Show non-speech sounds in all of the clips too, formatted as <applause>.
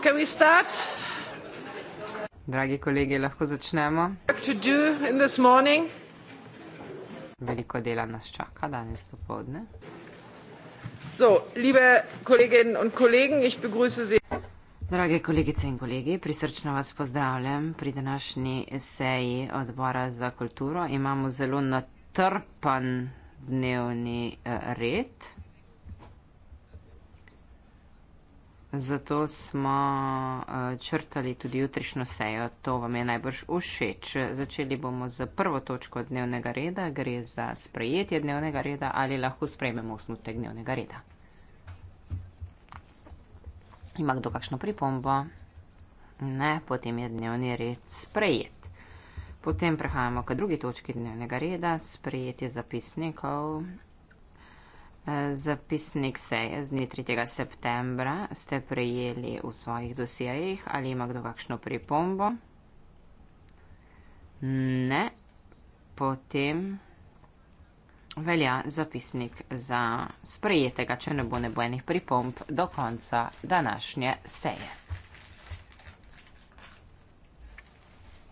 Can we start? Dragi kolegi, lahko začnemo. Veliko dela nas čaka danes popovdne. Drage kolegice in kolegi, prisrčno vas pozdravljam pri današnji seji odbora za kulturo. Imamo zelo natrpan dnevni eh, red. Zato smo eh, črtali tudi jutrišnjo sejo, to vam je najbrž všeč. Začeli bomo z prvo točko dnevnega reda, gre za sprejetje dnevnega reda ali lahko sprejmemo osnutek dnevnega reda. Ima kdo kakšno pripombo? Ne, potem je dnevni red sprejet. Potem prehajamo k drugi točki dnevnega reda, sprejetje zapisnikov. Zapisnik seje z dne 3. septembra ste prejeli v svojih dosijajih. Ali ima kdo kakšno pripombo? Ne. Potem velja zapisnik za sprejetega, če ne bo nebojenih pripomb do konca današnje seje.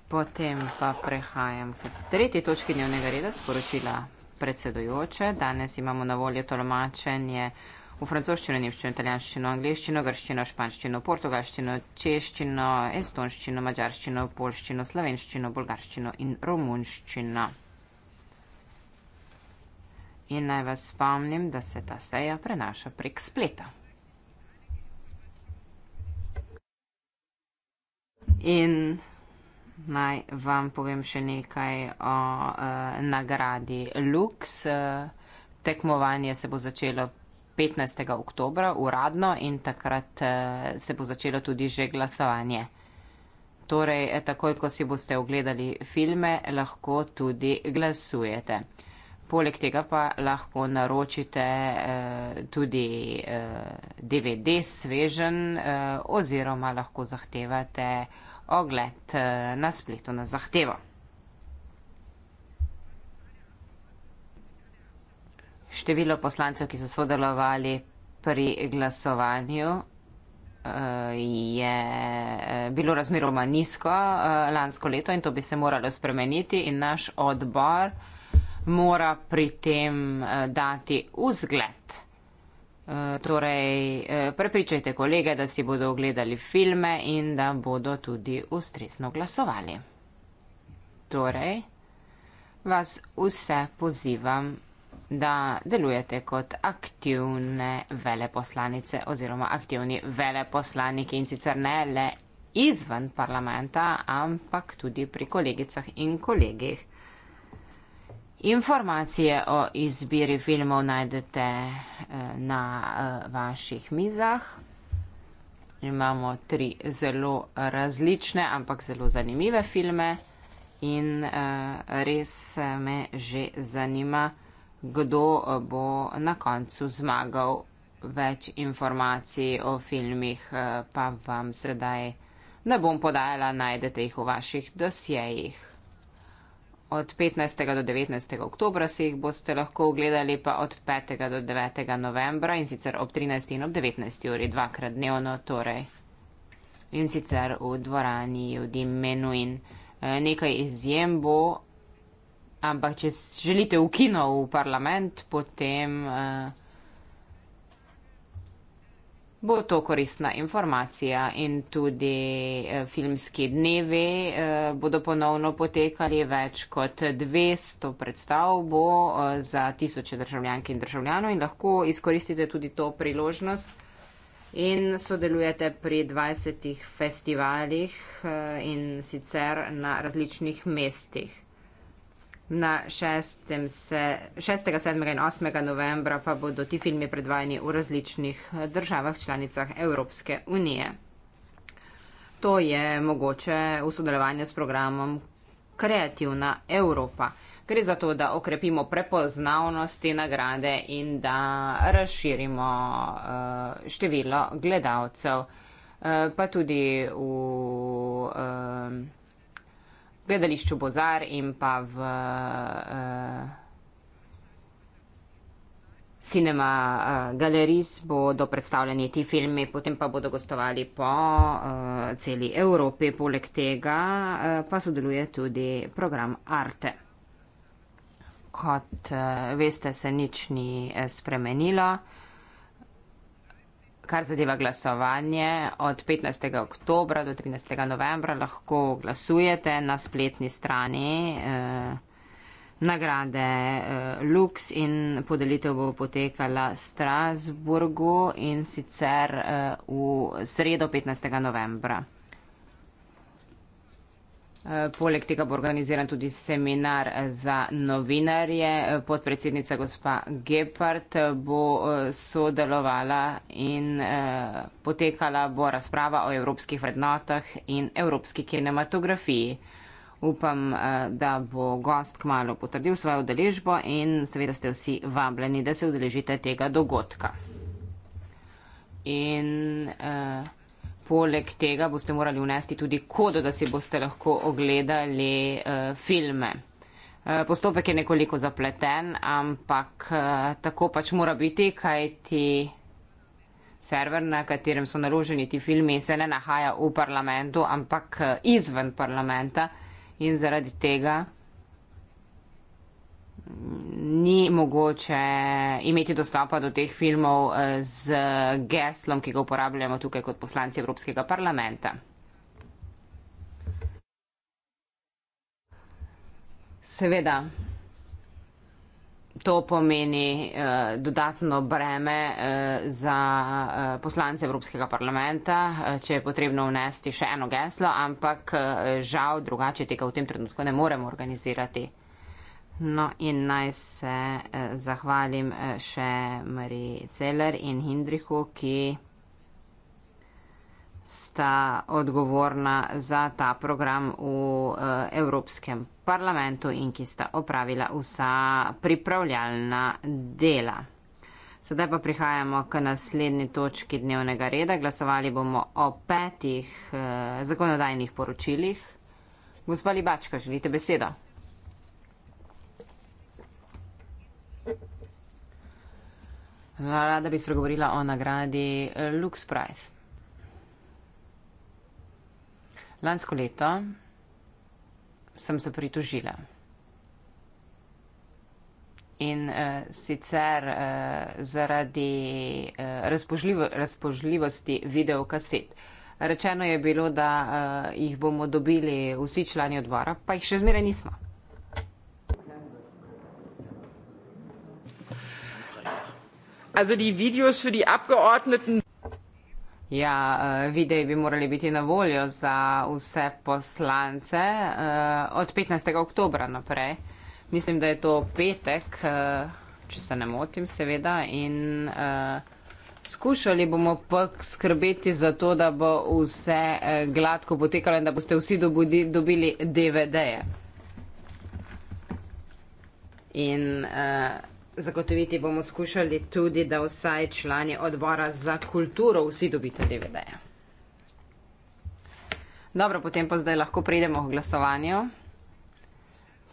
Potem pa prehajam k tretji točki dnevnega reda, sporočila predsedujoče. Danes imamo na voljo tolmačenje v francoščino, nemščino, italijanščino, angliščino, grščino, španščino, portugalščino, češčino, estonščino, mačarščino, polščino, slovenščino, bolgarščino in romunščino. In naj vas spomnim, da se ta seja prenaša prek spleta. In naj vam povem še nekaj o uh, nagradi Lux. Tekmovanje se bo začelo 15. oktober uradno in takrat uh, se bo začelo tudi že glasovanje. Torej, eh, takoj, ko si boste ogledali filme, lahko tudi glasujete. Poleg tega pa lahko naročite eh, tudi eh, DVD svežen eh, oziroma lahko zahtevate eh, ogled eh, na spletu na zahtevo. Število poslancev, ki so sodelovali pri glasovanju, eh, je eh, bilo razmeroma nizko lansko leto in to bi se moralo spremeniti in naš odbor mora pri tem dati vzgled. Eh, torej, eh, prepričajte kolege, da si bodo ogledali filme in da bodo tudi ustrezno glasovali. Torej, vas vse pozivam, da delujete kot aktivne veleposlanice oziroma aktivni veleposlaniki in sicer ne le izven parlamenta, ampak tudi pri kolegicah in kolegih Informacije o izbiri filmov najdete eh, na eh, vaših mizah. Imamo tri zelo različne, ampak zelo zanimive filme in eh, res me že zanima, kdo bo na koncu zmagal. Več informacij o filmih pa vam sedaj ne bom podajala, najdete jih v vaših dosjejih. Od 15. do 19. oktobra si jih boste lahko ogledali pa od 5. do 9. novembra in sicer ob 13. in ob 19. uri, dvakrat dnevno torej. In sicer v dvorani Judy Menuin. E, nekaj izjem bo, ampak če želite v kino, v parlament, potem. Uh, bo to koristna informacija in tudi eh, filmski dnevi eh, bodo ponovno potekali. Več kot 200 predstav bo eh, za tisoče državljank in državljanov in lahko izkoristite tudi to priložnost in sodelujete pri 20 festivalih eh, in sicer na različnih mestih. Na 6. Se, 6. 7. in 8. novembra pa bodo ti filmi predvajani v različnih eh, državah članicah Evropske unije. To je mogoče v sodelovanju s programom Kreativna Evropa. Gre za to, da okrepimo prepoznavnost te nagrade in da razširimo uh, število gledalcev, uh, pa tudi v. Uh, gledališču Bozar in pa v uh, Cinema uh, eh, Galleries bodo predstavljeni ti filmi, potem pa bodo gostovali po uh, celi Evropi, poleg tega uh, pa sodeluje tudi program Arte. Kot uh, veste, se nič ni spremenilo kar zadeva glasovanje, od 15. oktober do 13. novembra lahko glasujete na spletni strani eh, nagrade eh, Lux in podelitev bo potekala v Strasburgu in sicer eh, v sredo 15. novembra. Eh, poleg tega bo organiziran tudi seminar za novinarje. Podpredsednica gospa Gepard eh, bo eh, sodelovala in potekala bo razprava o evropskih vrednotah in evropski kinematografiji. Upam, da bo gost kmalo potrdil svojo udeležbo in seveda ste vsi vabljeni, da se udeležite tega dogodka. In, uh, poleg tega boste morali vnesti tudi kodo, da si boste lahko ogledali uh, filme. Uh, postopek je nekoliko zapleten, ampak uh, tako pač mora biti, kaj ti. Server, na katerem so naloženi ti filmi, se ne nahaja v parlamentu, ampak izven parlamenta in zaradi tega mogoče imeti dostopa do teh filmov eh, z geslom, ki ga uporabljamo tukaj kot poslanci Evropskega parlamenta. Seveda, to pomeni uh, dodatno breme uh, za uh, poslance Evropskega parlamenta, uh, če je potrebno vnesti še eno geslo, ampak uh, žal drugače tega v tem trenutku ne moremo organizirati. No in naj se eh, zahvalim eh, še Mariji Celer in Hindrihu, ki sta odgovorna za ta program v eh, Evropskem parlamentu in ki sta opravila vsa pripravljalna dela. Sedaj pa prihajamo k naslednji točki dnevnega reda. Glasovali bomo o petih eh, zakonodajnih poročilih. Gospa Libačka, želite besedo? Rada bi spregovorila o nagradi eh, Lux Prize. Lansko leto sem se pritožila. In uh, sicer uh, zaradi uh, razpožljivo, razpožljivosti videokaset. Rečeno je bilo, da uh, jih bomo dobili vsi člani odbora, pa jih še zmeraj nismo. Also die Videos für die Abgeordneten. Ja, eh, videi bi morali biti na voljo za vse poslance eh, od 15. oktobra naprej. Mislim, da je to petek, eh, če se ne motim, seveda. In skušali bomo pač skrbeti za to, da bo vse gladko potekalo in da boste vsi dobili DVD-je. In. Zagotoviti bomo skušali tudi, da vsaj člani odbora za kulturo vsi dobite DVD-je. Dobro, potem pa zdaj lahko pridemo k glasovanju.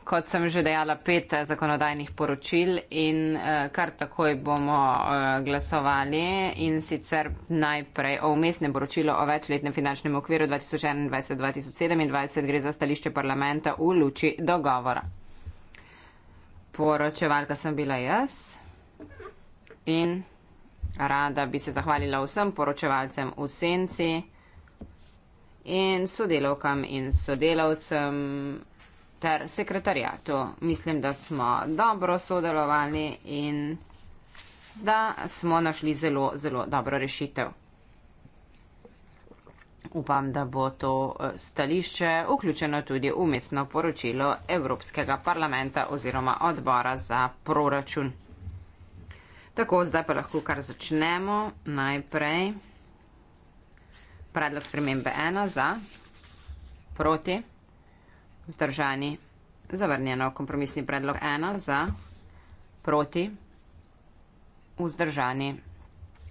Kot sem že dejala, pet eh, zakonodajnih poročil in eh, kar takoj bomo eh, glasovali in sicer najprej o umestnem poročilu o večletnem finančnem okviru 2021-2027 gre za stališče parlamenta v luči dogovora poročevalka sem bila jaz in rada bi se zahvalila vsem poročevalcem v senci in sodelovkam in sodelovcem ter sekretarjatu. Mislim, da smo dobro sodelovali in da smo našli zelo, zelo dobro rešitev. Upam, da bo to eh, stališče vključeno tudi v umestno poročilo Evropskega parlamenta oziroma odbora za proračun. Tako, zdaj pa lahko kar začnemo. Najprej predlog spremembe 1 za, proti, vzdržani, zavrnjeno kompromisni predlog 1 za, proti, vzdržani,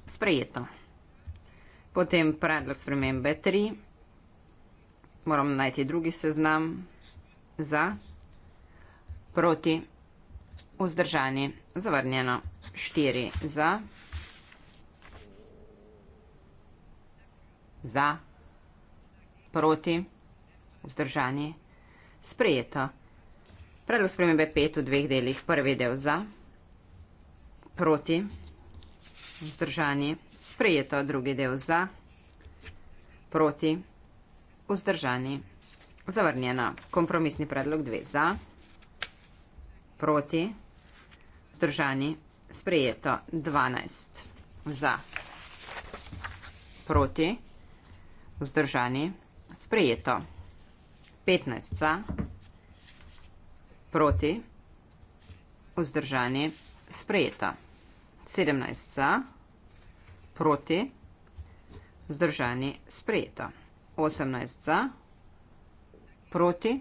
sprejeto. Potem predlog spremembe 3. Moram najti drugi seznam za, proti, vzdržani, zavrnjeno 4 za, za, proti, vzdržani, sprejeto. Predlog spremembe 5 v dveh delih, prvi del za, proti, vzdržani, vzdržani sprejeto, drugi del za, proti, vzdržani, zavrnjeno, kompromisni predlog dve za, proti, vzdržani, sprejeto, 12 za, proti, vzdržani, sprejeto, 15 za, proti, vzdržani, sprejeto, 17 za, proti, proti, vzdržani, sprejeto. 18 za, proti,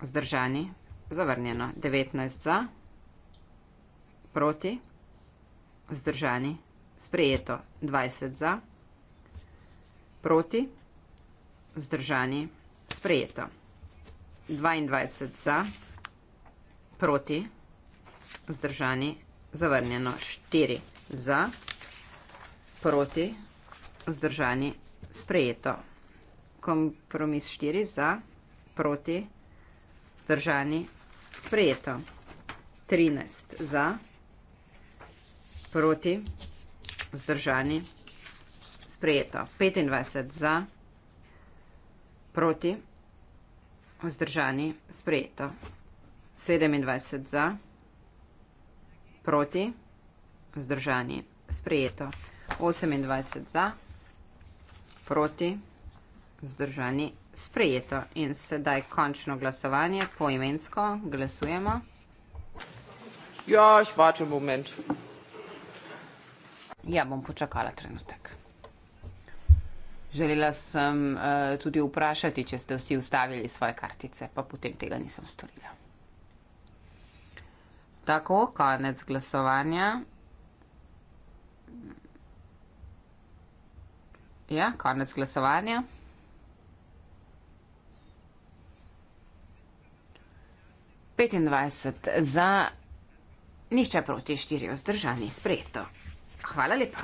vzdržani, zavrnjeno. 19 za, proti, vzdržani, sprejeto. 20 za, proti, vzdržani, sprejeto. 22 za, proti, vzdržani, zavrnjeno. 4 za, proti, vzdržani, sprejeto proti, vzdržani, sprejeto. Kompromis štiri za, proti, vzdržani, sprejeto. 13 za, proti, vzdržani, sprejeto. 25 za, proti, vzdržani, sprejeto. 27 za, proti, vzdržani, sprejeto. 28 za, proti, zdržani, sprejeto. In sedaj končno glasovanje, poimensko glasujemo. Ja, švačen moment. Ja, bom počakala trenutek. Želela sem uh, tudi vprašati, če ste vsi ustavili svoje kartice, pa potem tega nisem storila. Tako, konec glasovanja. Ja, konec glasovanja. Petindvajset za, nihče proti štiri vzdržani, sprejeto. Hvala lepa.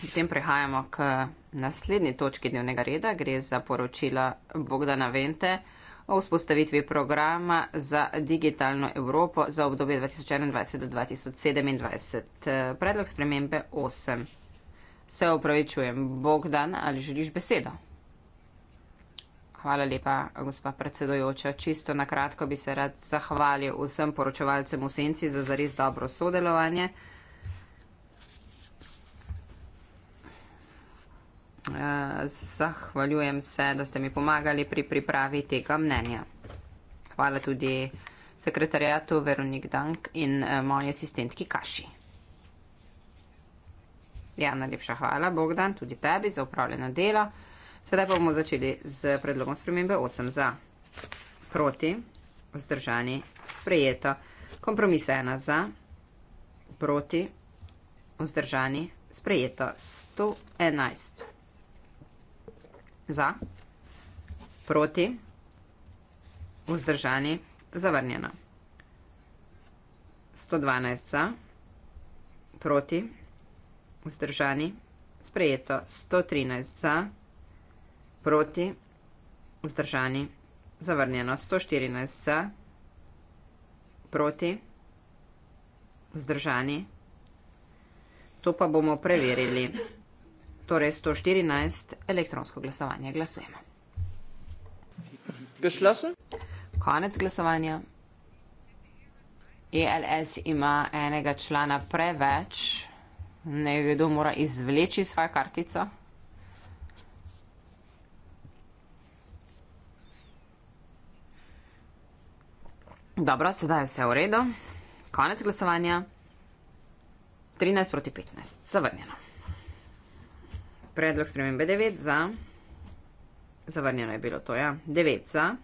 V tem prehajamo k naslednji točki dnevnega reda. Gre za poročila Bogdana Vente o vzpostavitvi programa za digitalno Evropo za obdobje 2021-2027. Predlog spremembe 8. Se opravičujem, Bogdan, ali želiš besedo? Hvala lepa, gospa predsedojoča. Čisto na kratko bi se rad zahvalil vsem poročevalcem v Senci za zares dobro sodelovanje. Zahvaljujem se, da ste mi pomagali pri pripravi tega mnenja. Hvala tudi sekretarjatu Veronik Dank in eh, moji asistentki Kaši. Ja, najlepša hvala, Bogdan, tudi tebi za upravljeno delo. Sedaj pa bomo začeli z predlogom spremembe 8 za. Proti, vzdržani, sprejeto. Kompromis 1 za, proti, vzdržani, sprejeto. 111 za, proti, vzdržani, zavrnjeno. 112 za, proti, vzdržani vzdržani, sprejeto 113 za, proti, vzdržani, zavrnjeno 114 za, proti, vzdržani. To pa bomo preverili. Torej 114 elektronsko glasovanje. Glasujemo. Geschlossen. Konec glasovanja. ELS ima enega člana preveč ne vedo, mora izvleči svojo kartico. Dobro, sedaj je vse v redu. Konec glasovanja. 13 proti 15. Zavrnjeno. Predlog spremembe 9 za. Zavrnjeno je bilo to, ja. 9 za.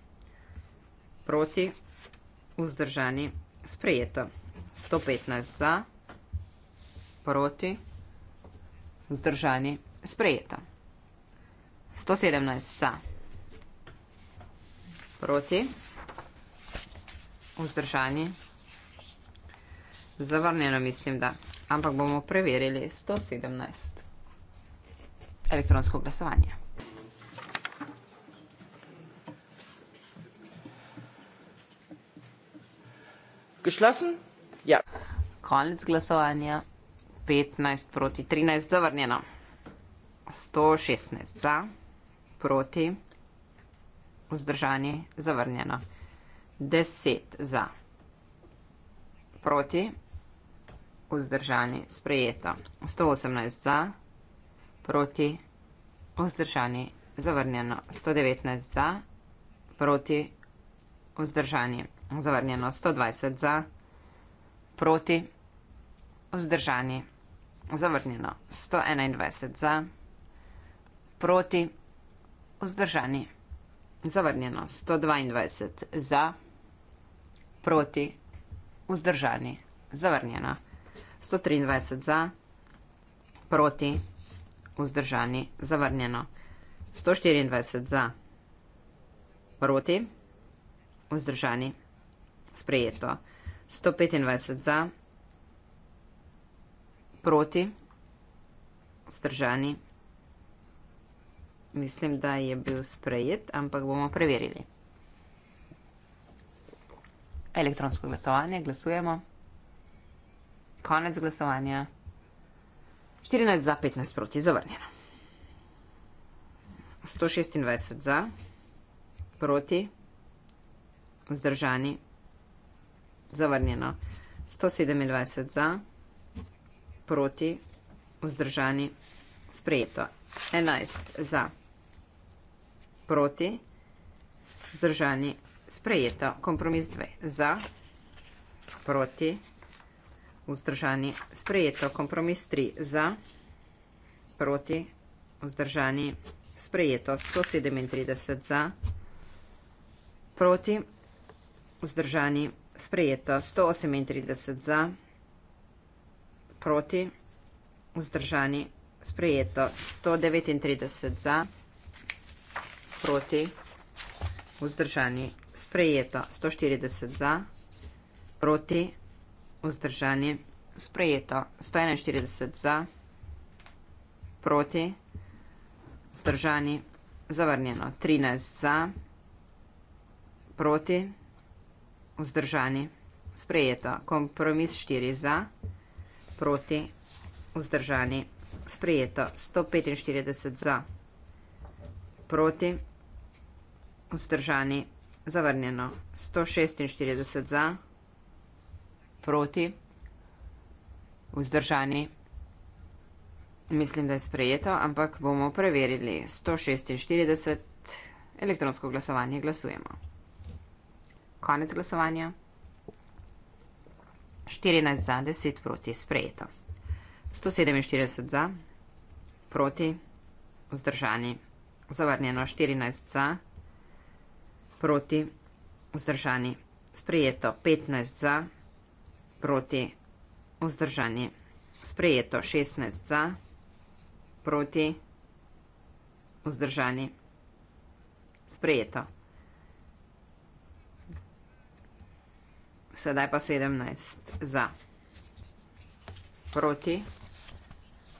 Proti. Vzdržani. Sprejeto. 115 za proti, vzdržani, sprejeto. 117 za, proti, vzdržani, zavrnjeno mislim, da, ampak bomo preverili 117 elektronsko glasovanje. Geschlossen? Ja. Konec glasovanja. 15 proti 13 zavrnjeno. 116 za, proti, vzdržani, zavrnjeno. 10 za, proti, vzdržani, sprejeto. 118 za, proti, vzdržani, zavrnjeno. 119 za, proti, vzdržani, zavrnjeno. 120 za, proti, vzdržani, zavrnjeno. Zavrnjeno 121 za, proti vzdržani. Zavrnjeno 122 za, proti vzdržani. Zavrnjeno 123 za, proti vzdržani. Zavrnjeno 124 za, proti vzdržani. Sprejeto 125 za, proti vzdržani proti, stržani. Mislim, da je bil sprejet, ampak bomo preverili. Elektronsko glasovanje, glasujemo. Konec glasovanja. 14 za, 15 proti, zavrnjeno. 126 za, proti, zdržani, zavrnjeno. 127 za proti, vzdržani, sprejeto. 11 za, proti, vzdržani, sprejeto. Kompromis 2 za, proti, vzdržani, sprejeto. Kompromis 3 za, proti, vzdržani, sprejeto. 137 za, proti, vzdržani, sprejeto. 138 za, proti, vzdržani, sprejeto proti, vzdržani, sprejeto 139 za, proti, vzdržani, sprejeto 140 za, proti, vzdržani, sprejeto 141 za, proti, vzdržani, zavrnjeno 13 za, proti, vzdržani, sprejeto kompromis 4 za proti, vzdržani, sprejeto 145 za, proti, vzdržani, zavrnjeno 146 za, proti, vzdržani. Mislim, da je sprejeto, ampak bomo preverili 146 elektronsko glasovanje. Glasujemo. Konec glasovanja. 14 za, 10 proti, sprejeto. 147 za, proti, vzdržani, zavrnjeno. 14 za, proti, vzdržani, sprejeto. 15 za, proti, vzdržani, sprejeto. 16 za, proti, vzdržani, sprejeto. sedaj pa 17 za. Proti,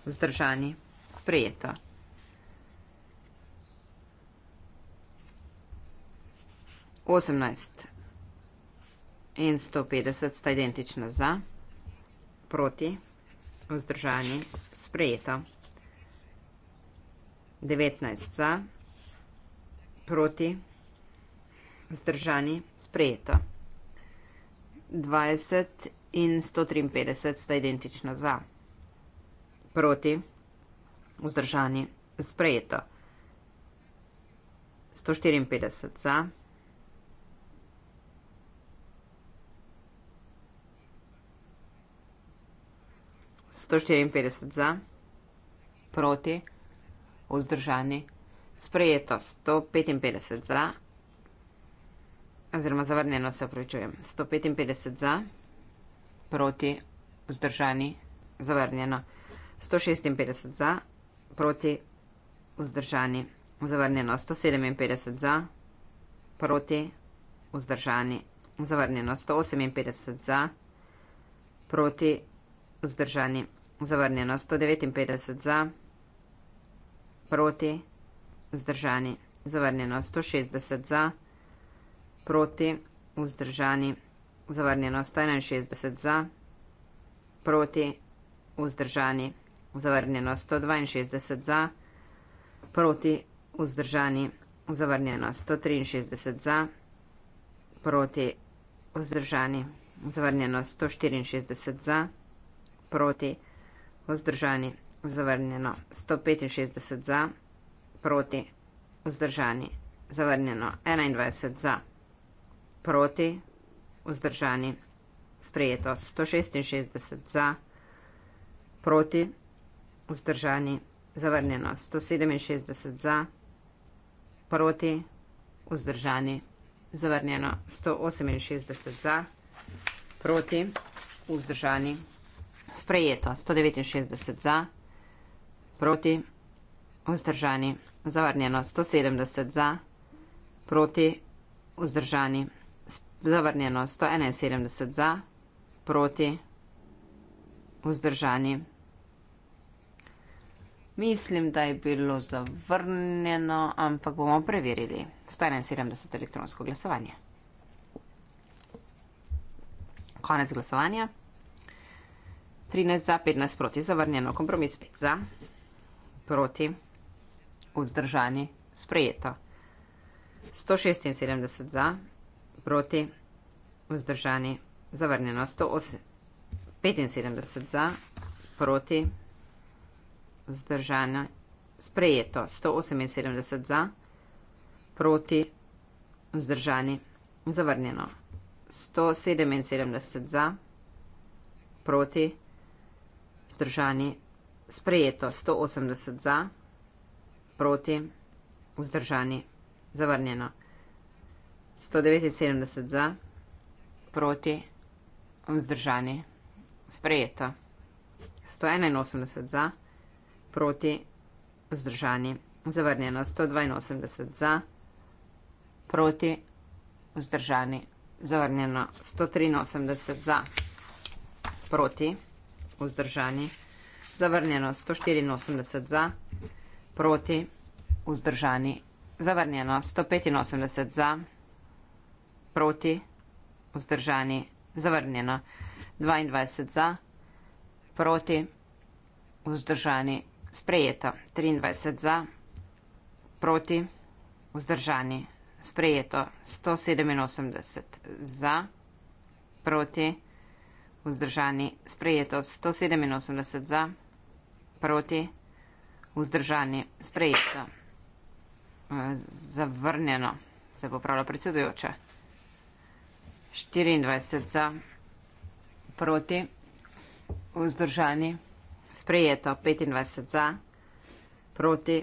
vzdržani, sprejeto. Osemnajst in sto petdeset sta identična za, proti, vzdržani, sprejeto. Devetnajst za, proti, vzdržani, sprejeto. 20 in 153 sta identična za. Proti, vzdržani, sprejeto. 154 za. za, proti, vzdržani, sprejeto 155 za oziroma zavrnjeno se opravičujem. 155 za, proti, vzdržani, zavrnjeno. 156 za, proti, vzdržani, zavrnjeno. 157 za, proti, vzdržani, zavrnjeno. 158 za, proti, vzdržani, zavrnjeno. 159 za, proti, vzdržani, zavrnjeno. 160 za, proti, vzdržani, zavrnjeno. 160 za, proti, vzdržani, zavrnjeno 161 za, proti, vzdržani, zavrnjeno 162 za, proti, vzdržani, zavrnjeno 163 za, proti, vzdržani, zavrnjeno 164 za, proti, vzdržani, zavrnjeno 165 za, proti, vzdržani, zavrnjeno 21 za proti, vzdržani, sprejeto 166 za, proti, vzdržani, zavrnjeno 167 za, proti, vzdržani, zavrnjeno 168 za, proti, vzdržani, sprejeto 169 za, proti, vzdržani, zavrnjeno 170 za, proti, vzdržani, zavrnjeno 171 za, proti, vzdržani. Mislim, da je bilo zavrnjeno, ampak bomo preverili. 171 elektronsko glasovanje. Konec glasovanja. 13 za, 15 proti, zavrnjeno. Kompromis 5 za, proti, vzdržani, sprejeto. 176 za proti, vzdržani, zavrnjeno 175 za, proti, vzdržano, sprejeto 178 za, proti, vzdržani, zavrnjeno 177 za, proti, vzdržani, sprejeto 180 za, proti, vzdržani, zavrnjeno 177 za. 179 za, proti, vzdržani, sprejeto. 181 za, proti, vzdržani, zavrnjeno. 182 za, proti, vzdržani, zavrnjeno. 183 za, proti, vzdržani, zavrnjeno. 184 za, proti, vzdržani, zavrnjeno. 185 za, proti, vzdržani, zavrnjeno. 185 za, proti, vzdržani, zavrnjeno. 22 za, proti, vzdržani, sprejeto. 23 za, proti, vzdržani, sprejeto. 187 za, proti, vzdržani, sprejeto. 187 za, proti, vzdržani, sprejeto. Zavrnjeno. Se bo pravila predsedujoča. 24 za, proti, vzdržani, sprejeto 25 za, proti,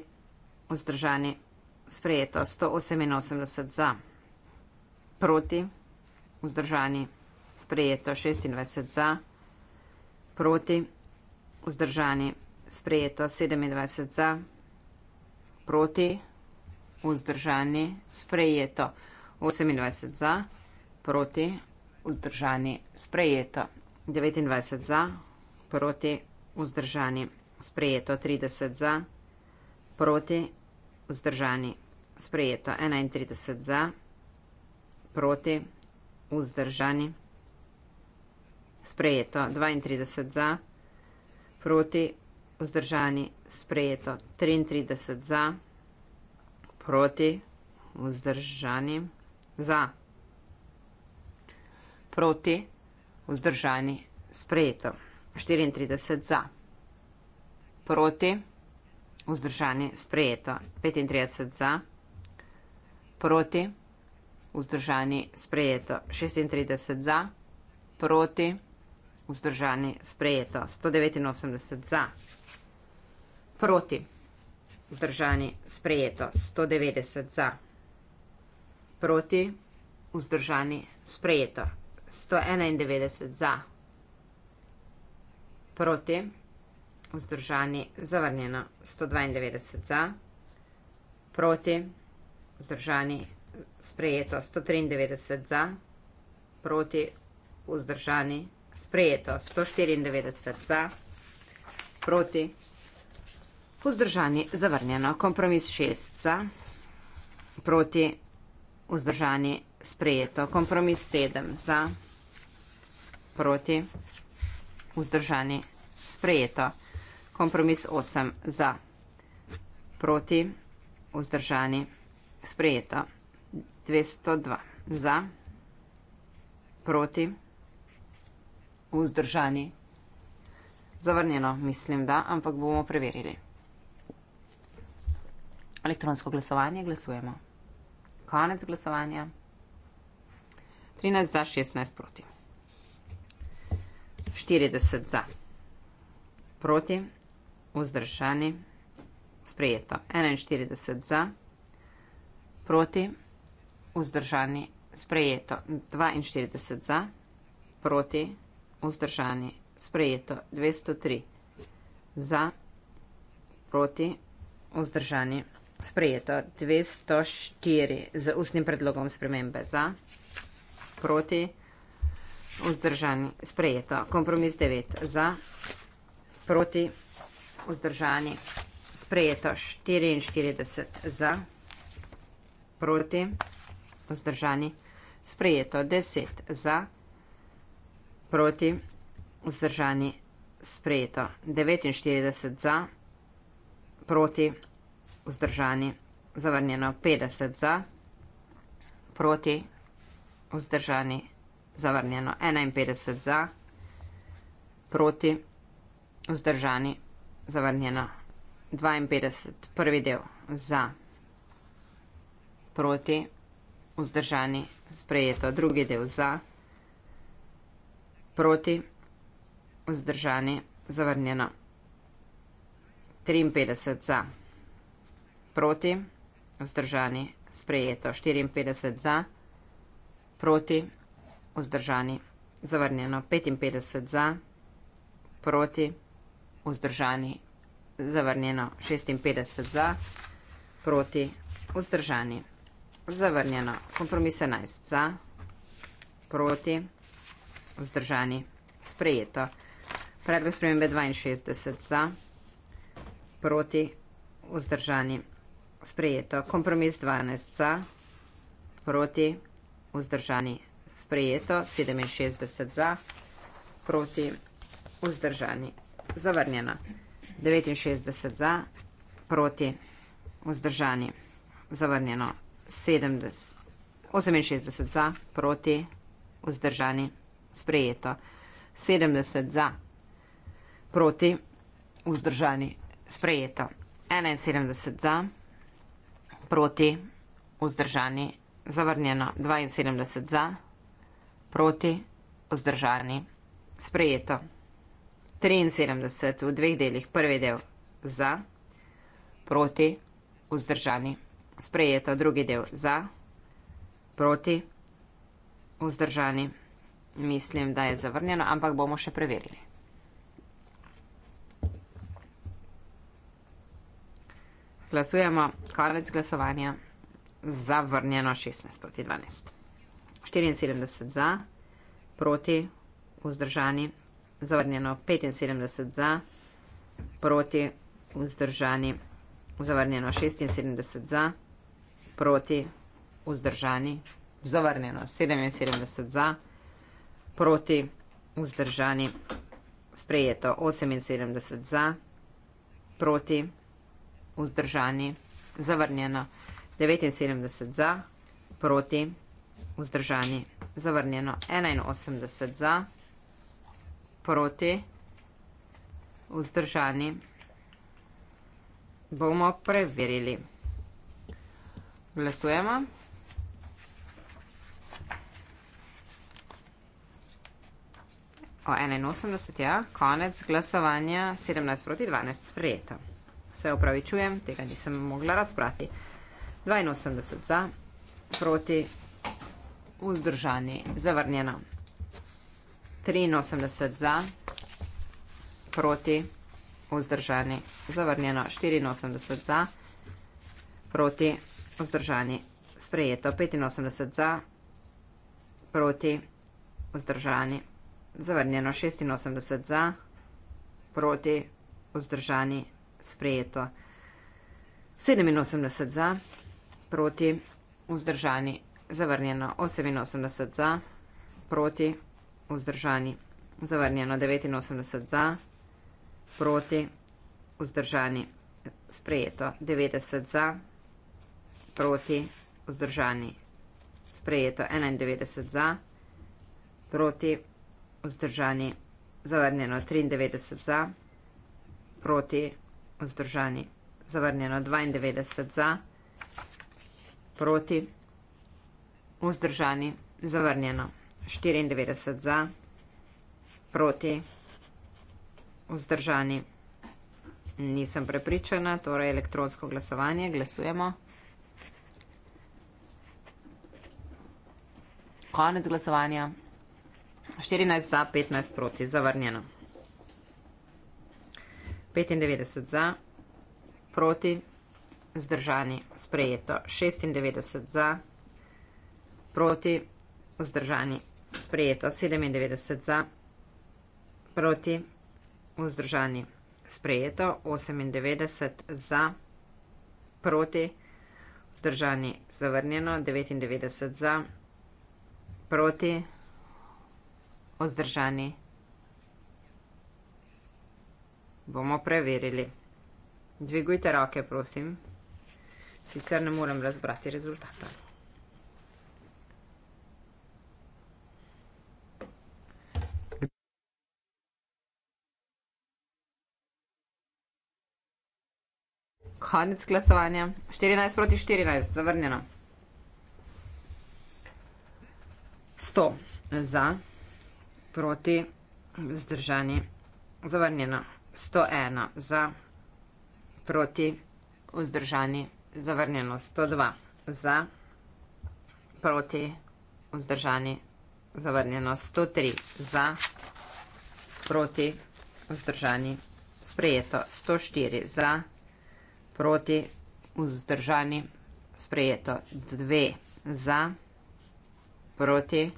vzdržani, sprejeto 188 za, proti, vzdržani, sprejeto 26 za, proti, vzdržani, sprejeto 27 za, proti, vzdržani, sprejeto 28 za proti, vzdržani, sprejeto. 29 za, proti, vzdržani, sprejeto. 30 za, proti, vzdržani, sprejeto. 31 za, proti, vzdržani, sprejeto. 32 za, proti, vzdržani, sprejeto. 33 za, proti, vzdržani, za proti, vzdržani, sprejeto. 34 za, proti, vzdržani, sprejeto. 35 za, proti, vzdržani, sprejeto. 36 za, proti, vzdržani, sprejeto. 189 za, proti, vzdržani, sprejeto. 190 za, proti, vzdržani, sprejeto. 191 za, proti, vzdržani, zavrnjeno, 192 za, proti, vzdržani, sprejeto, 193 za, proti, vzdržani, sprejeto, 194 za, proti, vzdržani, zavrnjeno, kompromis 6 za, proti, vzdržani, sprejeto. Kompromis 7 za, proti, vzdržani, sprejeto. Kompromis 8 za, proti, vzdržani, sprejeto. 202 za, proti, vzdržani, zavrnjeno, mislim da, ampak bomo preverili. Elektronsko glasovanje, glasujemo. Konec glasovanja. 13 za, 16 proti. 40 za, proti, vzdržani, sprejeto. 41 za, proti, vzdržani, sprejeto. 42 za, proti, vzdržani, sprejeto. 203 za, proti, vzdržani, sprejeto. 204 za ustnim predlogom spremembe za proti, vzdržani, sprejeto. Kompromis 9 za, proti, vzdržani, sprejeto. 44 za, proti, vzdržani, sprejeto. 10 za, proti, vzdržani, sprejeto. 49 za, proti, vzdržani, zavrnjeno. 50 za, proti, vzdržani vzdržani, zavrnjeno 51 za, proti, vzdržani, zavrnjeno 52, prvi del za, proti, vzdržani, sprejeto, drugi del za, proti, vzdržani, zavrnjeno 53 za, proti, vzdržani, sprejeto 54 za, proti, vzdržani, zavrnjeno 55 za, proti, vzdržani, zavrnjeno 56 za, proti, vzdržani, zavrnjeno kompromis 11 za, proti, vzdržani, sprejeto. Predlog spremembe 62 za, proti, vzdržani, sprejeto. Kompromis 12 za, proti, vzdržani vzdržani. Sprejeto 67 za, proti vzdržani. Zavrnjeno 69 za, proti vzdržani. Zavrnjeno 70, 68 za, proti vzdržani. Sprejeto 70 za, proti vzdržani. Sprejeto 71 za, proti vzdržani zavrnjeno 72 za, proti, vzdržani, sprejeto 73 v dveh delih, prvi del za, proti, vzdržani, sprejeto drugi del za, proti, vzdržani. Mislim, da je zavrnjeno, ampak bomo še preverili. Glasujemo, konec glasovanja zavrnjeno 16 proti 12. 74 za, proti, vzdržani, zavrnjeno 75 za, proti, vzdržani, zavrnjeno 76 za, proti, vzdržani, zavrnjeno 77 za, proti, vzdržani, sprejeto 78 za, proti, vzdržani, zavrnjeno 77 za. 79 za, proti, vzdržani, zavrnjeno. 81 za, proti, vzdržani. Bomo preverili. Glasujemo. O 81, ja, konec glasovanja, 17 proti 12 sprejeto. Se upravičujem, tega nisem mogla razprati. 82 za, proti, vzdržani, zavrnjeno. 83 za, proti, vzdržani, zavrnjeno. 84 za, proti, vzdržani, sprejeto. 85 za, proti, vzdržani, zavrnjeno. 86 za, proti, vzdržani, sprejeto. 87 za, proti, vzdržani, zavrnjeno 87 za, proti, vzdržani, zavrnjeno 89 za, proti, vzdržani, sprejeto 90 za, proti, vzdržani, sprejeto 91 za, proti, vzdržani, zavrnjeno 93 za, proti, vzdržani, zavrnjeno 92 za, proti, vzdržani, zavrnjeno. 94 za, proti, vzdržani. Nisem prepričana, torej elektronsko glasovanje, glasujemo. Konec glasovanja. 14 za, 15 proti, zavrnjeno. 95 za, proti, vzdržani, sprejeto 96 za, proti, vzdržani, sprejeto 97 za, proti, vzdržani, sprejeto 98 za, proti, vzdržani, zavrnjeno 99 za, proti, vzdržani. Bomo preverili. Dvigujte roke, prosim sicer ne morem razbrati rezultata. Konec glasovanja. 14 proti 14, zavrnjeno. 100 za, proti, vzdržani, zavrnjeno. 101 za, proti, vzdržani zavrnjeno 102, za, proti, vzdržani, zavrnjeno 103, za, proti, vzdržani, sprejeto 104, za, proti, vzdržani, sprejeto 2, za, proti,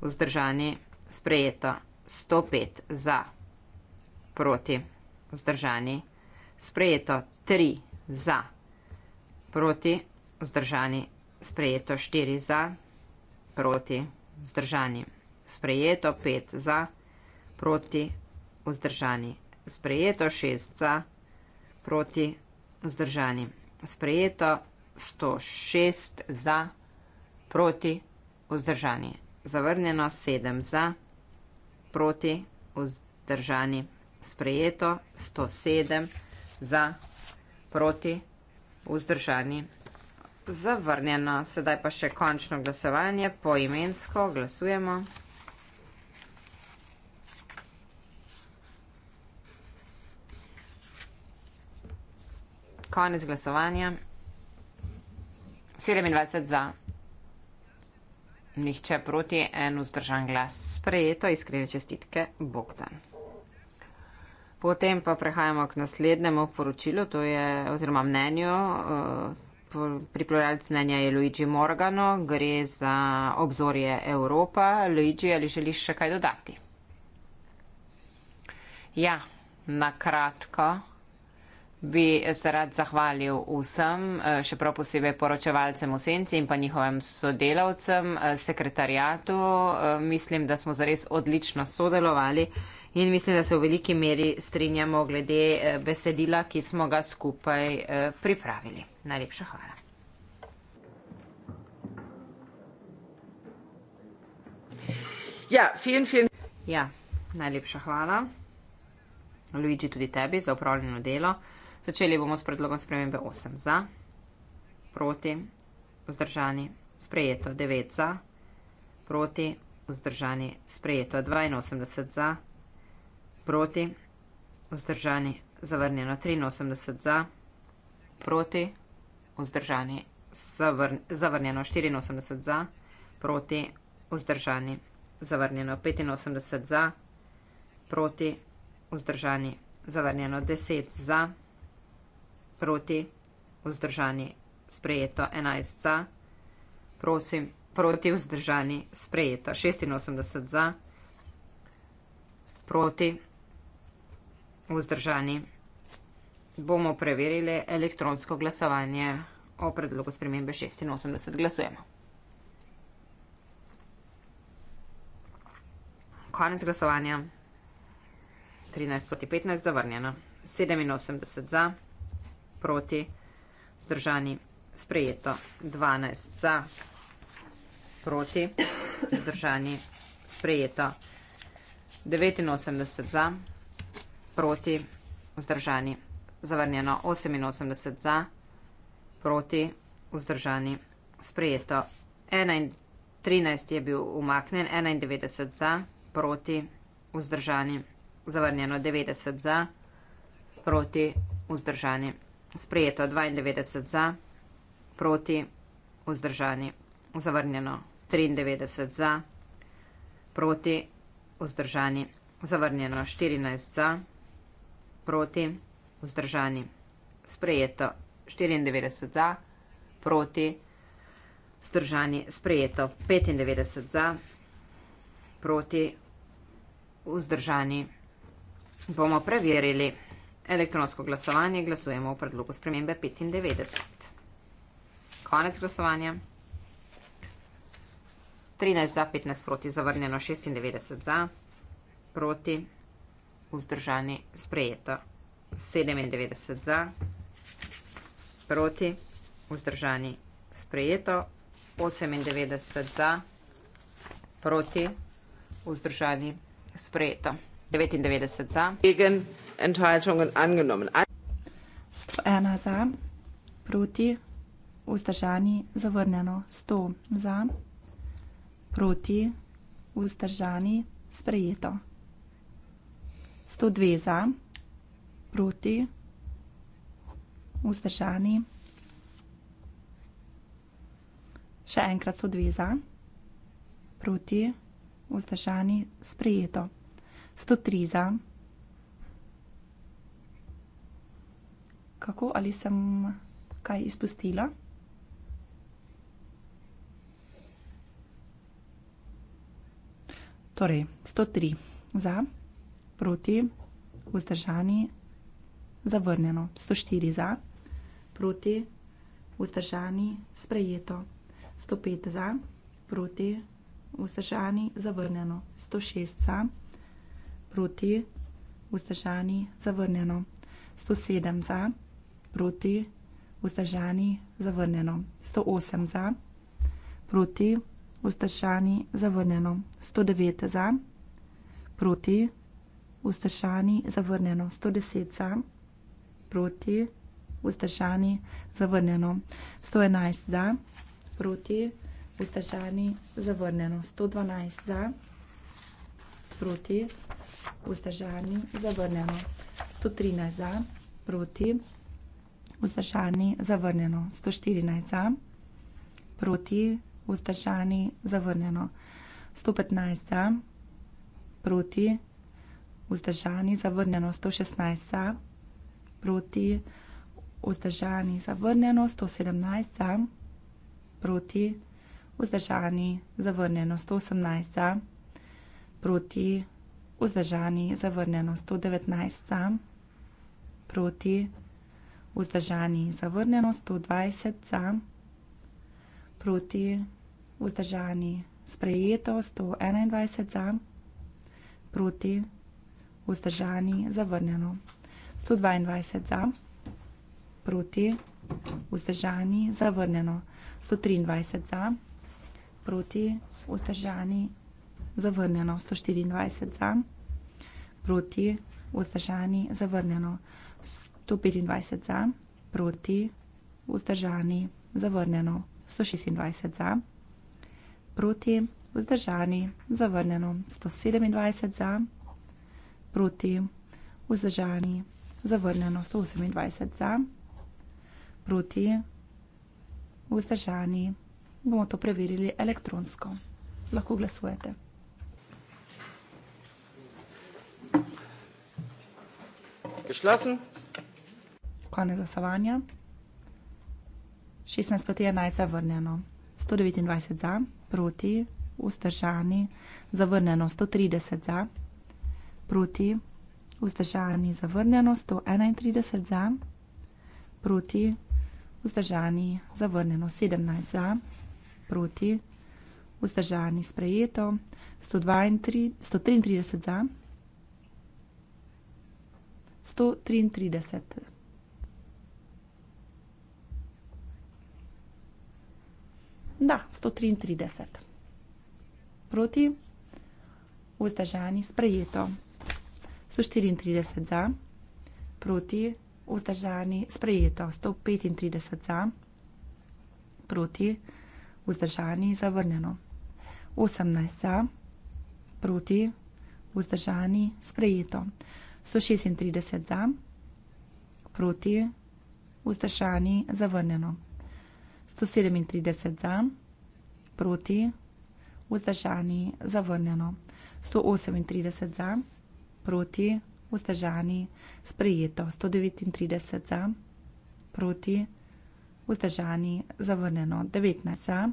vzdržani, sprejeto 105, za, proti, vzdržani, sprejeto 3, za, proti, vzdržani, proti, vzdržani, sprejeto 4 za, proti, vzdržani, sprejeto 5 za, proti, vzdržani, sprejeto 6 za, proti, vzdržani, sprejeto 106 za, proti, vzdržani, zavrnjeno 7 za, proti, vzdržani, sprejeto 107 za, proti, vzdržani vzdržani. Zavrnjeno. Sedaj pa še končno glasovanje. Poimensko glasujemo. Konec glasovanja. 27 za. Nihče proti, en vzdržan glas. Sprejeto, iskrene čestitke, Bogdan. Potem pa prehajamo k naslednjemu poročilu, to je oziroma mnenju. Eh, pripravljalec mnenja je Luigi Morgano, gre za obzorje Evropa. Luigi, ali želiš še kaj dodati? Ja, na kratko bi se rad zahvalil vsem, eh, še prav posebej poročevalcem v senci in pa njihovem sodelavcem, eh, sekretarijatu. Mislim, da smo zares odlično sodelovali. In mislim, da se v veliki meri strinjamo glede eh, besedila, ki smo ga skupaj eh, pripravili. Najlepša hvala. Ja, film, film. Ja, najlepša hvala. Luigi, tudi tebi za upravljeno delo. Začeli bomo s predlogom spremembe 8 za, proti, vzdržani, sprejeto 9 za, proti, vzdržani, sprejeto 82 za proti, vzdržani, zavrnjeno 83 za, proti, vzdržani, zavr, zavrnjeno 84 za, proti, vzdržani, zavrnjeno 85 za, proti, vzdržani, zavrnjeno 10 za, proti, vzdržani, sprejeto 11 za, prosim, proti, vzdržani, sprejeto 86 za, proti, vzdržani. Bomo preverili elektronsko glasovanje o predlogu spremembe 86. Glasujemo. Konec glasovanja. 13 proti 15 zavrnjeno. 87 za, proti, zdržani, sprejeto. 12 za, proti, zdržani, sprejeto. 89 za, proti, vzdržani. Zavrnjeno 88 za, proti, vzdržani. Sprejeto. 13 je bil umaknen, 91 za, proti, vzdržani. Zavrnjeno 90 za, proti, vzdržani. Sprejeto 92 za, proti, vzdržani. Zavrnjeno 93 za, proti, vzdržani. Zavrnjeno 14 za proti, vzdržani. Sprejeto 94 za, proti, vzdržani. Sprejeto 95 za, proti, vzdržani. Bomo preverili elektronsko glasovanje. Glasujemo v predlogu spremembe 95. Konec glasovanja. 13 za, 15 proti, zavrnjeno 96 za, proti, vzdržani, sprejeto. 97 za, proti, vzdržani, sprejeto. 98 za, proti, vzdržani, sprejeto. 99 za, gegen, enthaltungen, angenomen. Ena za, proti, vzdržani, zavrnjeno. 100 za, proti, vzdržani, sprejeto sto dve za, proti, vzdržani. Še enkrat sto dve za, proti, vzdržani, sprejeto. Sto tri za. Kako, ali sem kaj izpustila? Torej sto tri za proti, vzdržani, zavrnjeno. 104 za, proti, vzdržani, sprejeto. 105 za, proti, vzdržani, zavrnjeno. 106 za, proti, vzdržani, zavrnjeno. 107 za, proti, vzdržani, zavrnjeno. 108 za, proti, vzdržani, zavrnjeno. 109 za, proti, vzdržani, zavrnjeno vzdržani, zavrnjeno. 110 za, proti, vzdržani, zavrnjeno. 111 za, proti, vzdržani, zavrnjeno. 112 za, proti, vzdržani, zavrnjeno. 113 za, proti, vzdržani, zavrnjeno. 114 za, proti, vzdržani, zavrnjeno. 115 za, proti, vzdržani, zavrnjeno. 115 za, proti, vzdržani zavrnjeno 116 za, proti vzdržani zavrnjeno 117 za, proti vzdržani zavrnjeno 118 za, proti vzdržani zavrnjeno 119 za, proti vzdržani zavrnjeno 120 za, proti vzdržani sprejeto 121 za, proti vzdržani zavrnjeno 121 za, vzdržani, zavrnjeno. 122 za, proti, vzdržani, zavrnjeno. 123 za, proti, vzdržani, zavrnjeno. 124 za, proti, vzdržani, zavrnjeno. 125 za, proti, vzdržani, zavrnjeno. 126 za, proti, vzdržani, zavrnjeno. 127 za, proti, vzdržani, zavrnjeno, 128 za, proti, vzdržani. Bomo to preverili elektronsko. Lahko glasujete. Geschlossen. Konec glasovanja. 16 proti 11 zavrnjeno. 129 za, proti, vzdržani, zavrnjeno, 130 za proti vzdržani zavrnjeno, 131 za, proti vzdržani zavrnjeno, 17 za, proti vzdržani sprejeto, 133 za, 133. Da, 133. Proti, vzdržani, sprejeto so 34 za, proti vzdržani, sprejeto 135 za, proti vzdržani, zavrnjeno 18 za, proti vzdržani, sprejeto so 36 za, proti vzdržani, zavrnjeno 137 za, proti vzdržani, zavrnjeno 138 za, proti vzdržani, zavrnjeno 138 za, proti, vzdržani, sprejeto 139 za, proti, vzdržani, zavrnjeno 19 za,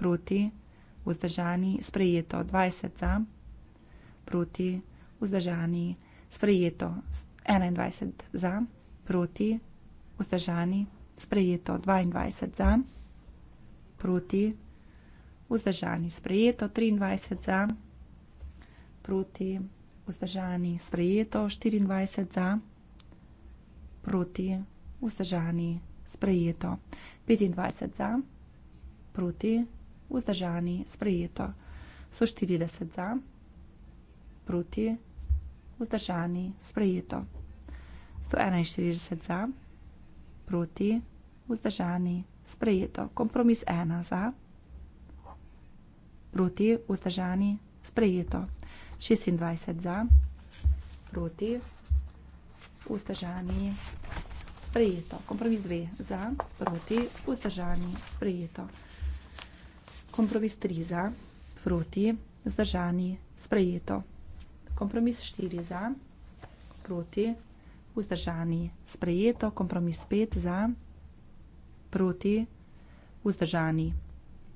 proti, vzdržani, sprejeto 20 za, proti, vzdržani, sprejeto 21 za, proti, vzdržani, sprejeto 22 za, proti, vzdržani, sprejeto 23 za, proti, vzdržani, sprejeto 24 za, proti vzdržani, sprejeto 25 za, proti vzdržani, sprejeto 140 za, proti vzdržani, sprejeto 141 za, proti vzdržani, sprejeto kompromis 1 za, proti vzdržani, sprejeto. 26 za, proti, vzdržani, sprejeto. Kompromis 2 za, proti, vzdržani, sprejeto. Kompromis 3 za, proti, vzdržani, sprejeto. Kompromis 4 za, proti, vzdržani, sprejeto. Kompromis 5 za, proti, vzdržani,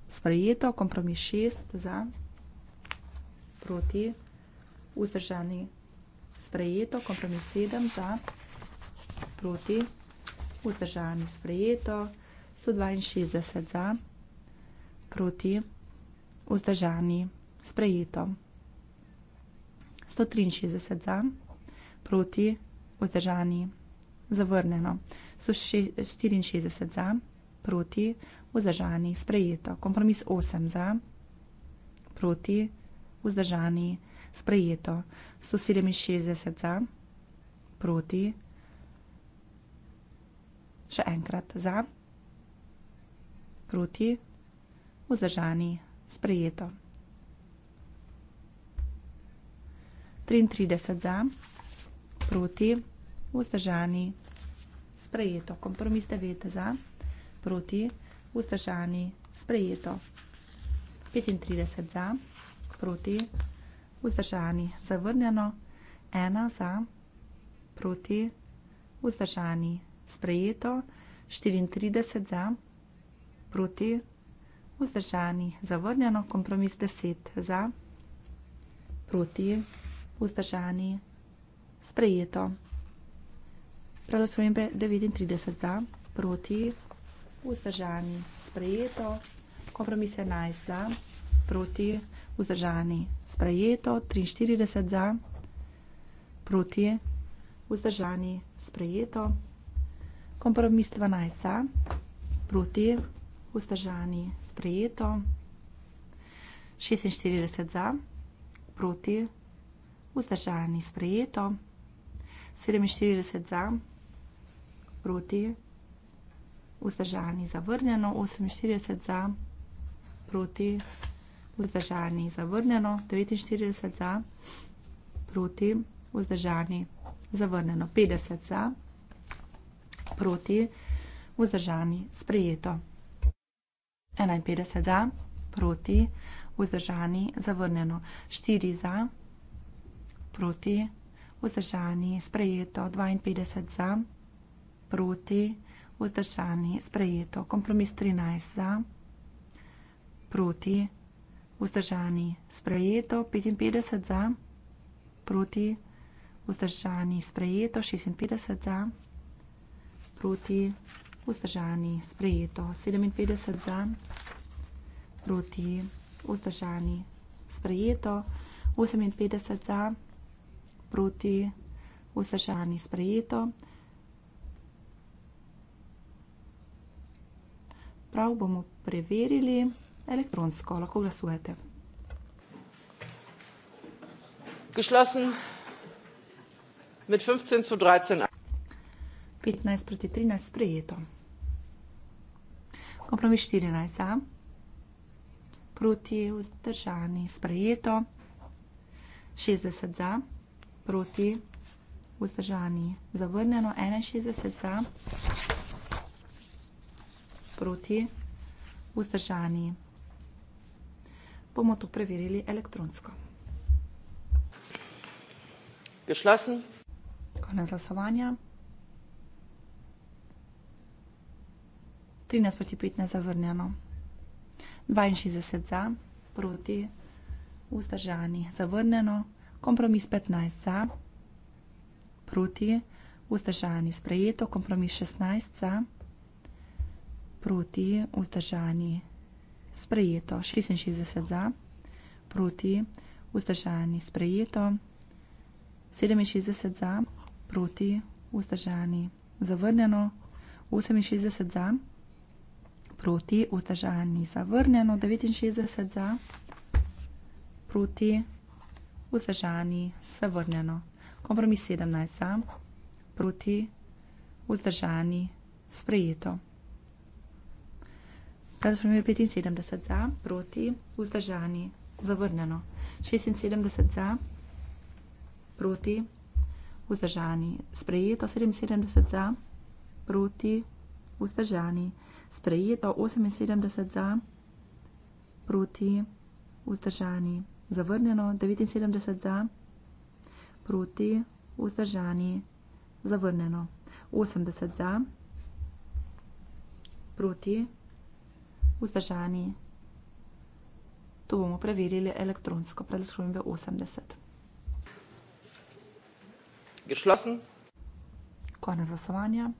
sprejeto. Kompromis 6 za, proti, vzdržani, sprejeto vzdržani. Sprejeto, kompromis 7 za, proti, vzdržani. Sprejeto, 162 za, proti, vzdržani. Sprejeto, 163 za, proti, vzdržani. Zavrneno, 164 za, proti, vzdržani. Sprejeto, kompromis 8 za, proti, vzdržani. Sprejeto sprejeto. 167 za, proti, še enkrat za, proti, vzdržani, sprejeto. 33 za, proti, vzdržani, sprejeto. Kompromis 9 za, proti, vzdržani, sprejeto. 35 za, proti, vzdržani, sprejeto vzdržani, zavrnjeno, ena za, proti, vzdržani, sprejeto, 34 za, proti, vzdržani, zavrnjeno, kompromis 10 za, proti, vzdržani, sprejeto. Predlog spremembe 39 za, proti, vzdržani, sprejeto, kompromis 11 za, proti, vzdržani vzdržani, sprejeto 43 za, proti vzdržani, sprejeto, kompromis 12 za, proti vzdržani, sprejeto 46 za, proti vzdržani, sprejeto 47 za, proti vzdržani, zavrnjeno 48 za, proti vzdržani vzdržani, zavrnjeno, 49 za, proti, vzdržani, zavrnjeno, 50 za, proti, vzdržani, sprejeto. 51 za, proti, vzdržani, zavrnjeno, 4 za, proti, vzdržani, sprejeto, 52 za, proti, vzdržani, sprejeto, kompromis 13 za, proti, vzdržani, sprejeto vzdržani. Sprejeto 55 za, proti vzdržani. Sprejeto 56 za, proti vzdržani. Sprejeto 57 za, proti vzdržani. Sprejeto 58 za, proti vzdržani. Sprejeto. Prav bomo preverili elektronsko, lahko glasujete. Geschlossen. Mit 15 zu 13. 15 proti 13 sprejeto. Kompromis 14 za. Proti vzdržani sprejeto. 60 za. Proti vzdržani zavrnjeno. 61 za. Proti vzdržani zavrnjeno bomo to preverili elektronsko. Geschlossen. Konec glasovanja. 13 proti 15 zavrnjeno. 62 za, proti, vzdržani. Zavrnjeno. Kompromis 15 za, proti, vzdržani. Sprejeto. Kompromis 16 za, proti, vzdržani sprejeto 66 za, proti vzdržani sprejeto 67 za, proti vzdržani zavrnjeno 68 za, proti vzdržani zavrnjeno 69 za, proti vzdržani zavrnjeno. Kompromis 17 za, proti vzdržani sprejeto. Danes smo imeli 75 za, proti, vzdržani, zavrnjeno. 76 za, proti, vzdržani, sprejeto. 77 za, proti, vzdržani, sprejeto. 78 za, proti, vzdržani, zavrnjeno. 79 za, proti, vzdržani, zavrnjeno. 80 za, proti, vzdržani vzdržani. To bomo preverili elektronsko, predvsem v 80. Geschlossen. Konec glasovanja.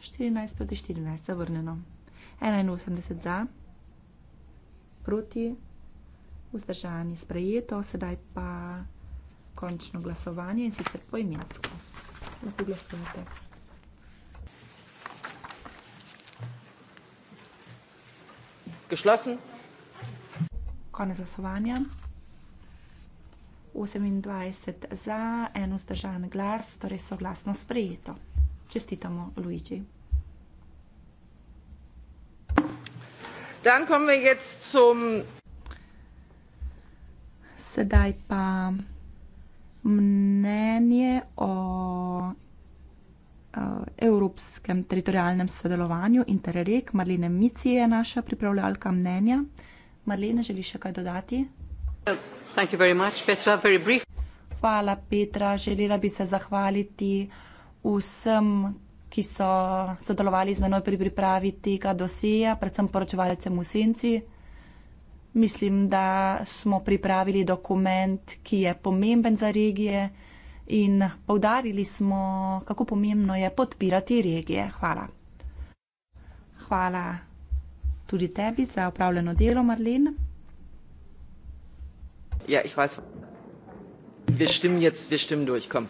14 proti 14 zavrnjeno. 81 za, proti, vzdržani sprejeto, sedaj pa končno glasovanje in sicer poimensko. Lahko glasujete. geschlossen. Konec glasovanja. 28 za, en vzdržan glas, torej soglasno sprejeto. Čestitamo, Luigi. Dan kommen wir jetzt zum. Sedaj pa mnenje o Eh, evropskem teritorijalnem sodelovanju Interreg. Marlene Mici je naša pripravljalka mnenja. Marlene, želiš še kaj dodati? Hvala, Petra. Želela bi se zahvaliti vsem, ki so sodelovali z menoj pri pripravi tega dosija, predvsem poročevalcem v senci. Mislim, da smo pripravili dokument, ki je pomemben za regije in povdarili smo, kako pomembno je podpirati regije. Hvala. Hvala tudi tebi za upravljeno delo, Marlen. Ja, ich weiß. Wir stimmen jetzt, wir stimmen durch, komm.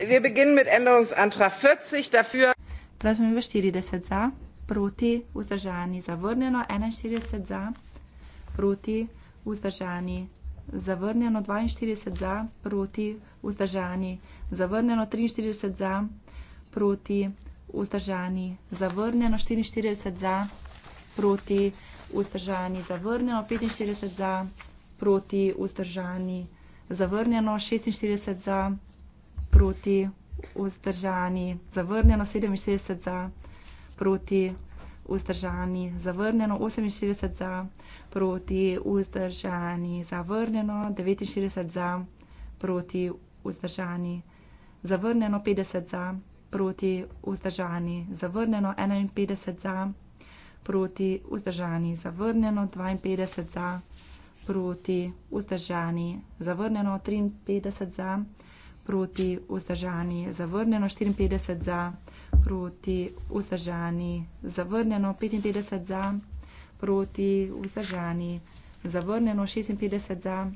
Wir beginnen mit Änderungsantrag 40 dafür. Prosimo v 40 za, proti, vzdržani, zavrnjeno, 41 za, proti, vzdržani vzdržani, zavrnjeno 42 za, proti vzdržani, zavrnjeno 43 za, proti vzdržani, zavrnjeno 44 za, proti vzdržani, zavrnjeno 45 za, proti vzdržani, zavrnjeno 46 za, proti vzdržani, zavrnjeno 47 za, proti vzdržani vzdržani, zavrnjeno, 48 za, proti, vzdržani, zavrnjeno, 49 za, proti, vzdržani, zavrnjeno, 50 za, proti, vzdržani, zavrnjeno, 51 za, proti, vzdržani, zavrnjeno, 52 za, proti, vzdržani, zavrnjeno, 53 za, proti, vzdržani, zavrnjeno, 54 za, proti, proti vzdržani zavrnjeno, 55 za, proti vzdržani zavrnjeno, 56 za,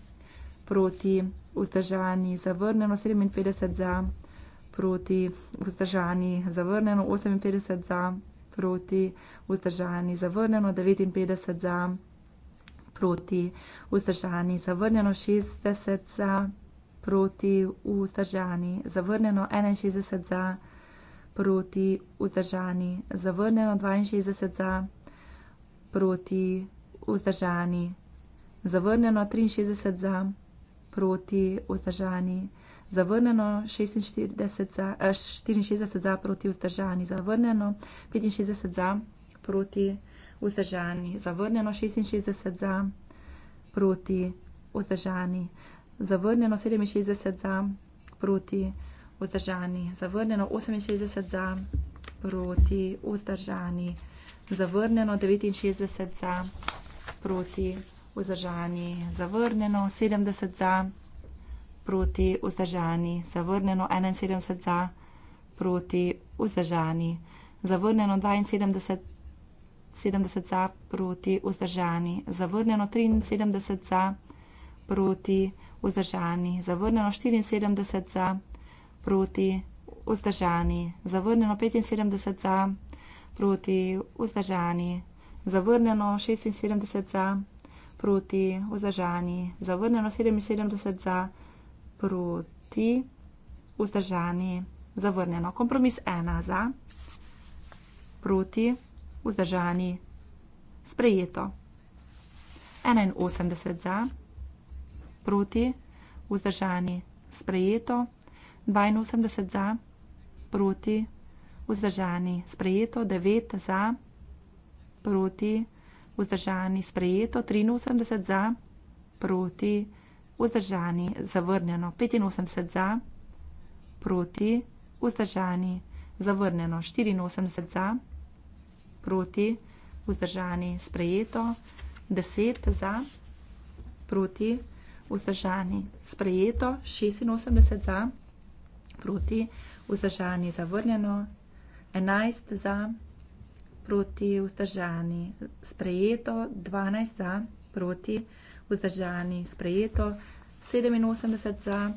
proti vzdržani zavrnjeno, 57 za, proti vzdržani zavrnjeno, 58 za, proti vzdržani zavrnjeno, 59 za, proti vzdržani zavrnjeno, 60 za, proti vzdržani zavrnjeno, 61 za, proti vzdržani zavrnjeno, 61 za, proti vzdržani, zavrnjeno 62 za, proti vzdržani, zavrnjeno 63 za, proti vzdržani, zavrnjeno 46 za, eh, 64 za, proti vzdržani, zavrnjeno 65 za, proti vzdržani, zavrnjeno 66 za, proti vzdržani, zavrnjeno 67 za, proti vzdržani vzdržani, zavrnjeno 68 za, proti, vzdržani, zavrnjeno 69 za, proti, vzdržani, zavrnjeno 70 za, proti, vzdržani, zavrnjeno 71 za, proti, vzdržani, zavrnjeno 72 70 za, proti, vzdržani, zavrnjeno 73 za, proti, vzdržani, zavrnjeno 74 za, proti, proti, vzdržani, zavrnjeno 75 za, proti, vzdržani, zavrnjeno 76 za, proti, vzdržani, zavrnjeno 77 za, proti, vzdržani, zavrnjeno. Kompromis 1 za, proti, vzdržani, sprejeto. 81 za, proti, vzdržani, sprejeto. 82 za, proti, vzdržani, sprejeto, 9 za, proti, vzdržani, sprejeto, 83 za, proti, vzdržani, zavrnjeno, 85 za, proti, vzdržani, zavrnjeno, 84 za, proti, vzdržani, sprejeto, 10 za, proti, vzdržani, sprejeto, 86 za, proti, vzdržani zavrnjeno, 11 za, proti vzdržani sprejeto, 12 za, proti vzdržani sprejeto, 87 za,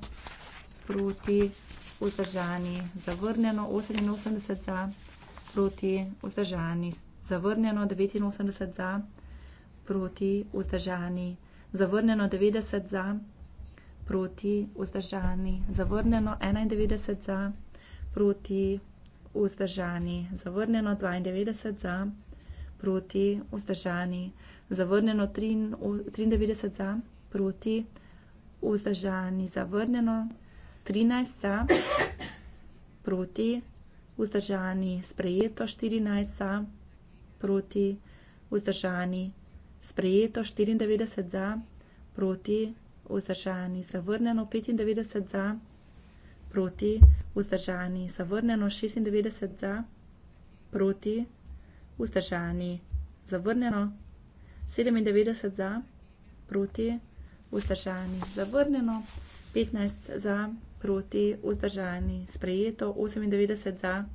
proti vzdržani zavrnjeno, 88 za, proti vzdržani zavrnjeno, 89 za, proti vzdržani zavrnjeno, 90 za, proti, vzdržani, zavrnjeno, 91 za, proti, vzdržani, zavrnjeno, 92 za, proti, vzdržani, zavrnjeno, 93 za, proti, vzdržani, zavrnjeno, 13 za, proti, vzdržani, sprejeto, 14 za, proti, vzdržani, sprejeto, 94 za, proti, vzdržani, zavrnjeno 95 za, proti, vzdržani, zavrnjeno 96 za, proti, vzdržani, zavrnjeno 97 za, proti, vzdržani, zavrnjeno 15 za, proti, vzdržani, sprejeto 98 za,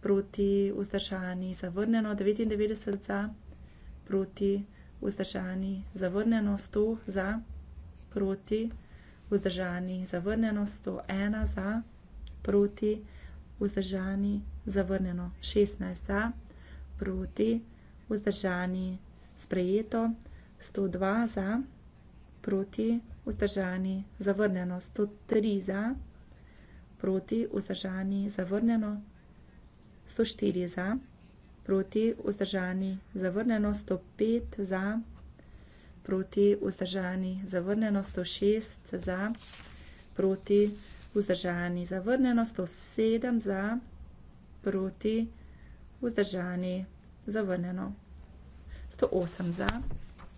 proti, vzdržani, zavrnjeno 99 za, proti, vzdržani, zavrnjeno 100 za, proti, proti, vzdržani, zavrnjeno, 101 za, proti, vzdržani, zavrnjeno, 16 za, proti, vzdržani, sprejeto, 102 za, proti, vzdržani, zavrnjeno, 103 za, proti, vzdržani, zavrnjeno, 104 za, proti, vzdržani, zavrnjeno, 105 za, proti, vzdržani, zavrnjeno, 105 za, proti vzdržani, zavrnjeno 106 za, proti vzdržani, zavrnjeno 107 za, proti vzdržani, zavrnjeno 108 za,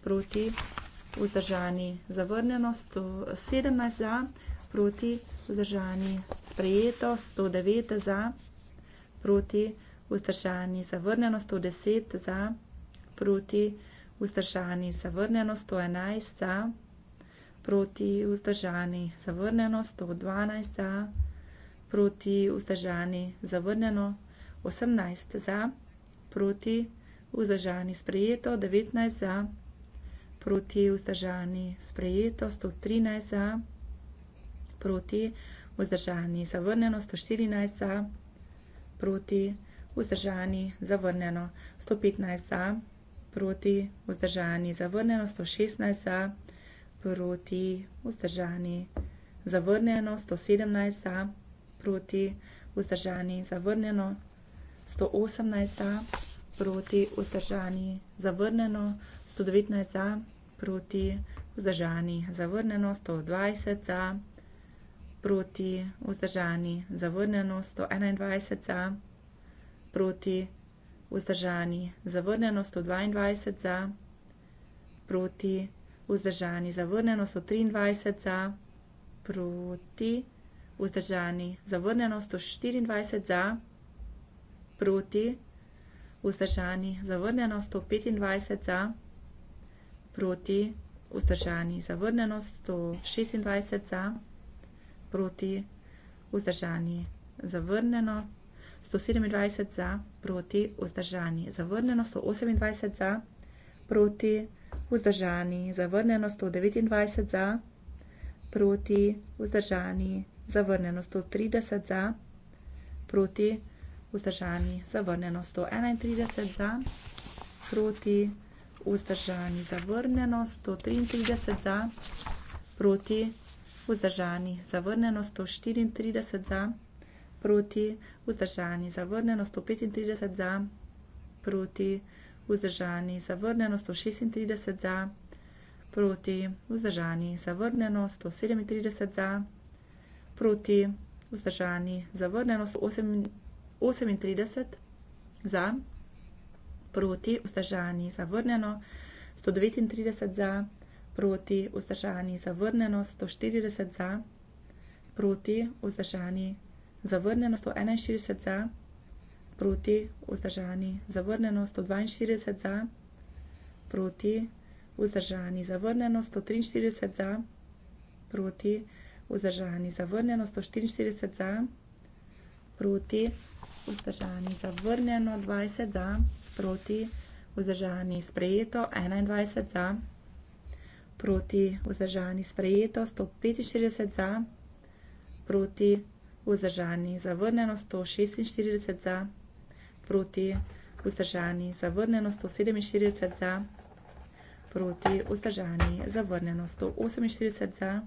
proti vzdržani, zavrnjeno 117 za, proti vzdržani, sprejeto 109 za, proti vzdržani, zavrnjeno 110 za, proti vzdržani, vzdržani, zavrnjeno 111 za, proti vzdržani, zavrnjeno 112 za, proti vzdržani, zavrnjeno 18 za, proti vzdržani, sprejeto 19 za, proti vzdržani, sprejeto 113 za, proti vzdržani, zavrnjeno 114 za, proti vzdržani, zavrnjeno 115 za proti, vzdržani, zavrnjeno, 116 za, proti, vzdržani, zavrnjeno, 117 za, proti, vzdržani, zavrnjeno, 118 za, proti, vzdržani, zavrnjeno, 119 za, proti, vzdržani, zavrnjeno, 120 za, proti, vzdržani, zavrnjeno, 121 za, proti, vzdržani, zavrnjeno, 121 za, proti, vzdržani, zavrnjeno 122 za, proti vzdržani, zavrnjeno 123 za, proti vzdržani, zavrnjeno 124 za, proti vzdržani, zavrnjeno 125 za, proti vzdržani, zavrnjeno 126 za, proti vzdržani, zavrnjeno 125 za. 127 za, proti vzdržani, zavrnjeno 128 za, proti vzdržani, zavrnjeno 129 za, proti vzdržani, zavrnjeno 130 za, proti vzdržani, zavrnjeno 131 za, proti vzdržani, zavrnjeno 133 za, proti vzdržani, zavrnjeno 134 za, proti vzdržani, vzdržani, zavrnjeno 135 za, proti, vzdržani, zavrnjeno 136 za, proti, vzdržani, zavrnjeno 137 za, proti, vzdržani, zavrnjeno 138 za, proti, vzdržani, zavrnjeno 139 za, proti, vzdržani, zavrnjeno 140 za, proti, vzdržani, zavrnjeno zavrnjeno 141 za, proti vzdržani, zavrnjeno 142 za, proti vzdržani, zavrnjeno 143 za, proti vzdržani, zavrnjeno 144 za, proti vzdržani, zavrnjeno 20 za, proti vzdržani, sprejeto 21 za, proti vzdržani, sprejeto 145 za, proti vzdržani, vzdržani, zavrnjeno 146 za, proti vzdržani, zavrnjeno 147 za, proti vzdržani, zavrnjeno 148 za,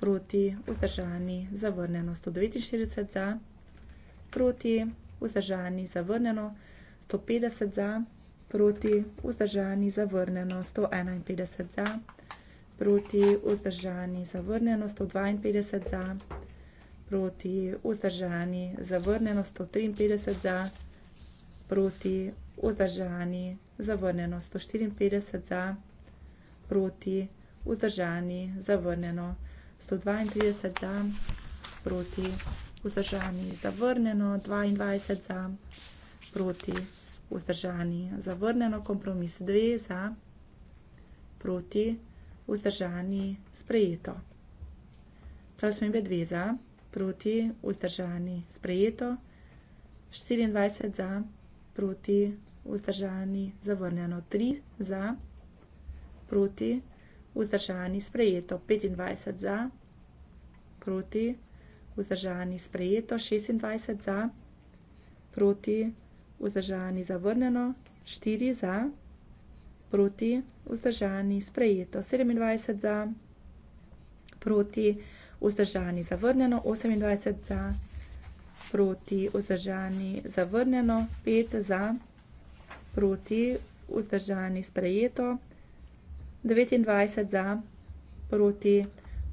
proti vzdržani, zavrnjeno 149 za, proti vzdržani, zavrnjeno 150 za, proti vzdržani, zavrnjeno 151 za, proti vzdržani, zavrnjeno 152 za proti, vzdržani, zavrnjeno 153 za, proti, vzdržani, zavrnjeno 154 za, proti, vzdržani, zavrnjeno 132 za, proti, vzdržani, zavrnjeno 22 za, proti, vzdržani, zavrnjeno kompromis 2 za, proti, vzdržani, sprejeto. Prosim, be dve za proti, vzdržani, sprejeto, 24 za, proti, vzdržani, zavrnjeno, 3 za, proti, vzdržani, sprejeto, 25 za, proti, vzdržani, sprejeto, 26 za, proti, vzdržani, zavrnjeno, 4 za, proti, vzdržani, sprejeto, 27 za, proti, vzdržani, sprejeto, 27 za, proti, vzdržani zavrnjeno, 28 za, proti vzdržani zavrnjeno, 5 za, proti vzdržani sprejeto, 29 za, proti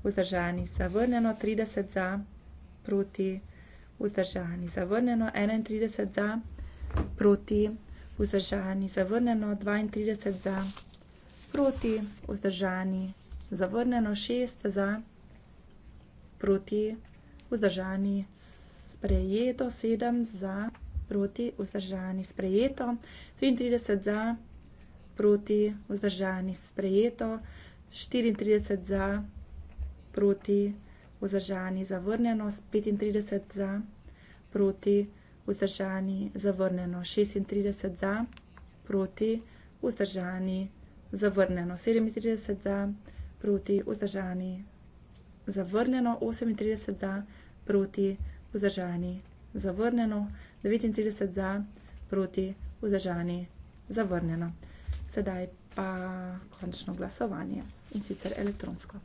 vzdržani zavrnjeno, 30 za, proti vzdržani zavrnjeno, 31 za, proti vzdržani zavrnjeno, 32 za, proti vzdržani zavrnjeno, 6 za, proti vzdržani zavrnjeno, 6 za, proti vzdržani, sprejeto, sedem za, proti vzdržani, sprejeto, triintrideset za, proti vzdržani, sprejeto, štiriintrideset za, proti vzdržani, zavrnjeno, petintrideset za, proti vzdržani, zavrnjeno, šestintrideset za, proti vzdržani, zavrnjeno, sedemintrideset za, proti vzdržani zavrnjeno, 38 za, proti vzdržani, zavrnjeno, 39 za, proti vzdržani, zavrnjeno. Sedaj pa končno glasovanje in sicer elektronsko.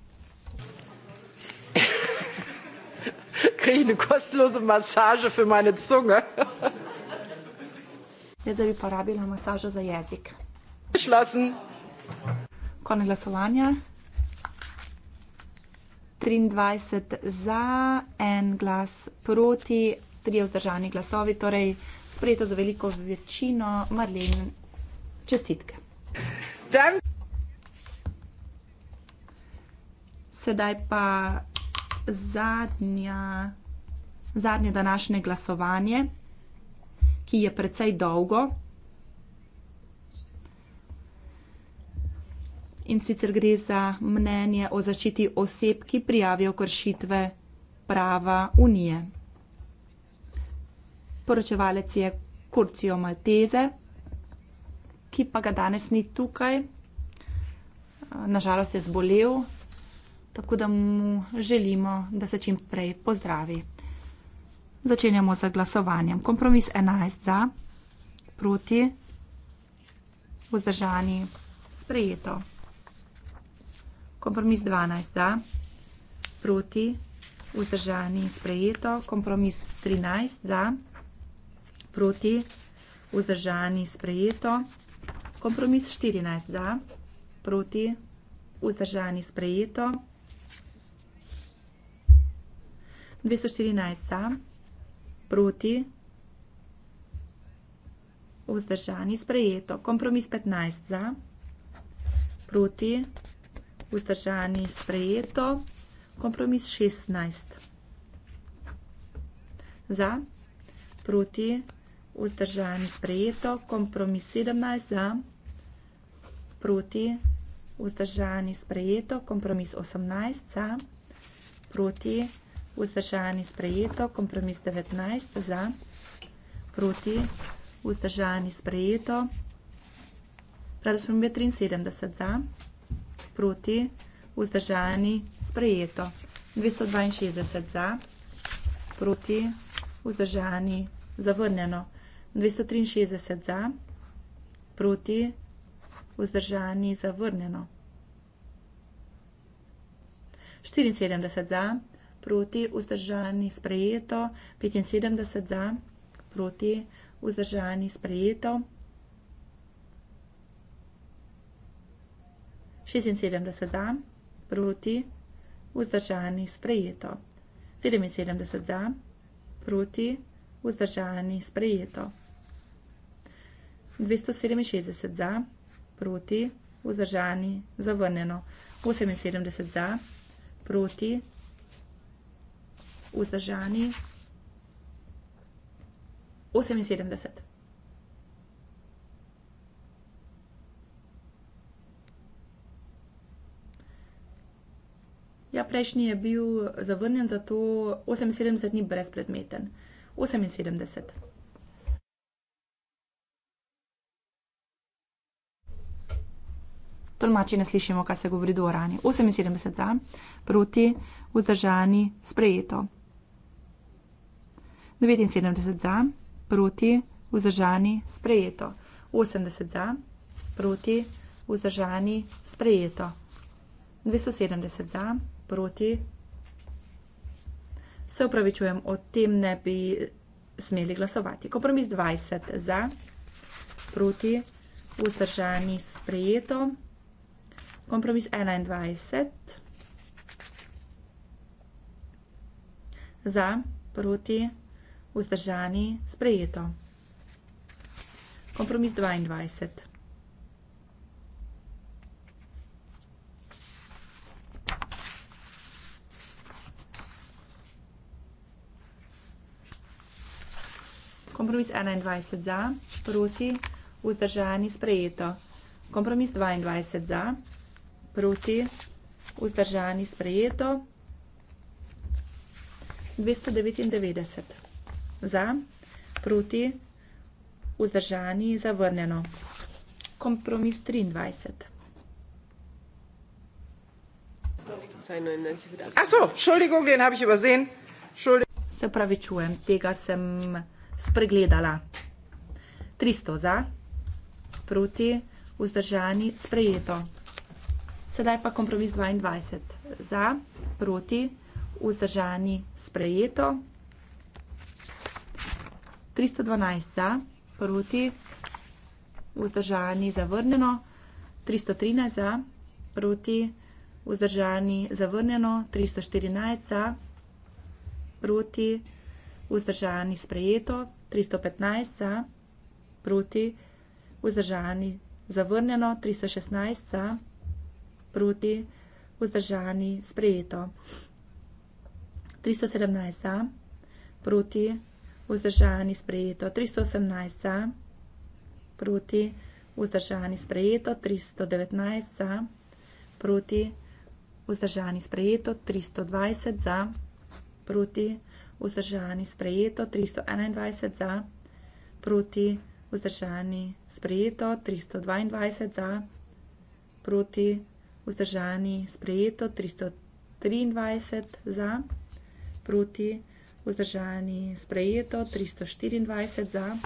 Kaj je kostlozo masažo za moje cunge? Jaz bi porabila masažo za jezik. Šla sem. Konec glasovanja. 23 za, en glas proti, tri vzdržani glasovi, torej sprejeto za veliko večino, Marlene, čestitke. Dan. Sedaj pa zadnja, zadnje današnje glasovanje, ki je precej dolgo. in sicer gre za mnenje o zaščiti oseb, ki prijavijo kršitve prava Unije. Poročevalec je Kurcijo Malteze, ki pa ga danes ni tukaj. Nažalost je zbolel, tako da mu želimo, da se čim prej pozdravi. Začenjamo z glasovanjem. Kompromis 11 za, proti, vzdržani, sprejeto kompromis 12 za, proti, vzdržani, sprejeto, kompromis 13 za, proti, vzdržani, sprejeto, kompromis 14 za, proti, vzdržani, sprejeto, 214 za, proti, vzdržani, sprejeto, kompromis 15 za, proti, vzdržani, sprejeto, vzdržani sprejeto. Kompromis šestnajst. Za, proti, vzdržani sprejeto. Kompromis sedemnajst, za, proti, vzdržani sprejeto. Kompromis osemnajst, za, proti, vzdržani sprejeto. Kompromis devetnajst, za, proti, vzdržani sprejeto. Predvsem je triinsedemdeset za proti, vzdržani, sprejeto. 262 za, proti, vzdržani, zavrnjeno. 263 za, proti, vzdržani, zavrnjeno. 74 za, proti, vzdržani, sprejeto. 75 za, proti, vzdržani, sprejeto. 76 za, proti, vzdržani, sprejeto. 77 za, proti, vzdržani, sprejeto. 267 za, proti, vzdržani, zavrnjeno. 78 za, proti, vzdržani, 78. Ja, prejšnji je bil zavrnjen, zato 78 ni brezpredmeten. 78. Tolmači ne slišimo, kaj se govori do rani. 78 za, proti, vzdržani, sprejeto. 79 za, proti, vzdržani, sprejeto. 80 za, proti, vzdržani, sprejeto. 270 za, proti. Se upravičujem, o tem ne bi smeli glasovati. Kompromis 20 za, proti, vzdržani sprejeto. Kompromis 21 za, proti, vzdržani sprejeto. Kompromis 22 za. Kompromis 21 za, proti, vzdržani, sprejeto. Kompromis 22 za, proti, vzdržani, sprejeto. 299 za, proti, vzdržani, zavrnjeno. Kompromis 23. Ach so, Entschuldigung, den habe ich übersehen. Entschuldigung. Se pravičujem, tega sem spregledala. 300 za, proti, vzdržani, sprejeto. Sedaj pa kompromis 22. Za, proti, vzdržani, sprejeto. 312 za, proti, vzdržani, zavrnjeno. 313 za, proti, vzdržani, zavrnjeno. 314 za, proti, vzdržani, zavrnjeno vzdržani sprejeto, 315 za, proti, vzdržani zavrnjeno, 316 za, proti, vzdržani sprejeto, 317 za, proti, vzdržani sprejeto, 318 za, proti, vzdržani sprejeto, 319 za, proti, vzdržani sprejeto, 320 za, proti, vzdržani sprejeto, 320 za, proti, vzdržani sprejeto 321 za, proti vzdržani sprejeto 322 za, proti vzdržani sprejeto 323 za, proti vzdržani sprejeto 324 za,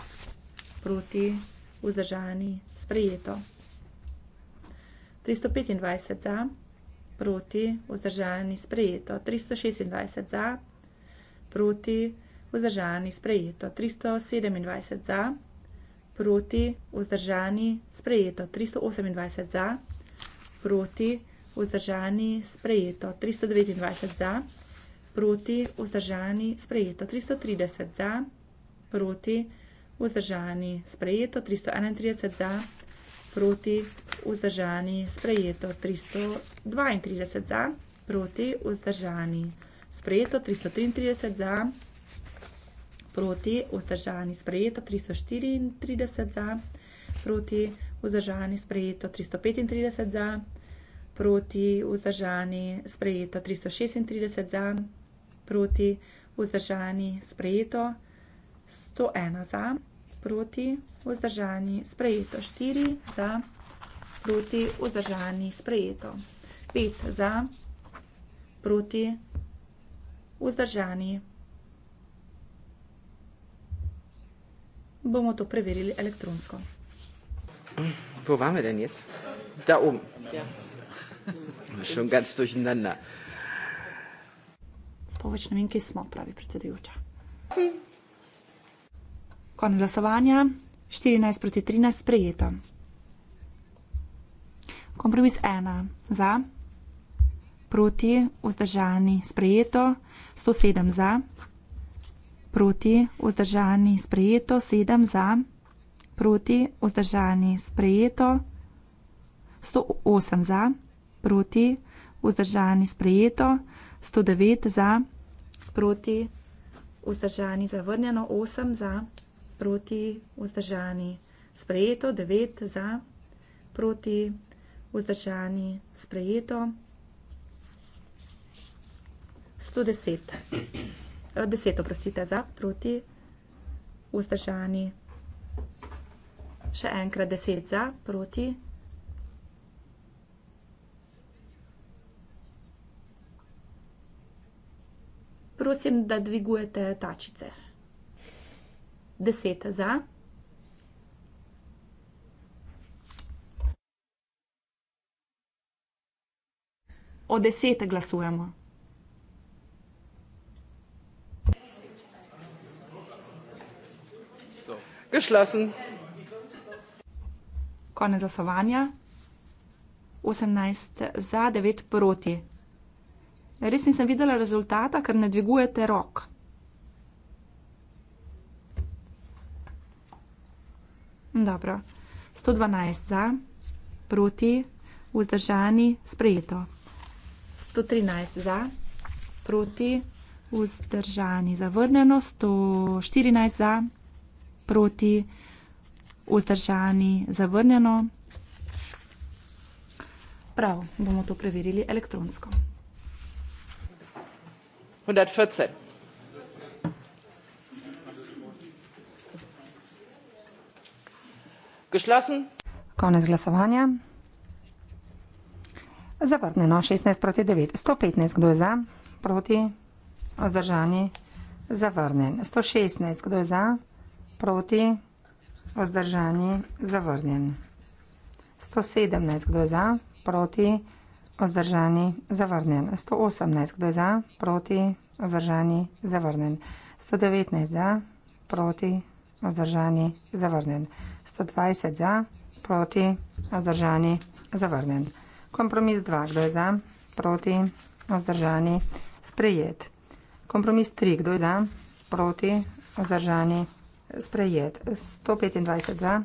proti vzdržani sprejeto 325 za, proti vzdržani sprejeto 326 za, proti, proti, vzdržani, sprejeto 327 za, proti, vzdržani, sprejeto 328 za, proti, vzdržani, sprejeto 329 za, proti, vzdržani, sprejeto 330 za, proti, vzdržani, sprejeto 331 za, proti, vzdržani, sprejeto 332 za, proti, vzdržani sprejeto 333 za, proti vzdržani sprejeto 334 za, proti vzdržani sprejeto 335 za, proti vzdržani sprejeto 336 za, proti vzdržani sprejeto 101 za, proti vzdržani sprejeto 4 za, proti vzdržani sprejeto 5 za, proti vzdržani sprejeto vzdržani. Bomo to preverili elektronsko. Wo waren wir denn jetzt? Da oben. Ja. Schon ganz durcheinander. Spovedž novinke smo, pravi predsedujoča. Konec glasovanja. 14 proti 13 sprejeto. Kompromis 1 za proti, vzdržani, sprejeto, 107 za, proti, vzdržani, sprejeto, 7 za, proti, vzdržani, sprejeto, 108 za, proti, vzdržani, sprejeto, 109 za, proti, vzdržani, zavrnjeno, 8 za, proti, vzdržani, sprejeto, 9 za, proti, vzdržani, sprejeto. 110. 10, eh, oprostite, za, proti, vzdržani. Še enkrat 10 za, proti. Prosim, da dvigujete tačice. 10 za. O 10 glasujemo. geschlossen. Konec glasovanja. 18 za, 9 proti. Res nisem videla rezultata, ker ne dvigujete rok. Dobro. 112 za, proti, vzdržani, sprejeto. 113 za, proti, vzdržani, zavrnjeno. 114 za proti, vzdržani, zavrnjeno. Prav, bomo to preverili elektronsko. 114. Geschlossen. Konec glasovanja. Zavrnjeno 16 proti 9. 115, kdo je za? Proti? Ozdržani? Zavrnjen. 116, kdo je za? Proti, vzdržani, zavrnjen. 117, kdo je za, proti, vzdržani, zavrnjen. 118, kdo je za, proti, vzdržani, zavrnjen. 119 za, proti, vzdržani, zavrnjen. 120 za, proti, vzdržani, zavrnjen. Kompromis 2, kdo je za, proti, vzdržani, sprejet. Kompromis 3, kdo je za, proti, vzdržani, zavrnjen sprejet. 125 za,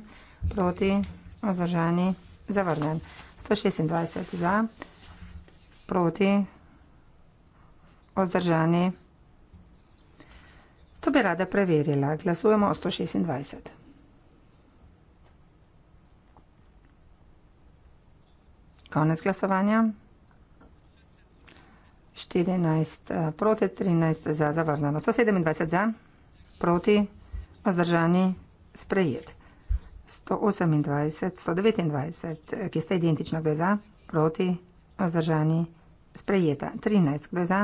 proti, vzdržani, zavrnen. 126 za, proti, vzdržani. To bi rada preverila. Glasujemo o 126. Konec glasovanja. 14 eh, proti, 13 za, zavrnjeno. 127 za, proti, vzdržani sprejet. 128, 129, ki sta identična, kdo je za, proti, vzdržani, sprejeta. 13, kdo je za,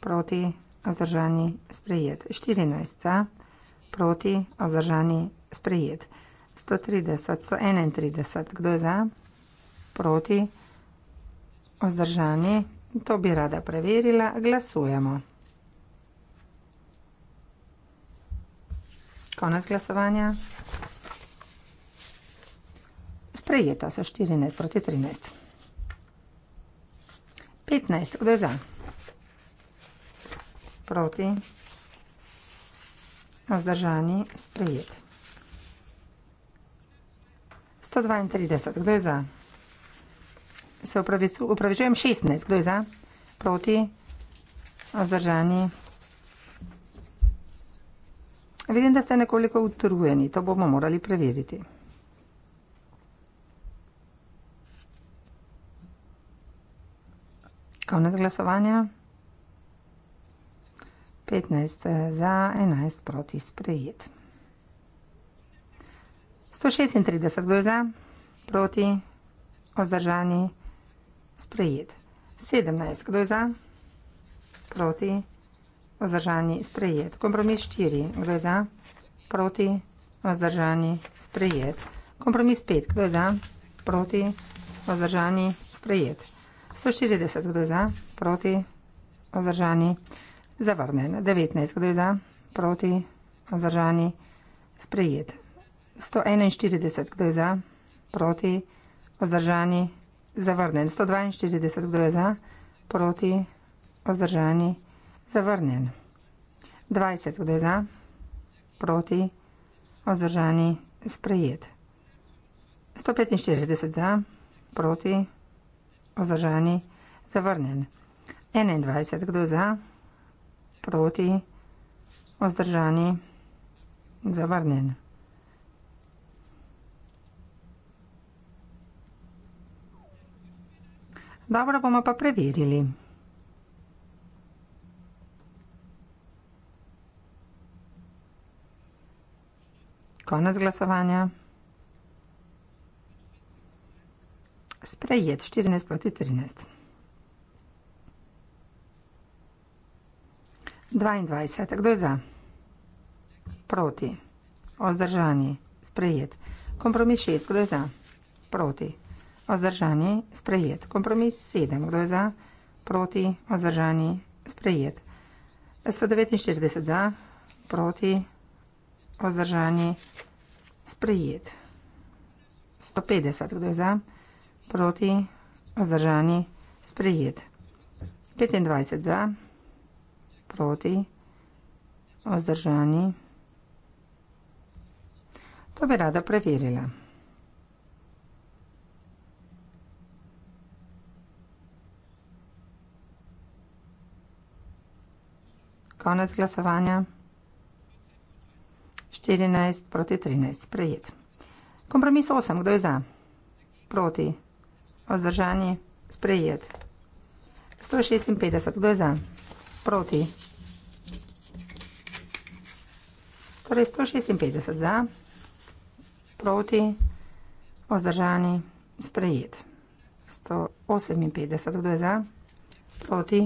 proti, vzdržani, sprejet. 14, za, proti, vzdržani, sprejet. 130, 131, kdo je za, proti, vzdržani, to bi rada preverila, glasujemo. Konec glasovanja. Sprejeto so 14 proti 13. 15. Kdo je za? Proti. Ozdržani. Sprejet. 132. Kdo je za? Se upravičujem 16. Kdo je za? Proti. Ozdržani. Sprejet. Vidim, da ste nekoliko utrujeni, to bomo morali preveriti. Konec glasovanja. 15 eh, za, 11 proti sprejet. 136, kdo je za? Proti, ozdržani, sprejet. 17, kdo je za? Proti, sprejet. Vzdržani sprejet. Kompromis 4. Kdo je za? Proti. Vzdržani sprejet. Kompromis 5. Kdo je za? Proti. Vzdržani sprejet. 140. Kdo je za? Proti. Vzdržani. Zavrnen. 19. Kdo je za? Proti. Vzdržani sprejet. 141. Kdo je za? Proti. Vzdržani. Zavrnen. 142. Kdo je za? Proti. Vzdržani sprejet zavrnjen. 20, kdo je za, proti, vzdržani, sprejet. 145 za, proti, vzdržani, zavrnjen. 21, kdo je za, proti, vzdržani, zavrnjen. Dobro bomo pa preverili. Konec glasovanja. Sprejet 14 proti 13. 22. Kdo je za? Proti. Ozdržani. Sprejet. Kompromis 6. Kdo je za? Proti. Ozdržani. Sprejet. Kompromis 7. Kdo je za? Proti. Ozdržani. Sprejet. 149 za. Proti. Vzdržani. Sprejet. 150. Kdo je za? Proti. Vzdržani. Sprejet. 25. Za. Proti. Vzdržani. To bi rada preverila. Konec glasovanja. 14 proti 13 sprejet. Kompromis 8. Kdo je za? Proti. Vzdržanje sprejet. 156. Kdo je za? Proti. Torej 156 za. Proti. Vzdržanje sprejet. 158. Kdo je za? Proti.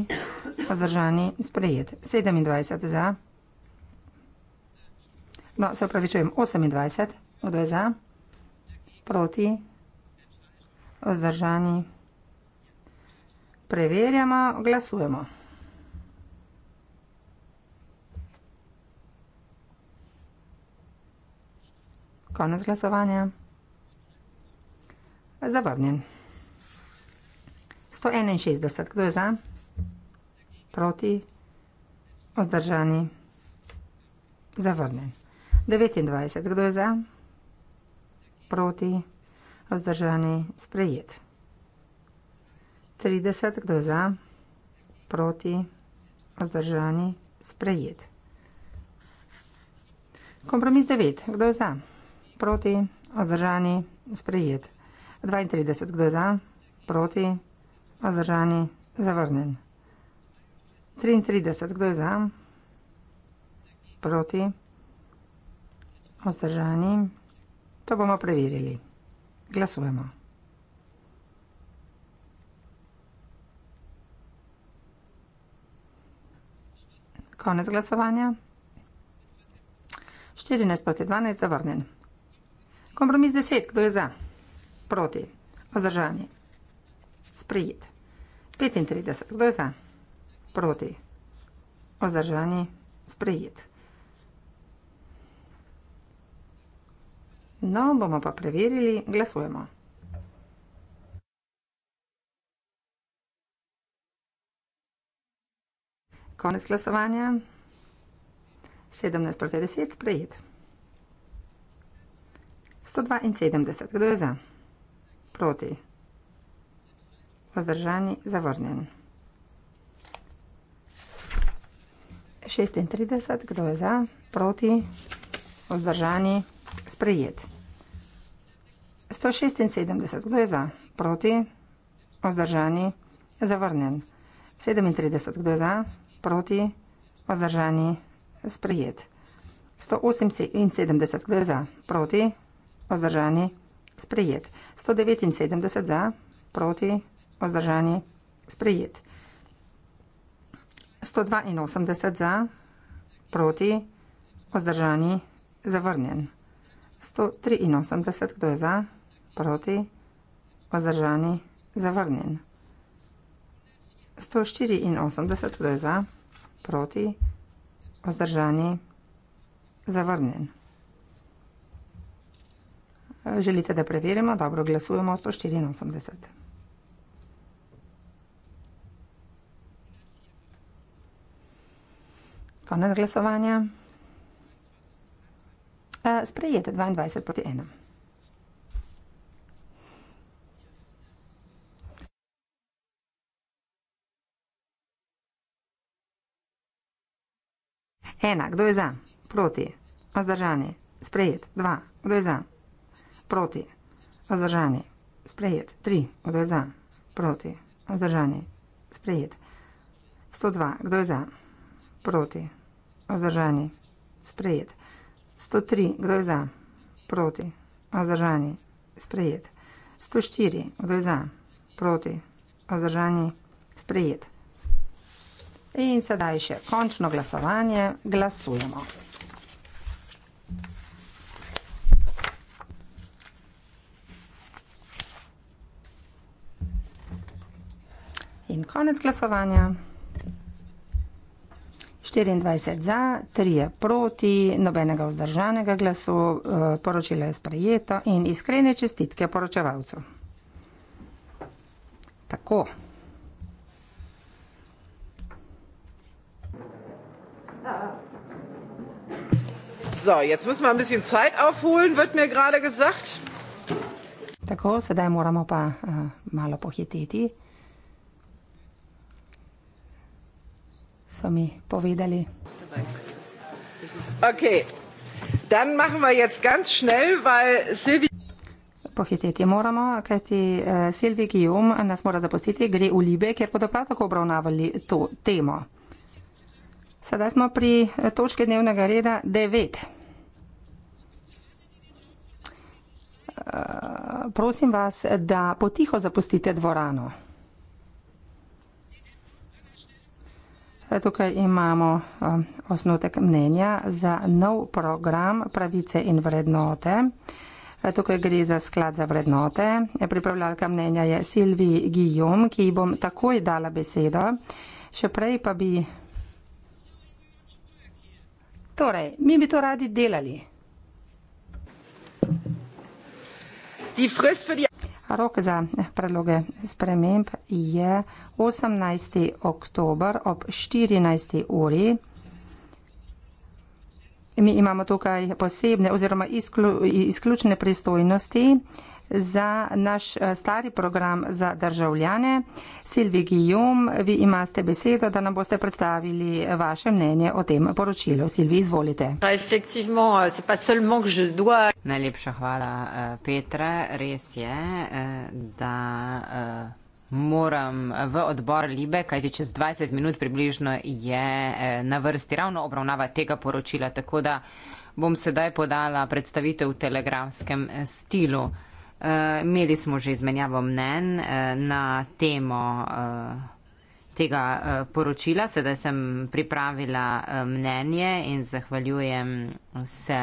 Vzdržanje sprejet. 27 za. Proti. No, se opravičujem, 28. Kdo je za? Proti? Vzdržani? Preverjamo, glasujemo. Konec glasovanja. Zavrnjen. 161. Kdo je za? Proti? Vzdržani? Zavrnjen. 29. Kdo je za? Proti? Vzdržani? Sprejet. 30. Kdo je za? Proti? Vzdržani? Sprejet. Kompromis 9. Kdo je za? Proti? Vzdržani? Sprejet. 32. Kdo je za? Proti? Vzdržani? Zavrnen. 33. Kdo je za? Proti? Vzdržani? Vzdržani. To bomo preverili. Glasujemo. Konec glasovanja. 14 proti 12 zavrnjen. Kompromis 10. Kdo je za? Proti. Vzdržani. Sprijet. 35. Kdo je za? Proti. Vzdržani. Sprijet. 35. No, bomo pa preverili, glasujemo. Konec glasovanja. 17 proti 10, sprejet. 172, kdo je za? Proti. Vzdržani, zavrnjen. 36, kdo je za? Proti. Vzdržani, zavrnjen. Sprejet. 176. Kdo je za? Proti? Ozdržani? Zavrnen. 37. Kdo je za? Proti? Ozdržani? Sprejet. 178. Kdo je za? Proti? Ozdržani? Sprejet. 179. Za? Proti? Ozdržani? Sprejet. 182. Za? Proti? Ozdržani? Zavrnen. 183, kdo je za, proti, vzdržani, zavrnjen. 184, kdo je za, proti, vzdržani, zavrnjen. Želite, da preverimo? Dobro, glasujemo 184. Konec glasovanja sprejet 22 proti 1. Ena, kdo je za? Proti. Vzdržani. Sprejet. Dva, kdo je za? Proti. Vzdržani. Sprejet. Tri, kdo je za? Proti. Vzdržani. Sprejet. Sto dva, kdo je za? Proti. Vzdržani. Sprejet. 103, kdo je za? Proti. Ozdržani. Sprejet. 104, kdo je za? Proti. Ozdržani. Sprejet. In sedaj še končno glasovanje. Glasujemo. In konec glasovanja. 24 za, 3 proti, nobenega vzdržanega glasu, eh, poročilo je sprejeto in iskrene čestitke poročevalcu. Tako. So, jetzt müssen wir ein bisschen Zeit aufholen, wird mir gerade gesagt. Tako, sedaj moramo pa uh, malo pohititi. so mi povedali. Pohiteti moramo, kajti eh, Silvi Guillaume nas mora zapustiti, gre v Libe, kjer bodo prav tako obravnavali to temo. Sedaj smo pri eh, točki dnevnega reda 9. Eh, prosim vas, da potiho zapustite dvorano. Eh, tukaj imamo eh, osnutek mnenja za nov program pravice in vrednote. Eh, tukaj gre za sklad za vrednote. Pripravljalka mnenja je Silvi Gijom, ki bom takoj dala besedo. Še prej pa bi. Torej, mi bi to radi delali. Rok za predloge sprememb je 18. oktober ob 14. uri. Mi imamo tukaj posebne oziroma izklu, izključne pristojnosti za naš eh, stari program za državljane. Silvi Gijom, vi imate besedo, da nam boste predstavili eh, vaše mnenje o tem poročilu. Silvi, izvolite. Ja, euh, Najlepša hvala, eh, Petra. Res je, da. Moram v odbor Libe, kajti čez 20 minut približno je na vrsti ravno obravnava tega poročila, tako da bom sedaj podala predstavitev v telegramskem stilu. Eh, imeli smo že izmenjavo mnen eh, na temo eh, tega poročila. Sedaj sem pripravila mnenje in zahvaljujem se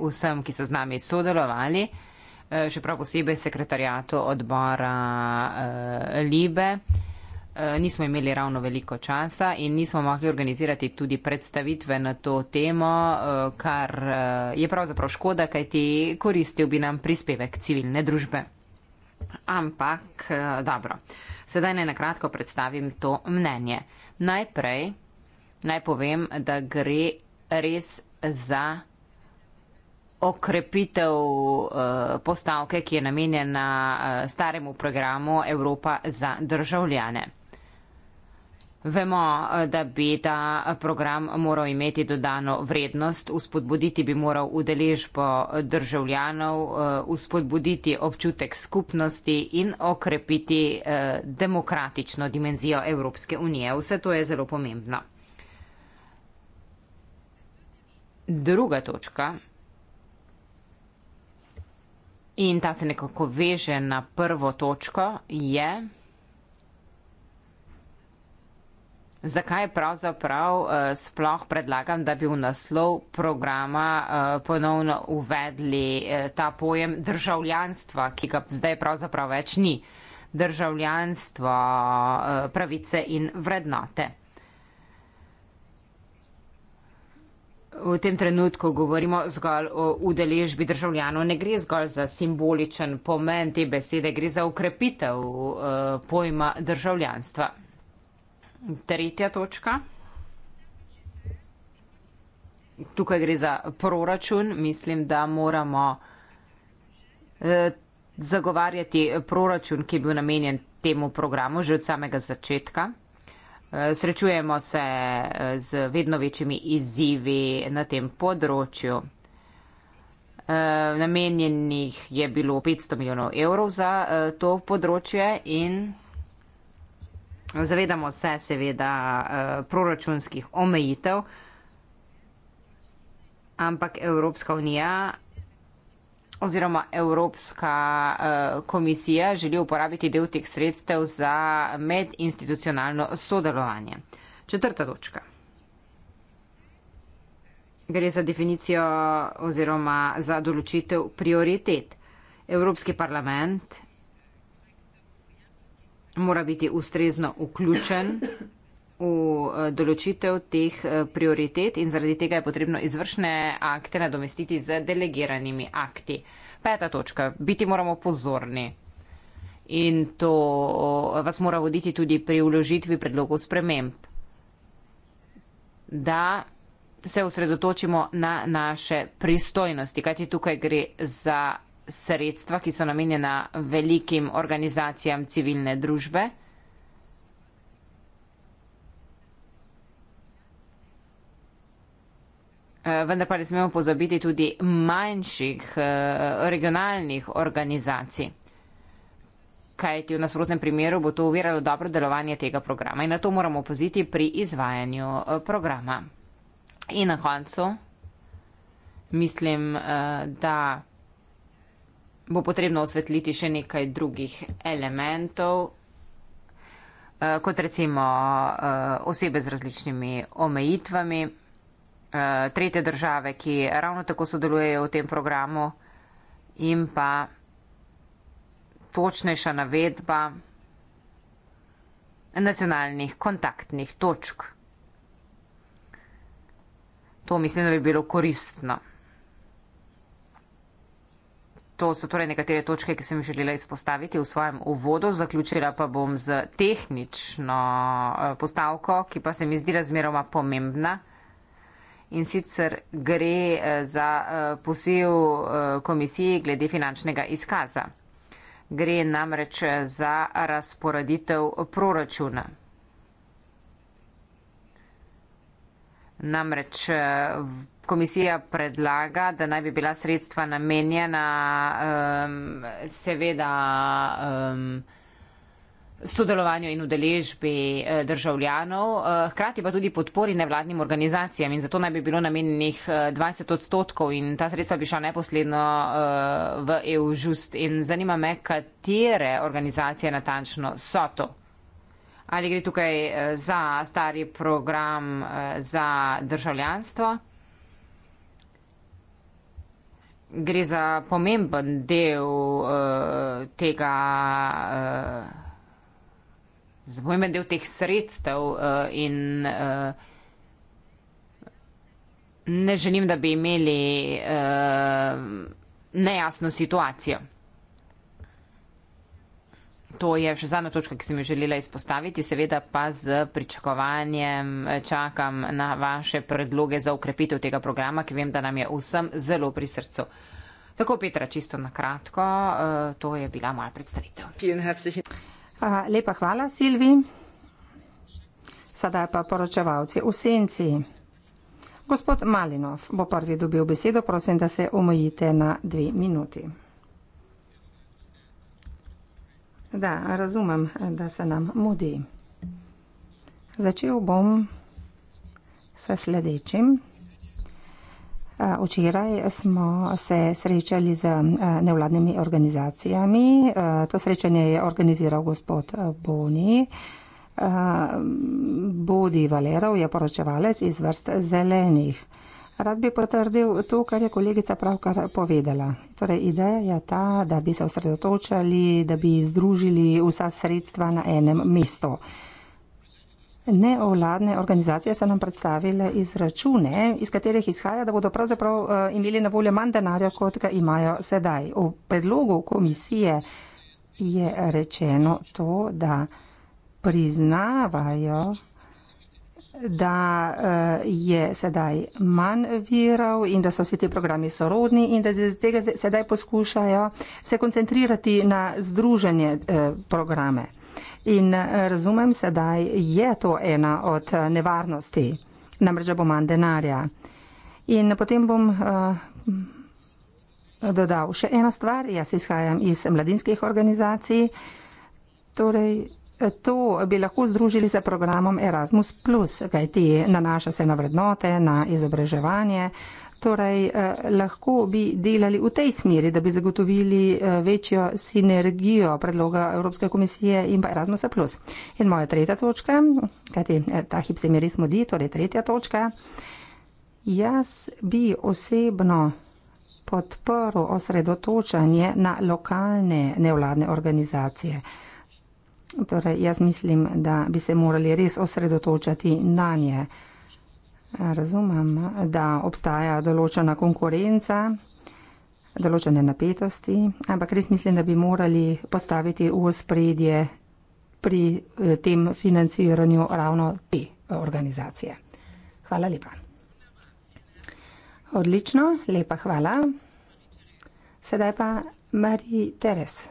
vsem, ki so z nami sodelovali, še prav posebej sekretarjatu odbora Libe. Eh, nismo imeli ravno veliko časa in nismo mogli organizirati tudi predstavitve na to temo, eh, kar eh, je pravzaprav škoda, kajti koristil bi nam prispevek civilne družbe. Ampak dobro, sedaj naj nakratko predstavim to mnenje. Najprej naj povem, da gre res za okrepitev postavke, ki je namenjena staremu programu Evropa za državljane. Vemo, eh, da bi ta program moral imeti dodano vrednost, uspodbuditi bi moral udeležbo državljanov, uspodbuditi eh, občutek skupnosti in okrepiti eh, demokratično dimenzijo Evropske unije. Vse to je zelo pomembno. Druga točka. In ta se nekako veže na prvo točko, je zakaj pravzaprav eh, sploh predlagam, da bi v naslov programa eh, ponovno uvedli eh, ta pojem državljanstva, ki ga zdaj pravzaprav več ni. Državljanstvo, pravice in vrednote. V tem trenutku govorimo zgolj o udeležbi državljanov, ne gre zgolj za simboličen pomen te besede, gre za ukrepitev uh, pojma državljanstva. Tretja točka. Tukaj gre za proračun. Mislim, da moramo eh, zagovarjati proračun, ki je bil namenjen temu programu že od samega začetka. Eh, srečujemo se eh, z vedno večjimi izzivi na tem področju. Namenjenih je bilo 500 milijonov evrov za to področje in Zavedamo se seveda eh, proračunskih omejitev, ampak Evropska unija oziroma Evropska eh, komisija želi uporabiti del teh sredstev za medinstitucionalno sodelovanje. Četrta točka. Gre za definicijo oziroma za določitev prioritet. Evropski parlament mora biti ustrezno vključen v eh, določitev teh eh, prioritet in zaradi tega je potrebno izvršne akte nadomestiti z delegiranimi akti. Peta točka. Biti moramo pozorni. In to eh, vas mora voditi tudi pri vložitvi predlogov sprememb. Da se osredotočimo na naše pristojnosti, kajti tukaj gre za sredstva, ki so namenjena velikim organizacijam civilne družbe. Eh, vendar pa ne smemo pozabiti tudi manjših eh, regionalnih organizacij. Kajti v nasprotnem primeru bo to uviralo dobro delovanje tega programa in na to moramo opaziti pri izvajanju eh, programa. In na koncu mislim, da bo potrebno osvetliti še nekaj drugih elementov, eh, kot recimo eh, osebe z različnimi omejitvami, eh, tretje države, ki ravno tako sodelujejo v tem programu in pa točnejša navedba nacionalnih kontaktnih točk. To mislim, da bi bilo koristno to so torej nekatere točke, ki sem želela izpostaviti v svojem uvodu. Zaključila pa bom z tehnično eh, postavko, ki pa se mi zdi razmeroma pomembna. In sicer gre eh, za eh, posel komisiji glede finančnega izkaza. Gre namreč za razporeditev proračuna. Namreč Komisija predlaga, da naj bi bila sredstva namenjena um, seveda um, sodelovanju in udeležbi eh, državljanov, eh, hkrati pa tudi podpori nevladnim organizacijam in zato naj bi bilo namenjenih 20 eh, odstotkov in ta sredstva bi šla neposledno v EU Just. In zanima me, katere organizacije natančno so to. Ali gre tukaj za stari program za državljanstvo? gre za pomemben del uh, tega. Uh, eh, Zvojme del teh sredstev uh, in uh, ne želim, da bi imeli uh, nejasno situacijo. To je še zadnja točka, ki sem jo želela izpostaviti. Seveda pa z pričakovanjem eh, čakam na vaše predloge za ukrepitev tega programa, ki vem, da nam je vsem zelo pri srcu. Tako, Petra, čisto na kratko, eh, to je bila moja predstavitev. Lepa hvala, Silvi. Sada je pa poročevalci v senci. Gospod Malinov bo prvi dobil besedo, prosim, da se omejite na dve minuti. Da, razumem, da se nam mudi. Začel bom s sledečim. Včeraj smo se srečali z nevladnimi organizacijami. To srečanje je organiziral gospod Boni. Bodi Valerov je poročevalec iz vrst zelenih. Rad bi potrdil to, kar je kolegica pravkar povedala. Torej, ideja je ta, da bi se osredotočali, da bi združili vsa sredstva na enem mestu. Neovladne organizacije so nam predstavile izračune, iz katerih izhaja, da bodo pravzaprav eh, imeli na voljo manj denarja, kot ga imajo sedaj. V predlogu komisije je rečeno to, da priznavajo da eh, je sedaj manj virov in da so vsi ti programi sorodni in da se tega sedaj poskušajo se koncentrirati na združenje eh, programe. In eh, razumem sedaj, je to ena od nevarnosti, namreč bo manj denarja. In potem bom uh, dodal še eno stvar, jaz izhajam iz mladinskih organizacij, torej To bi lahko združili z programom Erasmus, kajti nanaša se na vrednote, na izobraževanje. Torej, eh, lahko bi delali v tej smeri, da bi zagotovili eh, večjo sinergijo predloga Evropske komisije in pa Erasmusa. In moja tretja točka, kajti eh, ta hip se mi res modi, torej tretja točka. Jaz bi osebno podprl osredotočanje na lokalne nevladne organizacije. Eh, Torej, jaz mislim, da bi se morali res osredotočati na nje. Razumem, da obstaja določena konkurenca, določene napetosti, ampak res mislim, da bi morali postaviti v spredje pri eh, tem financiranju ravno te eh, organizacije. Hvala lepa. Odlično, lepa hvala. Sedaj pa Marie Therese.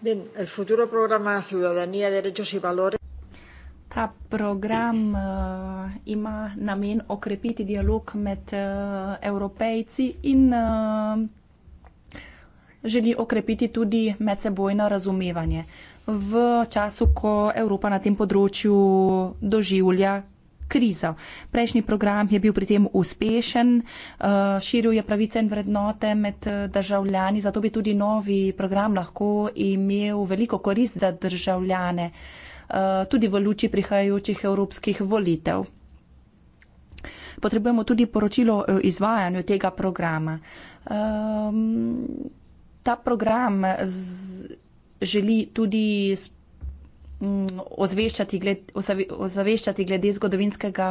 Bien, el futuro programa Ciudadanía, Derechos y Valores. Ta program uh, ima namen okrepiti dialog med uh, evropejci in uh, želi okrepiti tudi medsebojno razumevanje v času, ko Evropa na tem področju doživlja krizo. Prejšnji program je bil pri tem uspešen, eh, širil je pravice in vrednote med eh, državljani, zato bi tudi novi program lahko imel veliko korist za državljane, eh, tudi v luči prihajajočih evropskih volitev. Potrebujemo tudi poročilo o izvajanju tega programa. Ehm, ta program z, želi tudi spodbujati Mm, ozaveščati glede, ozaveščati glede zgodovinskega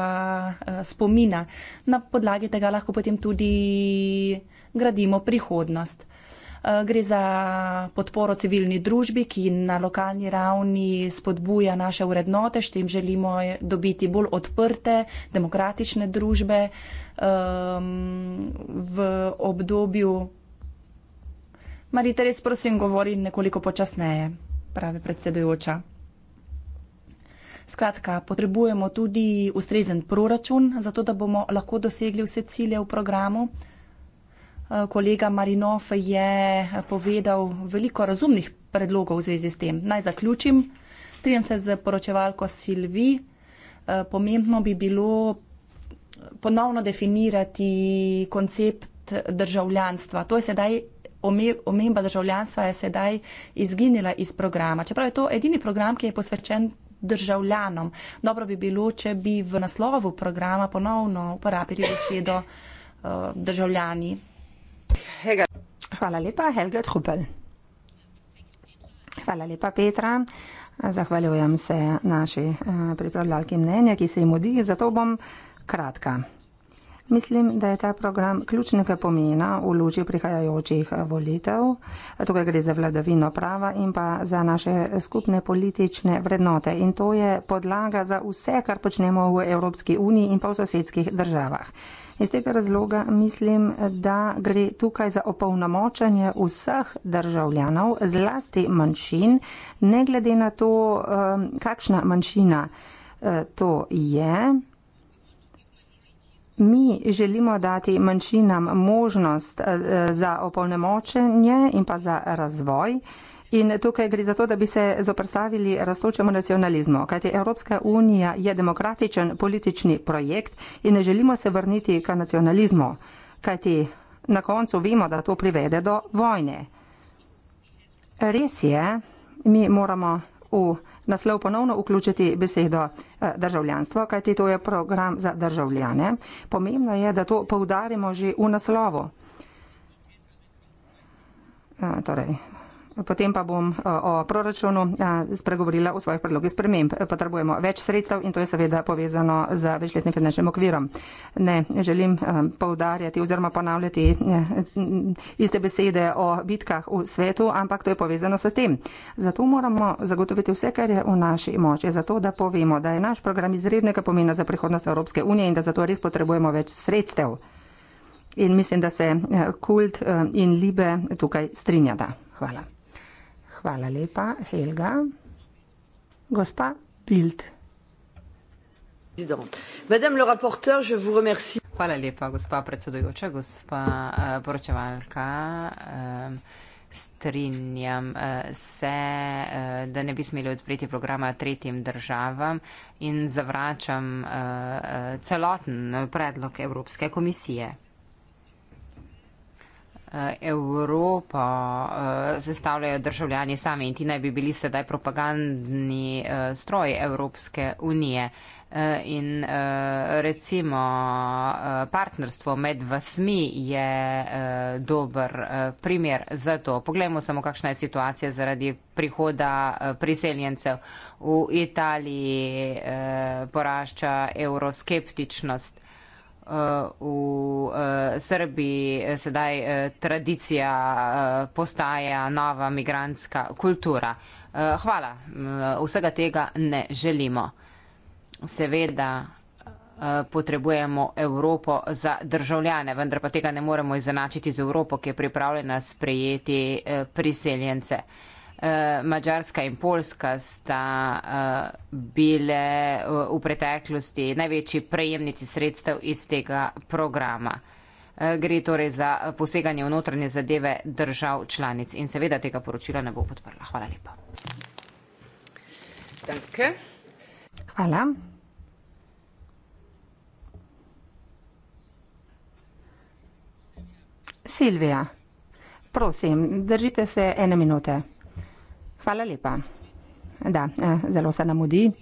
eh, spomina. Na podlagi tega lahko potem tudi gradimo prihodnost. Eh, gre za podporo civilni družbi, ki na lokalni ravni spodbuja naše urednote, s tem želimo dobiti bolj odprte, demokratične družbe um, v obdobju. Marita, res prosim, govori nekoliko počasneje, pravi predsedujoča. Skratka, potrebujemo tudi ustrezen proračun, zato da bomo lahko dosegli vse cilje v programu. Eh, kolega Marinov je povedal veliko razumnih predlogov v zvezi s tem. Naj zaključim. Strinjam se z poročevalko Silvi. Eh, pomembno bi bilo ponovno definirati koncept državljanstva. To je sedaj omemba državljanstva je sedaj izginila iz programa. Čeprav je to edini program, ki je posvečen državljanom. Dobro bi bilo, če bi v naslovu programa ponovno uporabili besedo uh, državljani. Hega. Hvala lepa, Helga Trupel. Hvala lepa, Petra. Zahvaljujem se naši eh, pripravljalki mnenja, ki se jim odi, zato bom kratka. Mislim, da je ta program ključnega pomena v luči prihajajočih eh, volitev. Tukaj gre za vladavino prava in pa za naše skupne politične vrednote. In to je podlaga za vse, kar počnemo v Evropski uniji in pa v sosedskih državah. Iz tega razloga mislim, da gre tukaj za opolnomočanje vseh državljanov, zlasti manjšin, ne glede na to, eh, kakšna manjšina eh, to je mi želimo dati manjšinam možnost eh, za opolnemočenje in pa za razvoj. In tukaj gre za to, da bi se zoprstavili rastočemu nacionalizmu, kajti Evropska unija je demokratičen politični projekt in ne želimo se vrniti k nacionalizmu, kajti na koncu vemo, da to privede do vojne. Res je, mi moramo v naslov ponovno vključiti besedo eh, državljanstvo, kajti to je program za državljane. Pomembno je, da to poudarimo že v naslovu. Eh, torej, potem pa bom eh, o proračunu eh, spregovorila v svojih predlogih sprememb. Potrebujemo več sredstev in to je seveda povezano z večletnim finančnim okvirom. Ne želim eh, poudarjati oziroma ponavljati iste besede o bitkah v svetu, ampak to je povezano s tem. Zato moramo zagotoviti vse, kar je v naši moči, zato da povemo, da je naš program izrednega pomena za prihodnost Evropske unije in da zato res potrebujemo več sredstev. In mislim, da se kult in libe tukaj strinjata. Hvala. Hvala lepa, Helga. Gospa Bild. Madame le rapporteur, je vous remercie. Hvala lepa, gospa predsedujoča, gospa uh, poročevalka. Um, strinjam uh, se, uh, da ne bi smeli odpreti programa tretjim državam in zavračam uh, uh, celoten predlog Evropske komisije. Evropo eh, sestavljajo državljani sami in ti naj bi bili sedaj propagandni eh, stroji Evropske unije. Eh, in recimo partnerstvo med vasmi je dober primer za to. Poglejmo samo, kakšna je situacija zaradi prihoda priseljencev v Italiji, porašča evroskeptičnost. Eh, v eh, Srbiji sedaj eh, tradicija postaja nova migranska kultura. Hvala, vsega tega ne želimo. Seveda potrebujemo Evropo za državljane, vendar pa tega ne moremo izenačiti z Evropo, ki je pripravljena sprejeti priseljence. Eh, Mačarska in Poljska sta eh, bile eh, v preteklosti največji prejemnici sredstev iz tega programa. Gre torej za poseganje v notranje zadeve držav članic in seveda tega poročila ne bo podprla. Hvala lepa. Danke. Hvala. Silvija, prosim, držite se ene minute. Hvala lepa. Da, eh, zelo se namudi.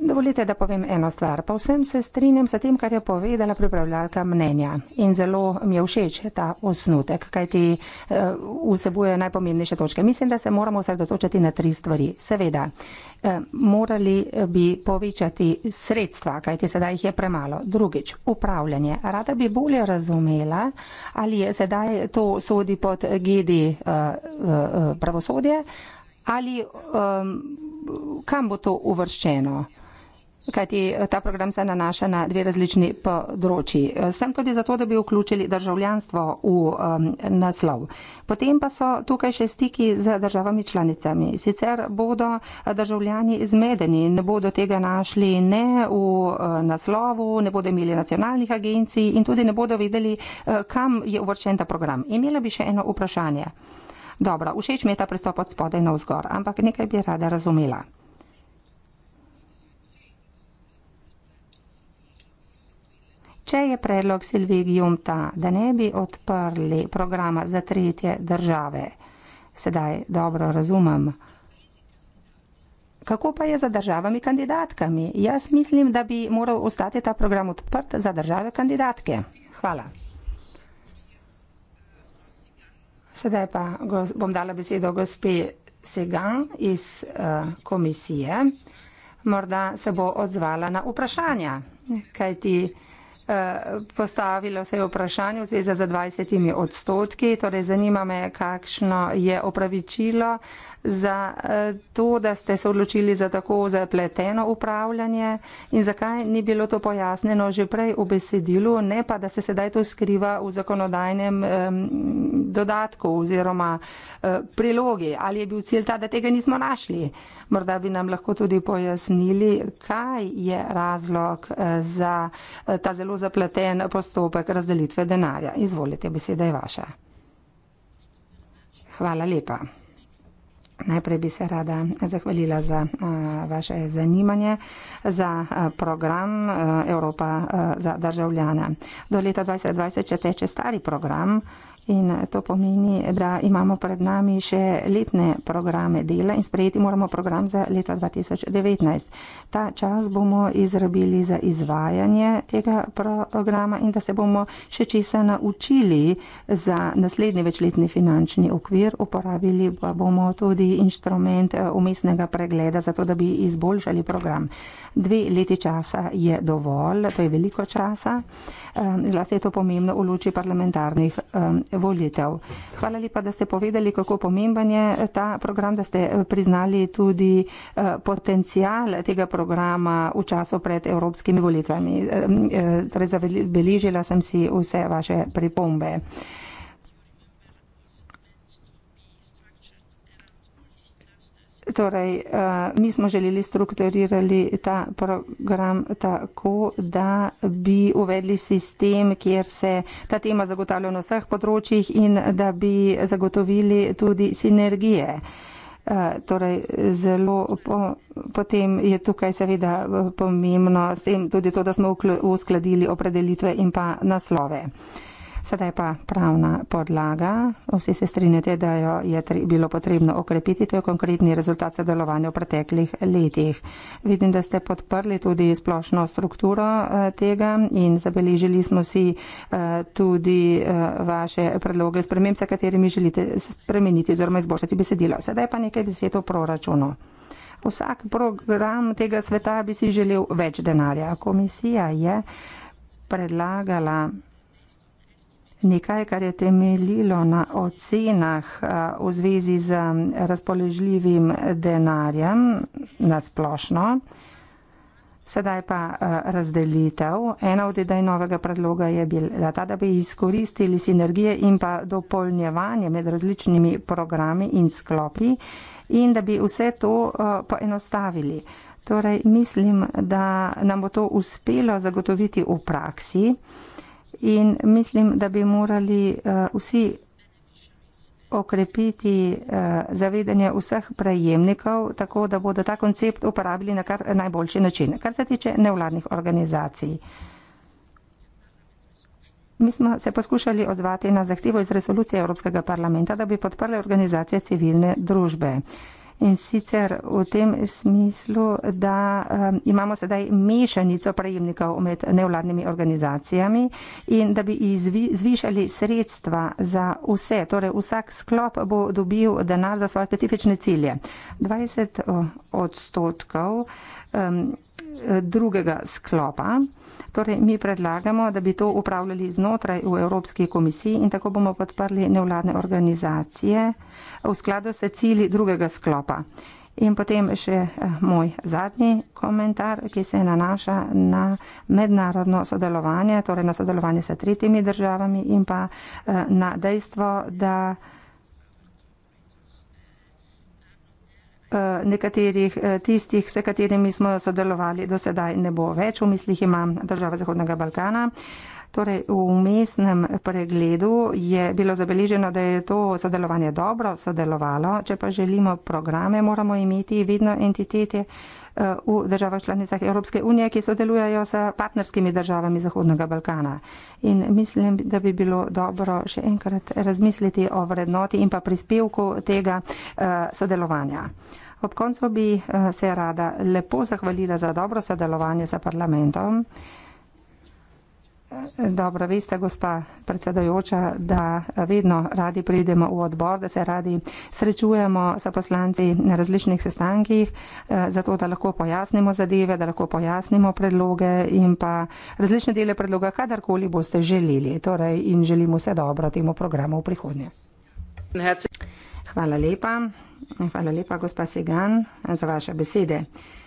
Dovolite, da povem eno stvar. Pa vsem se strinjam s tem, kar je povedala pripravljalka mnenja. In zelo mi je všeč ta osnutek, kajti eh, vsebuje najpomembnejše točke. Mislim, da se moramo osredotočiti na tri stvari. Seveda, eh, morali bi povečati sredstva, kajti sedaj jih je premalo. Drugič, upravljanje. Rada bi bolje razumela, ali je sedaj to sodi pod gedi eh, pravosodje. Ali um, kam bo to uvrščeno? Kajti eh, ta program se nanaša na dve različni področji. Eh, sem tudi zato, da bi vključili državljanstvo v um, naslov. Potem pa so tukaj še stiki z državami članicami. Sicer bodo eh, državljani zmedeni, ne bodo tega našli ne v uh, naslovu, ne bodo imeli nacionalnih agencij in tudi ne bodo videli, uh, kam je uvrščen ta program. Imela bi še eno vprašanje. Dobro, všeč mi je ta pristop od spodaj na vzgor, ampak nekaj bi rada razumela. Če je predlog Silvi Gjumta, da ne bi odprli programa za tretje države, sedaj dobro razumem. Kako pa je za državami kandidatkami? Jaz mislim, da bi moral ostati ta program odprt za države kandidatke. Hvala. Sedaj pa bom dala besedo gospe Segan iz eh, komisije. Morda se bo odzvala na vprašanja, kaj ti vprašanja. Eh, postavilo se je vprašanje v zvezi z 20 odstotki, torej zanima me, kakšno je opravičilo za eh, to, da ste se odločili za tako zapleteno upravljanje in zakaj ni bilo to pojasneno že prej v besedilu, ne pa, da se sedaj to skriva v zakonodajnem dodatku oziroma eh, prilogi. Ali je bil cilj ta, da tega nismo našli? Morda bi nam lahko tudi pojasnili, kaj je razlog eh, za ta zelo zapleten postopek razdelitve denarja. Izvolite, beseda je vaša. Hvala lepa. Najprej bi se rada zahvalila za vaše zanimanje za program Evropa za državljana. Do leta 2020, če teče stari program, In eh, to pomeni, da imamo pred nami še letne programe dela in sprejeti moramo program za leto 2019. Ta čas bomo izrabili za izvajanje tega programa in da se bomo še česa naučili za naslednji večletni finančni okvir. Uporabili pa bomo tudi inštrument eh, umestnega pregleda, zato da bi izboljšali program. Dve leti časa je dovolj, to je veliko časa. Eh, zlasti je to pomembno v luči parlamentarnih volitev. Hvala lepa, da ste povedali, kako pomemben je ta program, da ste eh, priznali tudi eh, potencial tega programa v času pred evropskimi volitvami. Eh, torej, zabeležila sem si vse vaše pripombe. Torej, uh, mi smo želeli strukturirati ta program tako, da bi uvedli sistem, kjer se ta tema zagotavlja na vseh področjih in da bi zagotovili tudi sinergije. Eh, torej, zelo po, potem je tukaj seveda eh, pomembno s tem tudi to, da smo uskladili opredelitve in pa naslove. Uh, Sedaj pa pravna podlaga. Vsi se strinjate, da jo je tri, bilo potrebno okrepiti. To je konkretni rezultat sodelovanja v preteklih letih. Vidim, da ste podprli tudi splošno strukturo eh, tega in zabeležili smo si eh, tudi eh, vaše predloge sprememb, s katerimi želite spremeniti oziroma izboljšati besedilo. Sedaj pa nekaj besed o proračunu. Vsak program tega sveta bi si želel več denarja. Komisija je predlagala Nekaj, kar je temeljilo na ocenah eh, v zvezi z razpoložljivim denarjem nasplošno. Sedaj pa eh, razdelitev. Ena od idej novega predloga je bila ta, da bi izkoristili sinergije in pa dopolnjevanje med različnimi programi in sklopi in da bi vse to eh, poenostavili. Torej, mislim, da nam bo to uspelo zagotoviti v praksi. In mislim, da bi morali uh, vsi okrepiti uh, zavedanje vseh prejemnikov, tako da bodo ta koncept uporabili na kar najboljši način. Kar se tiče nevladnih organizacij. Mi smo se poskušali ozvati na zahtevo iz resolucije Evropskega parlamenta, da bi podprli organizacije civilne družbe. Uh, in sicer v tem smislu, da um, imamo sedaj mešanico prejemnikov med nevladnimi organizacijami in da bi izvi, zvišali sredstva za vse. Torej, vsak sklop bo dobil denar za svoje specifične cilje. 20 eh, odstotkov um, eh, drugega sklopa. Torej, mi predlagamo, da bi to upravljali znotraj v Evropski komisiji in tako bomo podprli nevladne organizacije v skladu s cilji drugega sklopa. In potem še eh, moj zadnji komentar, ki se nanaša na mednarodno sodelovanje, torej na sodelovanje s tretjimi državami in pa eh, na dejstvo, da. Eh, nekaterih eh, tistih, s katerimi smo sodelovali do sedaj, ne bo več. V mislih imam država Zahodnega Balkana. Torej, v umestnem pregledu je bilo zabeleženo, da je to sodelovanje dobro sodelovalo. Če pa želimo programe, moramo imeti vedno entitete, v državah članicah Evropske unije, ki sodelujajo s partnerskimi državami Zahodnega Balkana. In mislim, da bi bilo dobro še enkrat razmisliti o vrednoti in pa prispevku tega eh, sodelovanja. Ob koncu bi eh, se rada lepo zahvalila za dobro sodelovanje s parlamentom. Dobro, veste, gospa predsedajoča, da vedno radi pridemo v odbor, da se radi srečujemo s poslanci na različnih sestankih, eh, zato da lahko pojasnimo zadeve, da lahko pojasnimo predloge in pa različne dele predloga, kadarkoli boste želeli. Torej, in želimo vse dobro temu programu v prihodnje. Hvala lepa. Hvala lepa, gospa Segan, za vaše besede.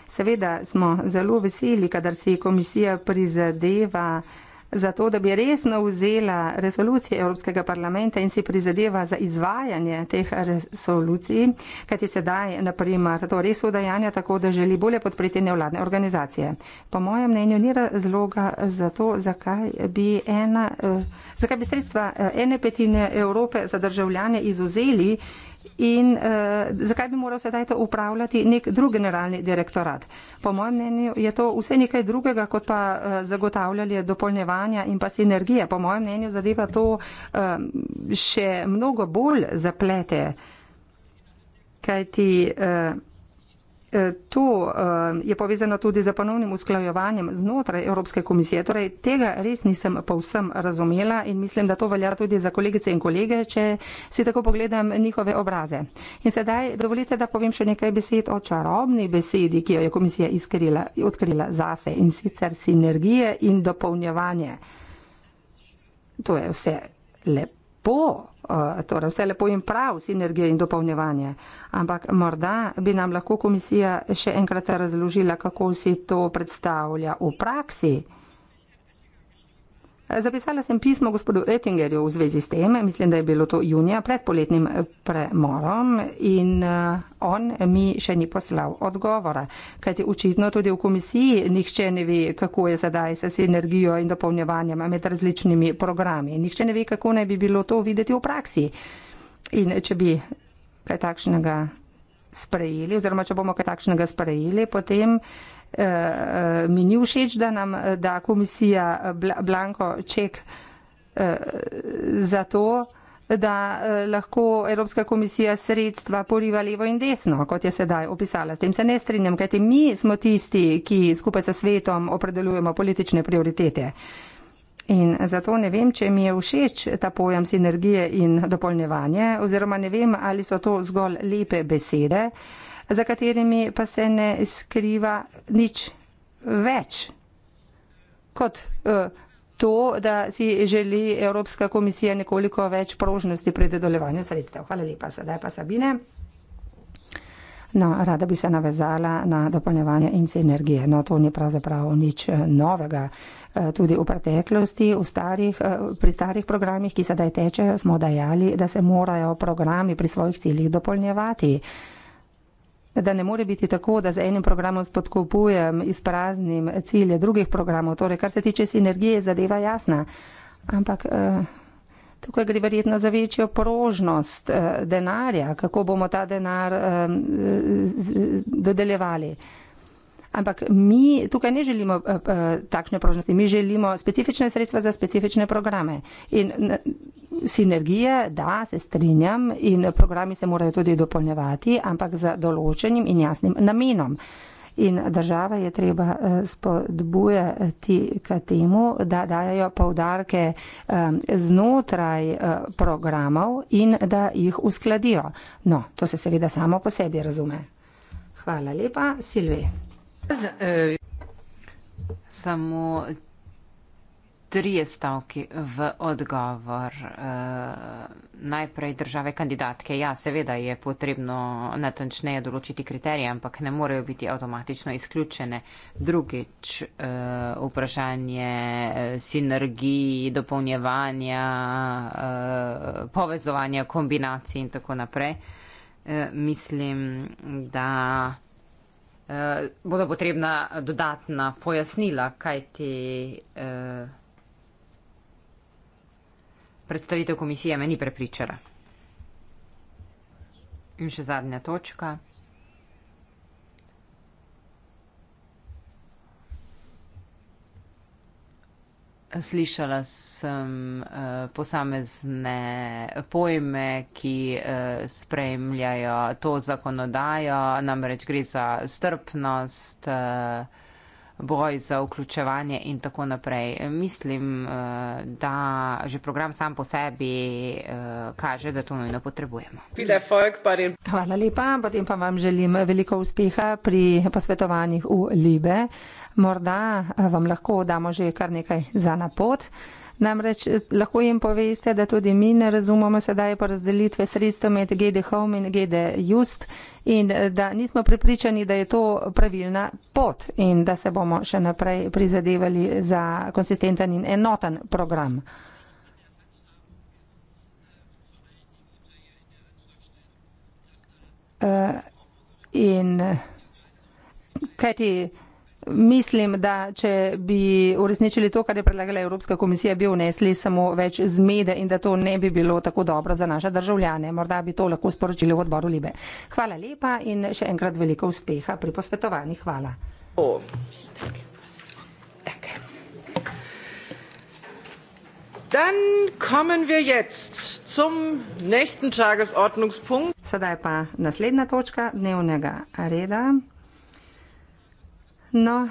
Seveda smo zelo veseli, kadar si komisija prizadeva zato, da bi resno vzela resolucije Evropskega parlamenta in si prizadeva za izvajanje teh resolucij, kajti sedaj, naprimer, to res udajanja tako, da želi bolje podpreti nevladne organizacije. Po mojem mnenju ni razloga za to, zakaj bi, ena, eh, zakaj bi sredstva eh, ene petine Evrope za državljane izuzeli in uh, zakaj bi moral sedaj to upravljati nek drug generalni direktorat. Po mojem mnenju je to vse nekaj drugega, kot pa uh, zagotavljanje dopolnjevanja in pa sinergije. Po mojem mnenju zadeva to um, še mnogo bolj zaplete, kajti. Uh, Eh, to eh, je povezano tudi z ponovnim usklajevanjem znotraj Evropske komisije. Torej, tega res nisem povsem razumela in mislim, da to velja tudi za kolegice in kolege, če si tako pogledam njihove obraze. In sedaj dovolite, da povem še nekaj besed o čarobni besedi, ki jo je komisija iskrila, odkrila zase in sicer sinergije in dopolnjevanje. To je vse lepo lepo, eh, torej vse lepo in prav, sinergije in dopolnjevanje. Ampak morda bi nam lahko komisija še enkrat razložila, kako si to predstavlja v praksi. Zapisala sem pismo gospodu Oettingerju v zvezi s tem, mislim, da je bilo to junija pred poletnim premorom in eh, on mi še ni poslal odgovora, kajti očitno tudi v komisiji nihče ne ve, kako je sedaj s sinergijo in dopolnjevanjem med različnimi programi. Nihče ne ve, kako naj bi bilo to videti v praksi. In če bi kaj takšnega sprejeli, oziroma če bomo kaj takšnega sprejeli, potem. Eh, eh, mi ni všeč, da nam eh, da komisija blanko ček za to, da lahko Evropska komisija sredstva poriva levo in desno, kot je sedaj opisala. S tem se ne strinjam, kajti mi smo tisti, ki skupaj sa svetom opredelujemo politične prioritete. In zato ne vem, če mi je všeč ta pojem sinergije in dopolnjevanje, oziroma ne vem, ali so to zgolj lepe besede za katerimi pa se ne skriva nič več kot eh, to, da si želi Evropska komisija nekoliko več prožnosti pri dodeljevanju sredstev. Hvala lepa, sedaj pa Sabine. No, rada bi se navezala na dopolnjevanje in sinergije. No, to ni pravzaprav nič eh, novega. Eh, tudi v preteklosti, v starih, pri starih programih, ki sedaj tečejo, smo dajali, da se morajo programi pri svojih ciljih dopolnjevati da ne more biti tako, da z enim programom spodkopujem izpraznim cilje drugih programov. Torej, kar se tiče sinergije, zadeva jasna. Ampak eh, tukaj gre verjetno za večjo prožnost eh, denarja, kako bomo ta denar eh, dodeljevali. Ampak mi tukaj ne želimo takšne prožnosti, mi želimo specifične sredstva za specifične programe. In Sinergije, da, se strinjam in programi se morajo tudi dopolnjevati, ampak z določenim in jasnim namenom. In država je treba eh, spodbujati k temu, da dajajo povdarke eh, znotraj eh, programov in da jih uskladijo. No, to se seveda samo po sebi razume. Hvala lepa, Silvi. Samo trije stavki v odgovor. Eh, najprej države kandidatke. Ja, seveda je potrebno natančneje določiti kriterije, ampak ne morejo biti avtomatično izključene. Drugič, eh, vprašanje eh, sinergij, dopolnjevanja, povezovanja, kombinacij in tako naprej. Mislim, da bodo potrebna dodatna pojasnila, kaj ti predstavitev komisije me ni prepričala. In še zadnja točka. Slišala sem uh, posamezne pojme, ki uh, spremljajo to zakonodajo, namreč gre za strpnost. Uh, boj za vključevanje in tako naprej. Mislim, eh, da že program sam po sebi eh, kaže, da to nujno potrebujemo. Hvala lepa, potem pa vam želim veliko uspeha pri posvetovanjih v Libe. Morda eh, vam lahko damo že kar nekaj za napot. Namreč eh, lahko jim poveste, da tudi mi ne razumemo sedaj po razdelitve sredstev med GD Home in GD Just in eh, da nismo pripričani, da je to pravilna pot in da se bomo še naprej prizadevali za konsistenten in enoten program. Uh, in kaj ti? Mislim, da če bi uresničili to, kar je predlagala Evropska komisija, bi vnesli samo več zmede in da to ne bi bilo tako dobro za naše državljane. Morda bi to lahko sporočili v odboru Libe. Hvala lepa in še enkrat veliko uspeha pri posvetovanju. Hvala. O. Dann kommen wir jetzt zum nächsten Tagesordnungspunkt. Sedaj pa naslednja točka dnevnega reda. No,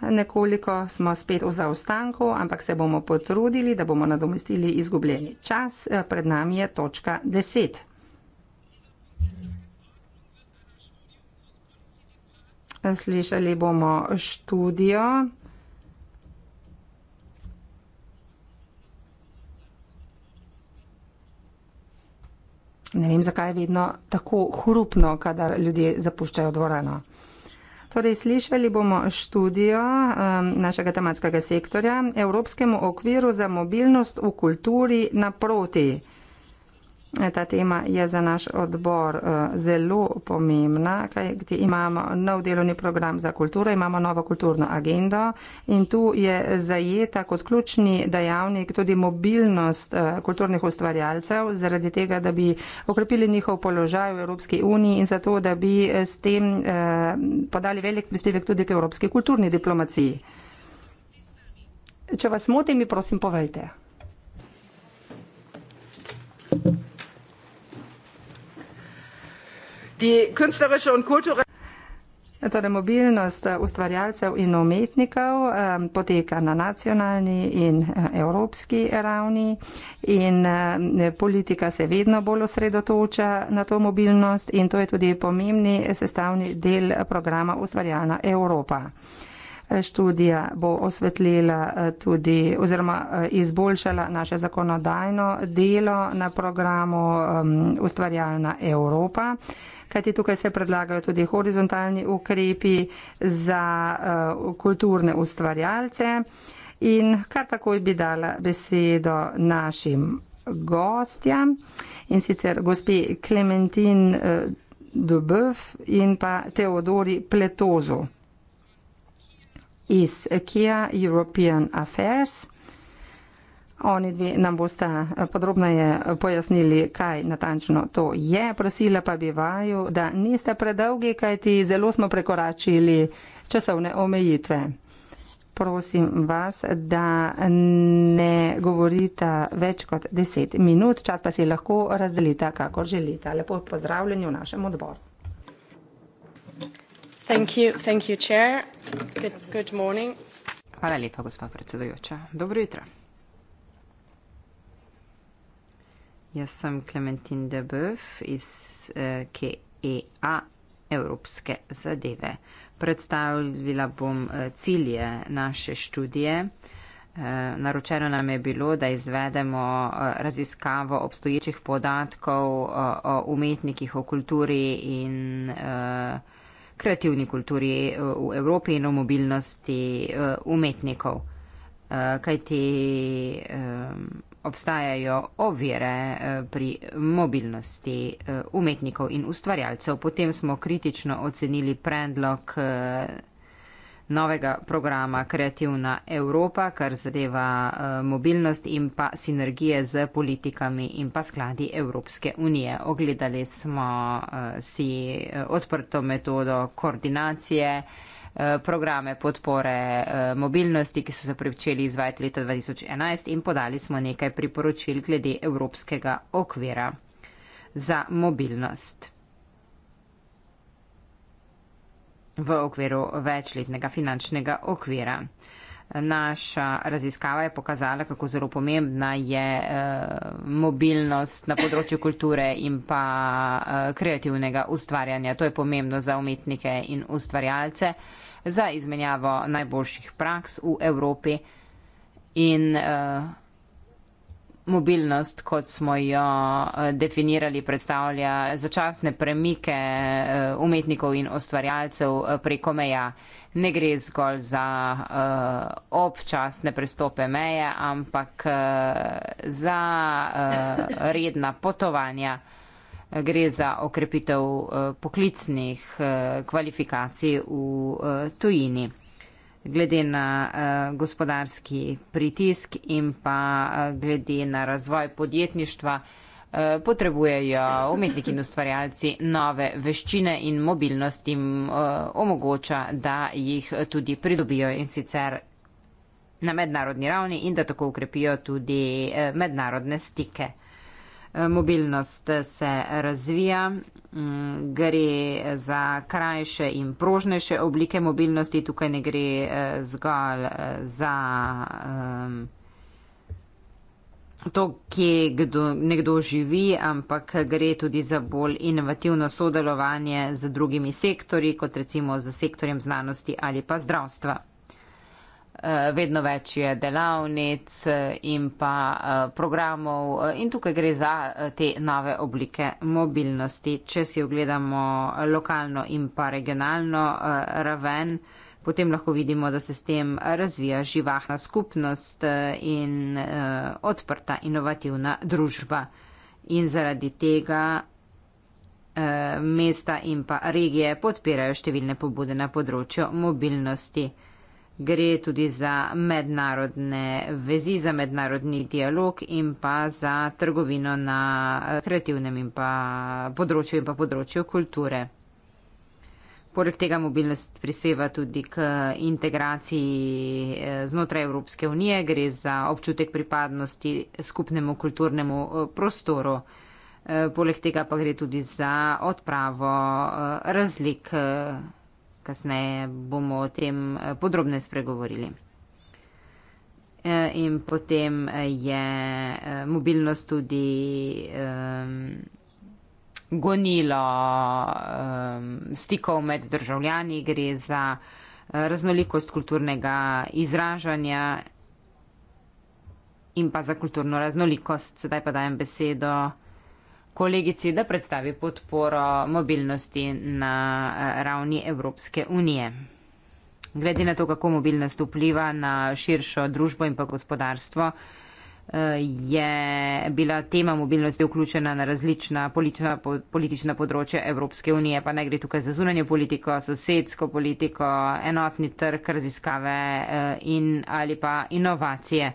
nekoliko smo spet v zaostanku, ampak se bomo potrudili, da bomo nadomestili izgubljeni čas. Pred nami je točka 10. Slišali bomo študijo. Ne vem, zakaj je vedno tako hrupno, kadar ljudje zapuščajo dvorano. Torej, slišali bomo študijo um, našega tematskega sektorja Evropskemu okviru za mobilnost v kulturi naproti. Ta tema je za naš odbor eh, zelo pomembna, kajti imamo nov delovni program za kulturo, imamo novo kulturno agendo in tu je zajeta kot ključni dejavnik tudi mobilnost eh, kulturnih ustvarjalcev, zaradi tega, da bi okrepili njihov položaj v Evropski uniji in zato, da bi eh, s tem podali velik prispevek tudi k evropski kulturni diplomaciji. Če vas motim, mi prosim povejte. Thank you. die künstlerische und kulturelle ja, Torej, mobilnost eh, ustvarjalcev in umetnikov eh, poteka na nacionalni in eh, evropski ravni in eh, politika se vedno bolj osredotoča na to mobilnost in to je tudi pomembni sestavni del programa Ustvarjalna Evropa. Eh, študija bo osvetlila tudi oziroma izboljšala naše zakonodajno delo na programu eh, Ustvarjalna Evropa. Eh, kajti tukaj se predlagajo tudi horizontalni ukrepi za eh, kulturne ustvarjalce. In kar takoj bi dala besedo našim gostjam in sicer gospi Klementin eh, Dubov in pa Teodori Pletozu iz Kia European Affairs. Oni dve nam bosta eh, podrobneje eh, pojasnili, kaj natančno to je. Prosila pa bi vaju, da niste predolgi, kajti zelo smo prekoračili časovne omejitve. Prosim vas, da ne govorite več kot deset minut, čas pa si lahko razdelite, kako želite. Lepo pozdravljeni v našem odboru. Thank you, thank you, good, good Hvala lepa, gospod predsedujoča. Dobro jutro. Jaz sem Clementine Deboeuf iz eh, KEA Evropske zadeve. Predstavila bom eh, cilje naše študije. Eh, naročeno nam je bilo, da izvedemo eh, raziskavo obstoječih podatkov eh, o umetnikih, o kulturi in kreativni kulturi v Evropi in o mobilnosti umetnikov. Kajti obstajajo ovire eh, pri mobilnosti eh, umetnikov in ustvarjalcev. Potem smo kritično ocenili predlog eh, novega programa Kreativna Evropa, kar zadeva mobilnost in pa sinergije z politikami in pa skladi Evropske unije. Ogledali smo si odprto metodo koordinacije. Eh, programe podpore eh, mobilnosti, ki so se pričeli izvajati leta 2011 in podali smo nekaj priporočil glede evropskega okvira za mobilnost v okviru večletnega finančnega okvira. Naša raziskava je pokazala, kako zelo pomembna je eh, mobilnost na področju kulture in pa eh, kreativnega ustvarjanja. To je pomembno za umetnike in ustvarjalce. Eh, za izmenjavo najboljših praks v Evropi in uh, mobilnost, kot smo jo eh, definirali, predstavlja začasne premike uh, umetnikov in ustvarjalcev preko meja. Ne gre zgolj za uh, občasne prestope meje, ampak uh, za uh, redna potovanja gre za okrepitev eh, poklicnih eh, kvalifikacij v eh, tujini. Glede na gospodarski pritisk in pa glede na razvoj podjetništva potrebujejo umetniki in ustvarjalci nove veščine in mobilnost jim omogoča, da jih tudi pridobijo in sicer na mednarodni ravni in da tako ukrepijo tudi mednarodne stike. Eh, mobilnost eh, se razvija, mm, gre za krajše in prožnejše oblike mobilnosti. Tukaj ne gre eh, zgolj za ehm, to, kje kdo, nekdo živi, ampak gre tudi za bolj inovativno sodelovanje z drugimi sektori, kot recimo z sektorjem znanosti ali pa zdravstva. Eh, vedno več je delavnic eh, in pa eh, programov in tukaj gre za te nove oblike mobilnosti. Če si ogledamo lokalno in pa regionalno raven, potem lahko vidimo, da se s tem razvija živahna skupnost in odprta inovativna družba. In zaradi tega mesta in pa regije podpirajo številne pobude na področju mobilnosti gre tudi za mednarodne vezi, za mednarodni dialog in pa za trgovino na eh, kreativnem in pa področju in pa področju kulture. Poleg tega mobilnost prispeva tudi k integraciji eh, znotraj Evropske unije, gre za občutek pripadnosti skupnemu kulturnemu eh, prostoru. Poleg tega pa gre tudi za odpravo razlik kasneje bomo o tem eh, podrobne spregovorili. Eh, in potem eh, je mobilnost tudi um, gonilo um, stikov med državljani, gre za raznolikost kulturnega izražanja in pa za kulturno raznolikost. Sedaj pa dajem besedo kolegici, da predstavi podporo mobilnosti na eh, ravni Evropske unije. Glede na to, kako mobilnost vpliva na širšo družbo in pa gospodarstvo, eh, je bila tema mobilnosti vključena na različna politična, politična področja Evropske unije, pa ne gre tukaj za zunanje politiko, sosedsko politiko, enotni trg, raziskave eh, in ali pa inovacije.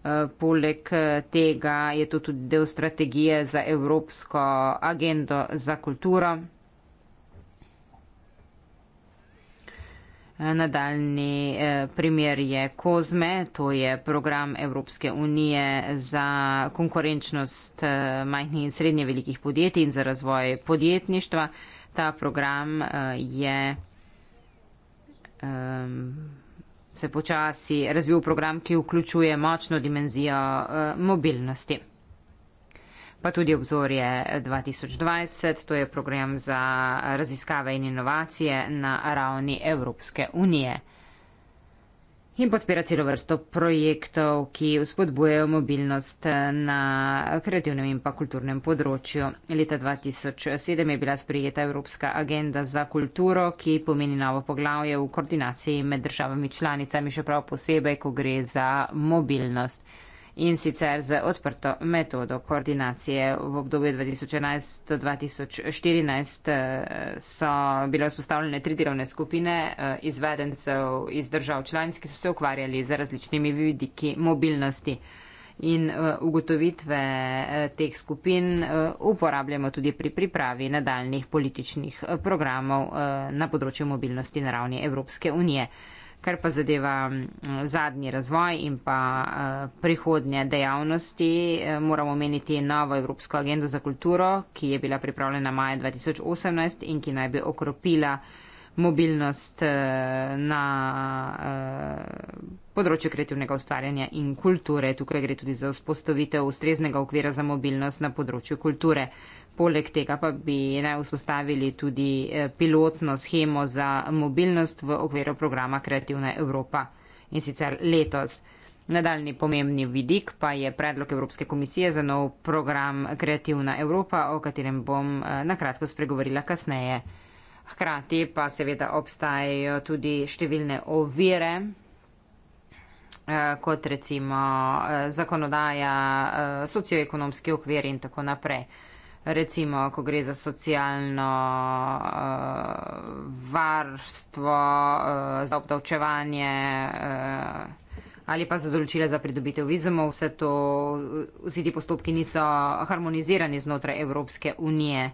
Eh, poleg eh, tega je to tudi del strategije za Evropsko agendo za kulturo. Eh, nadaljni primer je COSME, to je program Evropske unije za konkurenčnost majhnih in srednje velikih podjetij in za razvoj podjetništva. Ta program je. Um, se počasi razvil program, ki vključuje močno dimenzijo eh, mobilnosti. Pa tudi obzorje 2020, to je program za raziskave in inovacije na ravni Evropske unije in podpira celo vrsto projektov, ki vzpodbujajo mobilnost na kreativnem in pa kulturnem področju. Leta 2007 je bila sprijeta Evropska agenda za kulturo, ki pomeni novo poglavje v koordinaciji med državami članicami, še prav posebej, ko gre za mobilnost in sicer z odprto metodo koordinacije. V obdobju 2011-2014 eh, so bile vzpostavljene tri delovne skupine eh, izvedencev iz držav članic, ki so se ukvarjali z različnimi vidiki mobilnosti. In eh, ugotovitve teh skupin uporabljamo tudi pri pripravi nadaljnih političnih programov na področju mobilnosti na ravni Evropske unije. Kar pa zadeva zadnji razvoj in pa prihodnje dejavnosti, e, moramo omeniti novo Evropsko agendo za kulturo, ki je bila pripravljena maja 2018 in ki naj bi okropila mobilnost e, na e, področju kreativnega ustvarjanja in kulture. Tukaj gre tudi za vzpostavitev ustreznega okvira za mobilnost na področju kulture poleg tega pa bi naj vzpostavili tudi eh, pilotno schemo za mobilnost v okviru programa Kreativna Evropa in sicer letos. Nadaljni pomembni vidik pa je predlog Evropske komisije za nov program Kreativna Evropa, o katerem bom eh, na kratko spregovorila kasneje. Hkrati pa seveda obstajajo tudi številne ovire, eh, kot recimo zakonodaja, socioekonomski okvir in tako naprej recimo, ko gre za socialno uh, varstvo, uh, za obdavčevanje uh, ali pa za določila za pridobitev vizumov, vse to, vsi ti postopki niso harmonizirani znotraj Evropske unije.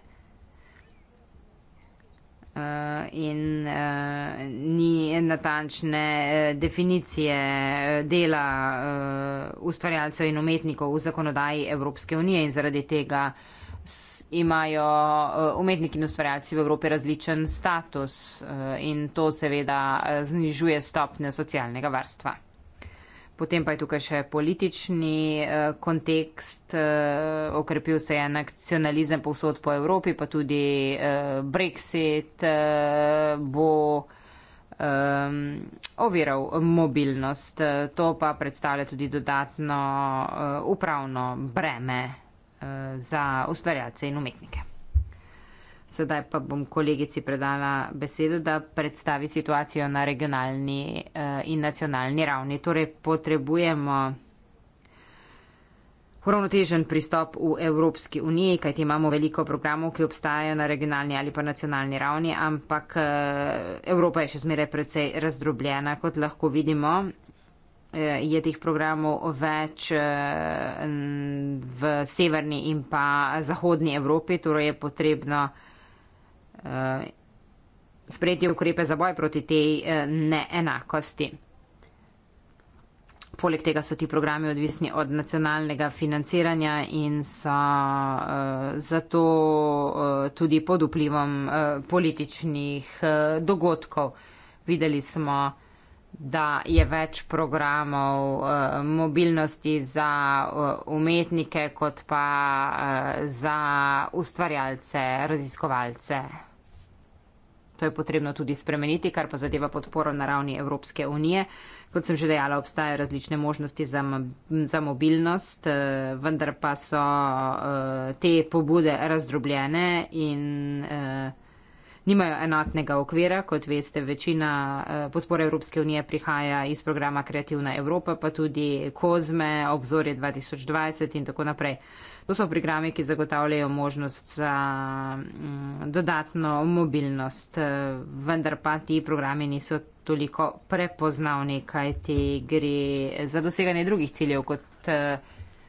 In uh, ni natančne uh, definicije dela uh, ustvarjalcev in umetnikov v zakonodaji Evropske unije, in zaradi tega uh, imajo eh, umetniki in ustvarjalci v Evropi različen status eh, in to seveda eh, znižuje stopnjo socialnega varstva. Potem pa je tukaj še politični kontekst, okrepil se je nacionalizem povsod po Evropi, pa tudi Brexit bo ehm, oviral mobilnost. To pa predstavlja tudi dodatno upravno breme. Eh, za ustvarjalce in umetnike. Sedaj pa bom kolegici predala besedo, da predstavi situacijo na regionalni eh, in nacionalni ravni. Torej potrebujemo uravnotežen pristop v Evropski uniji, kajti imamo veliko programov, ki obstajajo na regionalni ali pa nacionalni ravni, ampak eh, Evropa je še zmeraj precej razdrobljena, kot lahko vidimo. Eh, je teh programov več eh, v severni in pa zahodni Evropi, torej je potrebno eh, sprejeti ukrepe za boj proti tej neenakosti. Poleg tega so ti programi odvisni od nacionalnega financiranja in so zato tudi pod vplivom političnih dogodkov. Videli smo, da je več programov uh, mobilnosti za uh, umetnike, kot pa uh, za ustvarjalce, raziskovalce. To je potrebno tudi spremeniti, kar pa zadeva podporo na ravni Evropske unije. Kot sem že dejala, obstajajo različne možnosti za, za mobilnost, vendar pa so te pobude razdrobljene in nimajo enotnega okvira. Kot veste, večina eh, podpore Evropske unije prihaja iz programa Kreativna Evropa, pa tudi Kozme, Obzorje 2020 in tako naprej. To so programe, ki zagotavljajo možnost za mm, dodatno mobilnost, eh, vendar pa ti programe niso toliko prepoznavni, kaj ti gre za doseganje drugih ciljev kot. Eh,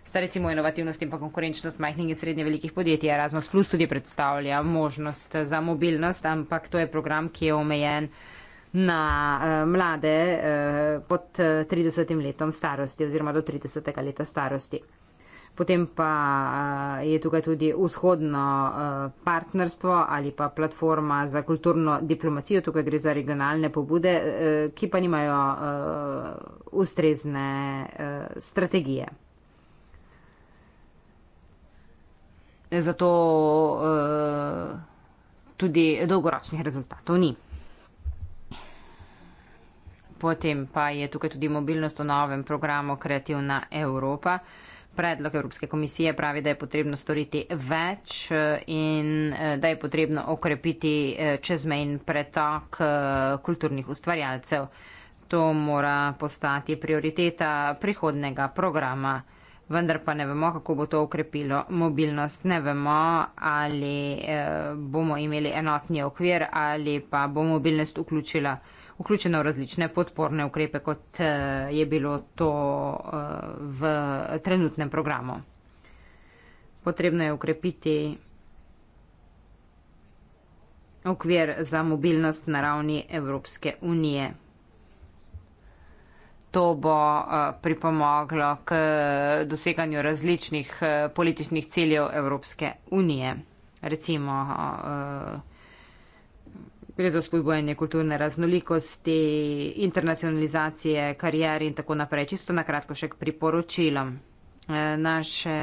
sta recimo inovativnost in pa konkurenčnost majhnih in srednje velikih podjetij. Erasmus Plus tudi predstavlja možnost za mobilnost, ampak to je program, ki je omejen na uh, mlade uh, pod 30 eh, letom starosti oziroma do 30. leta starosti. Potem pa je tukaj tudi vzhodno partnerstvo ali pa platforma za kulturno diplomacijo. Tukaj gre za regionalne pobude, ki pa nimajo ustrezne strategije. zato uh, tudi dolgoročnih rezultatov ni. Potem pa je tukaj tudi mobilnost v novem programu Kreativna Evropa. Predlog Evropske komisije pravi, da je potrebno storiti več eh, in eh, da je potrebno okrepiti čezmejn pretok kulturnih ustvarjalcev. To mora postati prioriteta prihodnega programa vendar pa ne vemo, kako bo to ukrepilo mobilnost. Ne vemo, ali eh, bomo imeli enotni okvir ali pa bo mobilnost vključila. Vključeno v različne podporne ukrepe, kot eh, je bilo to eh, v trenutnem programu. Potrebno je ukrepiti okvir za mobilnost na ravni Evropske unije to bo eh, pripomoglo k eh, doseganju različnih eh, političnih ciljev Evropske unije. Recimo, gre za spodbojanje kulturne raznolikosti, internacionalizacije karijer in tako naprej. Čisto na kratko še k priporočilom. Naše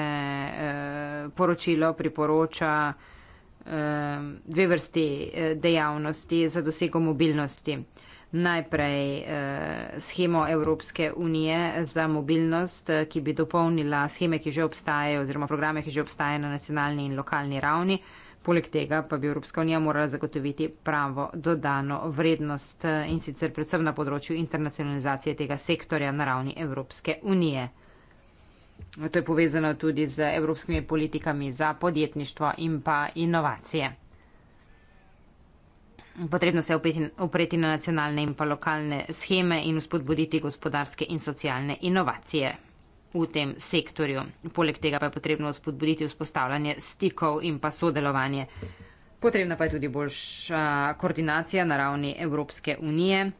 poročilo priporoča dve vrsti dejavnosti za dosego mobilnosti najprej eh, schemo Evropske unije za mobilnost, eh, ki bi dopolnila scheme, ki že obstajajo oziroma programe, ki že obstajajo na nacionalni in lokalni ravni. Poleg tega pa bi Evropska unija morala zagotoviti pravo dodano vrednost eh, in sicer predvsem na področju internacionalizacije tega sektorja na ravni Evropske unije. To je povezano tudi z evropskimi politikami za podjetništvo in pa inovacije. Potrebno se je opreti na nacionalne in pa lokalne scheme in spodbuditi gospodarske in socialne inovacije v tem sektorju. Poleg tega pa je potrebno spodbuditi vzpostavljanje stikov in pa sodelovanje. Potrebna pa je tudi boljša koordinacija na ravni Evropske unije,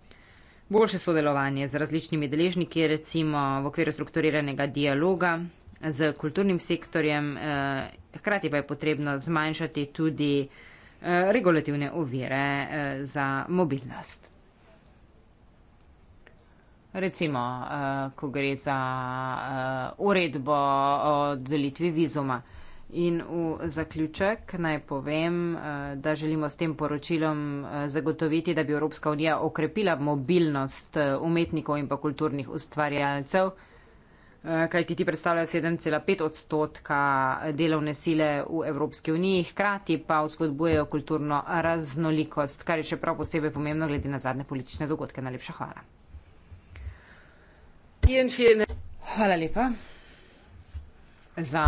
boljše sodelovanje z različnimi deležniki, recimo v okviru strukturiranega dialoga z kulturnim sektorjem. Eh, hkrati pa je potrebno zmanjšati tudi. Eh, regulativne ovire eh, za mobilnost. Recimo, eh, ko gre za uredbo o delitvi vizuma. In v zaključek naj povem, da želimo s tem poročilom zagotoviti, da bi Evropska unija okrepila mobilnost umetnikov in pa kulturnih ustvarjalcev. Eh, kajti ti predstavljajo 7,5 odstotka delovne sile v Evropski uniji, hkrati pa vzpodbujejo kulturno raznolikost, kar je še prav posebej pomembno glede na zadnje politične dogodke. Najlepša hvala. Hvala lepa za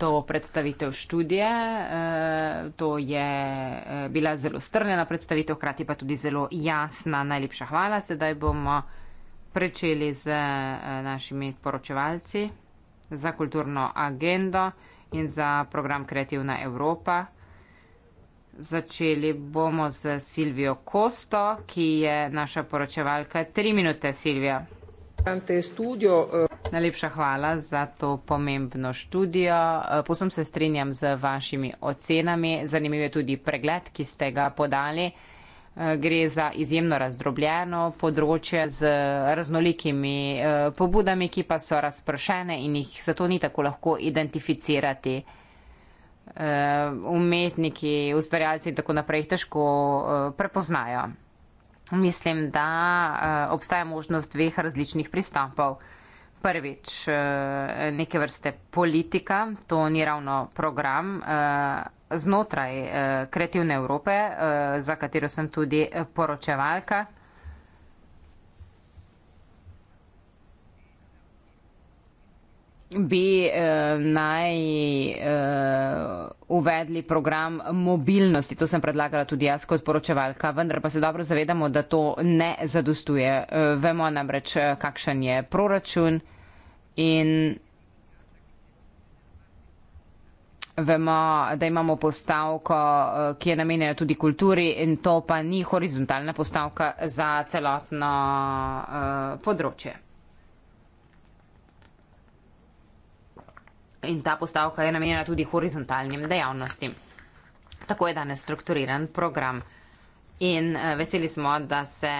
to predstavitev študije. Eh, to je eh, bila zelo strnjena predstavitev, hkrati pa tudi zelo jasna. Najlepša hvala. Sedaj bomo pričeli z eh, našimi poročevalci za kulturno agendo in za program Kreativna Evropa. Začeli bomo z Silvijo Kosto, ki je naša poročevalka. Tri minute, Silvija. Eh, Najlepša hvala za to pomembno študijo. Eh, Posem se strinjam z vašimi ocenami. Zanimiv je tudi pregled, ki ste ga podali. Eh, gre za izjemno razdrobljeno področje z raznolikimi eh, pobudami, ki pa so razpršene in jih zato ni tako lahko identificirati. Eh, umetniki, ustvarjalci in tako naprej jih težko prepoznajo. Mislim, da obstaja možnost dveh različnih pristopov prvič eh, neke vrste politika, to ni ravno program eh, znotraj eh, kreativne Evrope, za katero sem tudi poročevalka. bi eh, naj eh, uvedli program mobilnosti. To sem predlagala tudi jaz kot poročevalka, vendar pa se dobro zavedamo, da to ne zadostuje. Eh, vemo namreč, kakšen je proračun. Eh, In vemo, da imamo postavko, eh, ki je namenjena tudi kulturi in to pa ni horizontalna postavka za celotno uh, področje. In ta postavka je namenjena tudi horizontalnim dejavnostim. Tako je danes strukturiran program. In eh, veseli smo, da se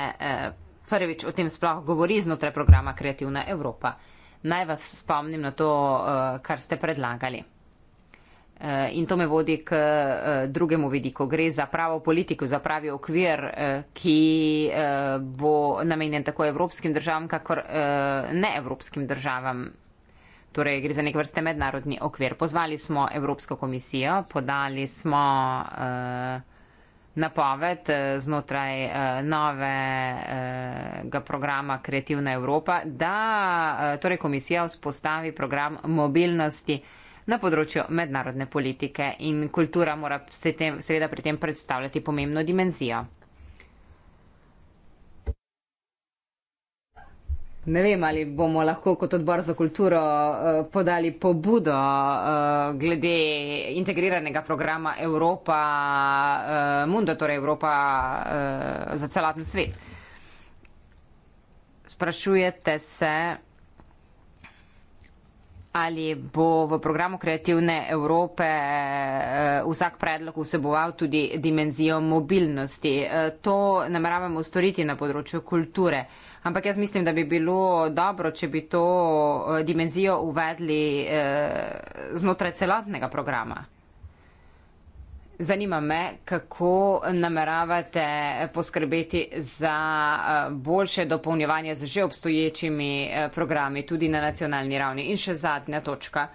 prvič o tem sploh govori znotraj programa Kreativna Evropa naj vas spomnim na to, uh, kar ste predlagali. Eh, in to me vodi k eh, drugemu vidiku. Gre za pravo politiko, za pravi okvir, ki bo namenjen tako evropskim državam, kakor neevropskim državam. Torej, gre za nek vrste mednarodni okvir. Pozvali smo Evropsko komisijo, podali smo napoved eh, znotraj eh, novega eh, programa Kreativna Evropa, da torej komisija vzpostavi program mobilnosti na področju mednarodne politike in kultura mora se tem, seveda pri tem predstavljati pomembno dimenzijo. Ne vem, ali bomo lahko kot odbor za kulturo eh, podali pobudo eh, glede integriranega programa Evropa eh, Mundo, torej Evropa za celoten svet. Sprašujete se. Ali bo v programu Kreativne Evrope eh, vsak predlog vseboval tudi dimenzijo mobilnosti? Eh, to nameravamo storiti na področju kulture. Ampak jaz mislim, da bi bilo dobro, če bi to eh, dimenzijo uvedli znotraj celotnega programa. Zanima me, kako nameravate poskrbeti za eh, boljše dopolnjevanje z že obstoječimi eh, programi tudi na nacionalni ravni. In še zadnja točka.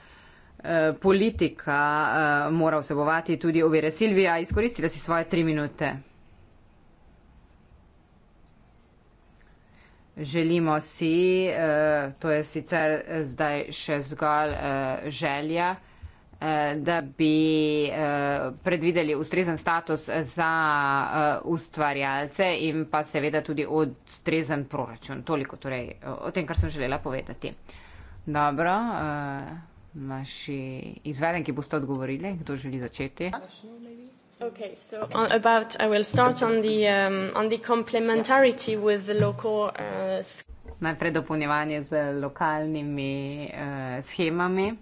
Eh, politika mora vsebovati tudi ovire. Silvija, izkoristila si svoje tri minute. Želimo si, to je sicer zdaj še zgolj želja. Eh, da bi eh, predvideli ustrezen status za eh, ustvarjalce in pa seveda tudi ustrezen proračun. Toliko torej o tem, kar sem želela povedati. Dobro, naši izvedenki boste odgovorili, kdo želi začeti. Okay, so on, about I will start on the um, on the complementarity with the local. Uh, Najprej dopolnjevanje z lokalnimi uh, schemami.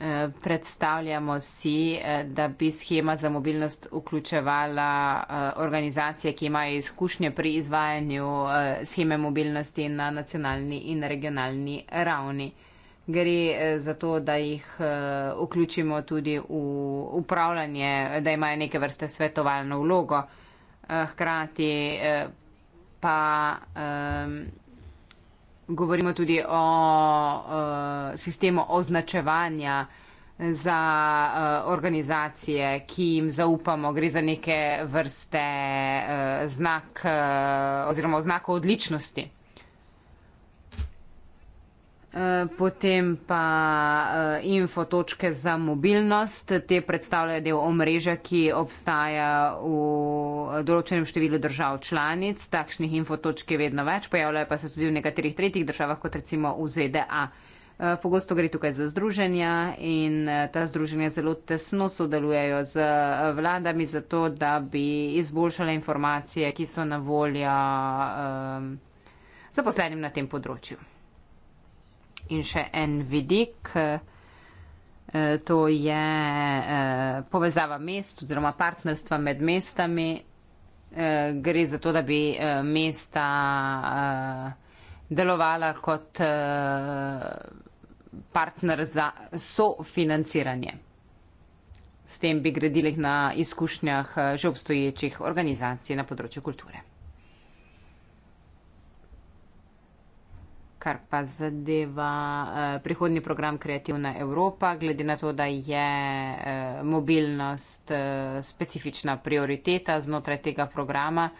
Eh, predstavljamo si, eh, da bi schema za mobilnost vključevala eh, organizacije, ki imajo izkušnje pri izvajanju scheme mobilnosti na nacionalni in regionalni ravni. Gre za to, da jih vključimo tudi v upravljanje, da imajo neke vrste svetovalno vlogo. Hkrati pa. Um, govorimo tudi o uh, sistemu označevanja za uh, organizacije, ki jim zaupamo, gre za neke vrste uh, znak uh, oziroma znakov odličnosti. Eh, potem pa eh, info točke za mobilnost. Te predstavljajo del omrežja, ki obstaja v eh, določenem številu držav članic. Takšnih info točk je vedno več, pojavljajo pa se tudi v nekaterih tretjih državah, kot recimo v ZDA. Pogosto gre tukaj za združenja in ta združenja zelo tesno sodelujejo z vladami za to, da bi izboljšale informacije, ki so na voljo um, zaposlenim na tem področju in še en vidik. Eh, to je eh, povezava mest oziroma partnerstva med mestami. Eh, gre za to, da bi mesta delovala kot partner za sofinanciranje. S tem bi gradili na izkušnjah že obstoječih organizacij na področju kulture. kar pa zadeva eh, prihodni program Kreativna Evropa, glede na to, da je eh, mobilnost eh, specifična prioriteta znotraj tega programa.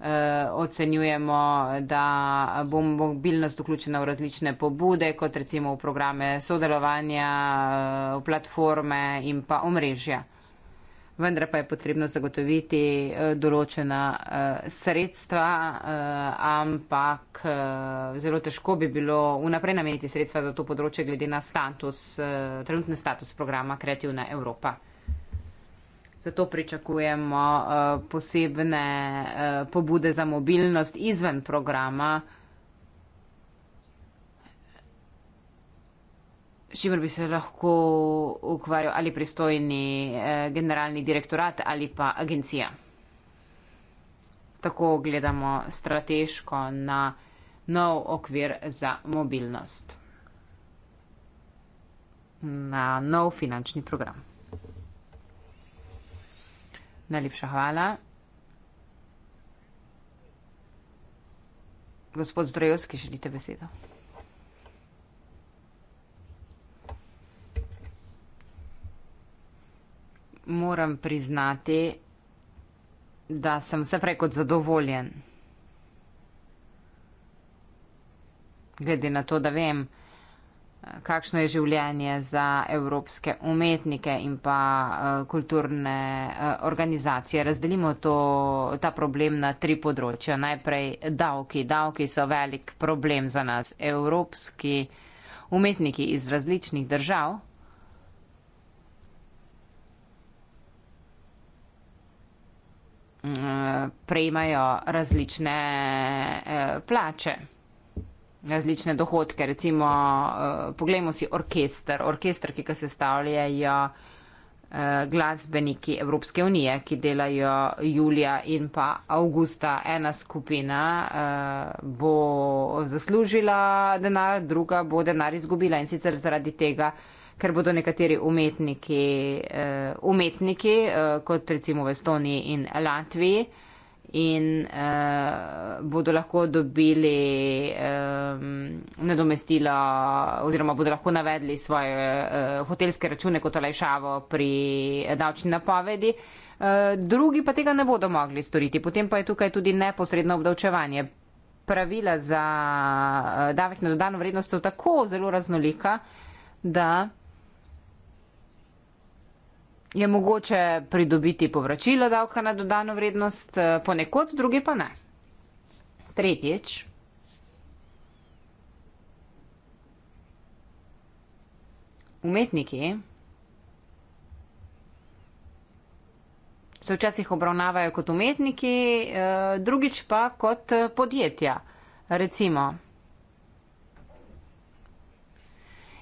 Eh, ocenjujemo, da bo mobilnost vključena v različne pobude, kot recimo v programe sodelovanja, eh, v platforme in pa omrežja vendar pa je potrebno zagotoviti eh, določena eh, sredstva, eh, ampak zelo težko bi bilo unaprej nameniti sredstva za to področje glede na status, trenutni status programa Kreativna Evropa. Zato pričakujemo posebne pobude za mobilnost izven programa. s čimer bi se lahko ukvarjal ali pristojni eh, generalni direktorat ali pa agencija. Tako gledamo strateško na nov okvir za mobilnost, na nov finančni program. Najlepša hvala. Gospod Zdrojovski, želite besedo? moram priznati, da sem vse prej kot zadovoljen. Glede na to, da vem, kakšno je življenje za evropske umetnike in pa uh, kulturne uh, organizacije. Razdelimo to, ta problem na tri področja. Najprej davki. Davki so velik problem za nas. Evropski umetniki iz različnih držav Mm, prejmajo različne eh, plače, različne dohodke. Recimo, eh, poglejmo si orkester, orkester, ki ga sestavljajo eh, glasbeniki Evropske unije, ki delajo julija in pa avgusta. Ena skupina bo zaslužila denar, druga bo denar izgubila in sicer zaradi tega, ker bodo nekateri umetniki, uh, umetniki uh, kot recimo v Estoniji in Latviji, in uh, bodo lahko dobili um, nadomestilo oziroma bodo lahko navedli svoje uh, hotelske račune kot olajšavo pri davčni napovedi. Drugi pa tega ne bodo mogli storiti. Potem pa je tukaj tudi neposredno obdavčevanje. Pravila za davek na dodano vrednost so tako zelo raznolika, da je mogoče pridobiti povračilo davka na dodano vrednost, eh, ponekod drugi pa ne. Tretjič. Umetniki se včasih obravnavajo kot umetniki, eh, drugič pa kot eh, podjetja. Recimo,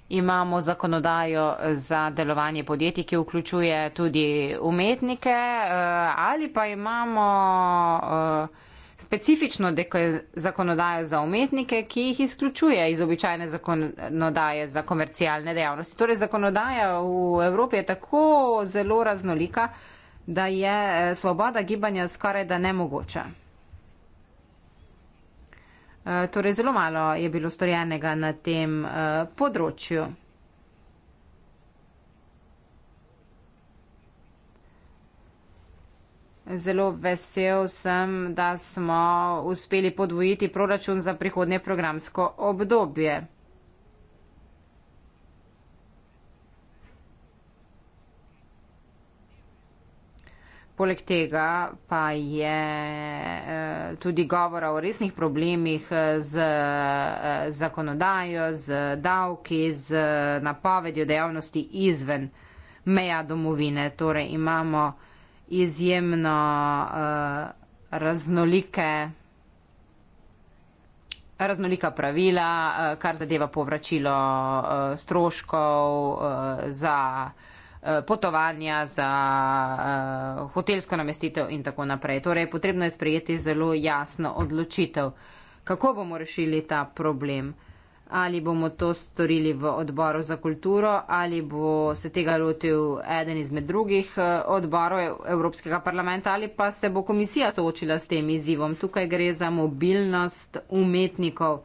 imamo zakonodajo za delovanje podjetij, ki vključuje tudi umetnike, eh, ali pa imamo eh, specifično zakonodajo za umetnike, ki jih izključuje iz običajne zakonodaje za komercialne dejavnosti. Torej, zakonodaja v Evropi je tako zelo raznolika, da je eh, svoboda gibanja skoraj da nemogoča. Eh, torej zelo malo je bilo storjenega na tem eh, področju. Zelo vesel sem, da smo uspeli podvojiti proračun za prihodnje programsko obdobje. Poleg tega pa je eh, tudi govora o resnih problemih eh, z eh, zakonodajo, z davki, z napovedjo dejavnosti izven meja domovine. Torej imamo izjemno raznolike, raznolika pravila, kar zadeva povračilo stroškov za. Eh, potovanja, za eh, hotelsko namestitev in tako naprej. Torej, potrebno je sprejeti zelo jasno odločitev, kako bomo rešili ta problem. Ali bomo to storili v odboru za kulturo, ali bo se tega lotil eden izmed drugih eh, odborov Evropskega parlamenta, ali pa se bo komisija soočila s tem izzivom. Tukaj gre za mobilnost umetnikov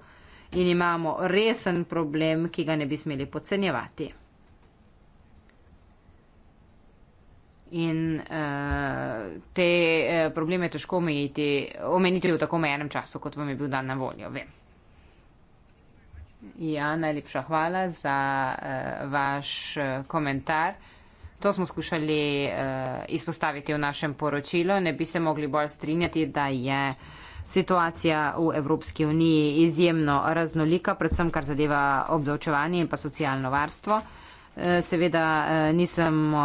in imamo resen problem, ki ga ne bi smeli podcenjevati. in uh, te uh, probleme težko omejiti, omeniti v tako mejenem času, kot vam je bil dan na voljo. Vem. Ja, najlepša hvala za uh, vaš uh, komentar. To smo skušali uh, izpostaviti v našem poročilu. Ne bi se mogli bolj strinjati, da je situacija v Evropski uniji izjemno raznolika, predvsem kar zadeva obdavčevanje in pa socialno varstvo. Uh, Eh, seveda eh, nisem eh,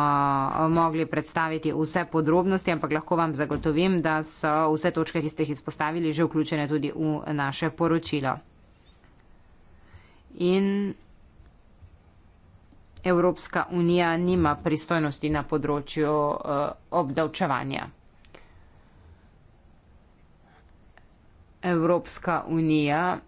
mogli predstaviti vse podrobnosti, ampak lahko vam zagotovim, da so vse točke, ki ste jih izpostavili, že vključene tudi v naše poročilo. In Evropska unija nima pristojnosti na področju obdavčevanja. Evropska unija.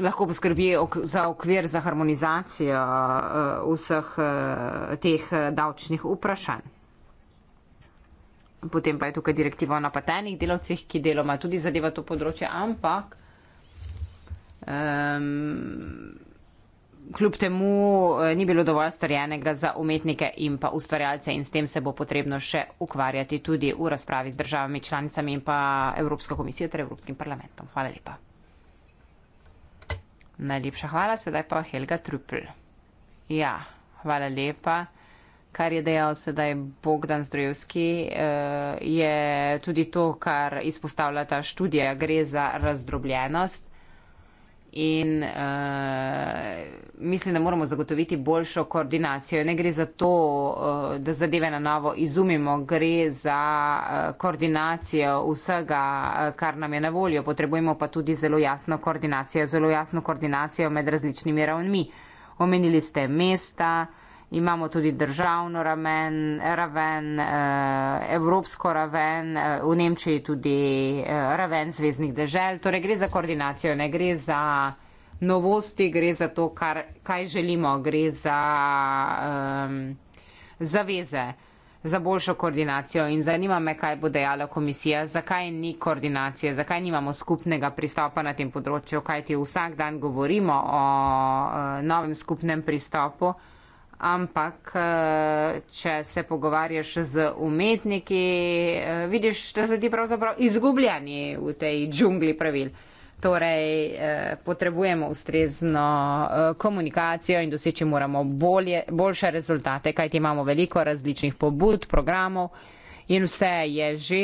lahko poskrbi ok za okvir za harmonizacijo uh, vseh uh, teh eh, davčnih vprašanj. Potem pa je tukaj direktiva o napatenih delovcih, ki deloma tudi zadeva to področje, ampak um, kljub temu eh, ni bilo dovolj storjenega za umetnike in pa ustvarjalce in s tem se bo potrebno še ukvarjati tudi v razpravi z državami članicami in pa Evropsko komisijo ter Evropskim parlamentom. Hvala lepa. Najlepša hvala, sedaj pa Helga Trupl. Ja, hvala lepa. Kar je dejal sedaj Bogdan Zdrojevski, eh, je tudi to, kar izpostavlja ta študija. Gre za razdrobljenost in uh, mislim, da moramo zagotoviti boljšo koordinacijo. Ne gre za to, uh, da zadeve na novo izumimo, gre za uh, koordinacijo vsega, uh, kar nam je na voljo. Potrebujemo pa tudi zelo jasno koordinacijo, zelo jasno koordinacijo med različnimi ravnmi. Omenili ste mesta, uh, imamo tudi državno ramen, raven, eh, evropsko raven, eh, v Nemčiji tudi eh, raven zvezdnih dežel. Torej gre za koordinacijo, ne gre za novosti, gre za to, kar, kaj želimo, gre za um, zaveze, za boljšo koordinacijo in zanima me, kaj bo dejala komisija, zakaj ni koordinacije, zakaj nimamo skupnega pristopa na tem področju, kajti vsak dan govorimo o uh, novem skupnem pristopu ampak eh, če se pogovarjaš z umetniki, eh, vidiš, da so ti pravzaprav izgubljeni v tej džungli pravil. Torej, eh, potrebujemo ustrezno komunikacijo in doseči moramo bolje, boljše rezultate, kajti imamo veliko različnih pobud, programov in vse je že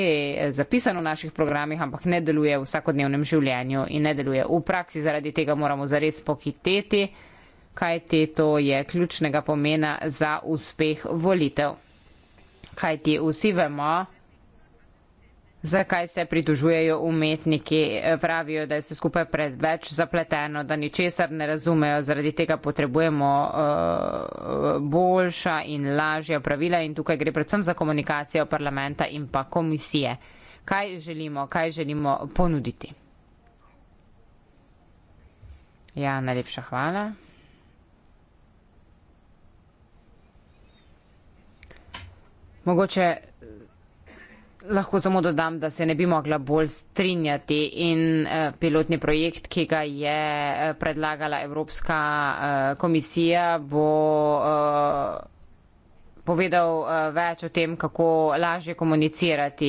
zapisano v naših programih, ampak ne deluje v vsakodnevnem življenju in ne deluje v praksi. Zaradi tega moramo zares pohiteti kajti to je ključnega pomena za uspeh volitev. Kajti vsi vemo, zakaj se pridružujejo umetniki, pravijo, da je vse skupaj preveč zapleteno, da ničesar ne razumejo, zaradi tega potrebujemo eh, boljša in lažja pravila in tukaj gre predvsem za komunikacijo parlamenta in pa komisije. Kaj želimo, kaj želimo ponuditi? Ja, najlepša hvala. Mogoče eh, lahko samo dodam, da se ne bi mogla bolj strinjati in eh, pilotni projekt, ki ga je eh, predlagala Evropska komisija, bo povedal več o tem, kako lažje komunicirati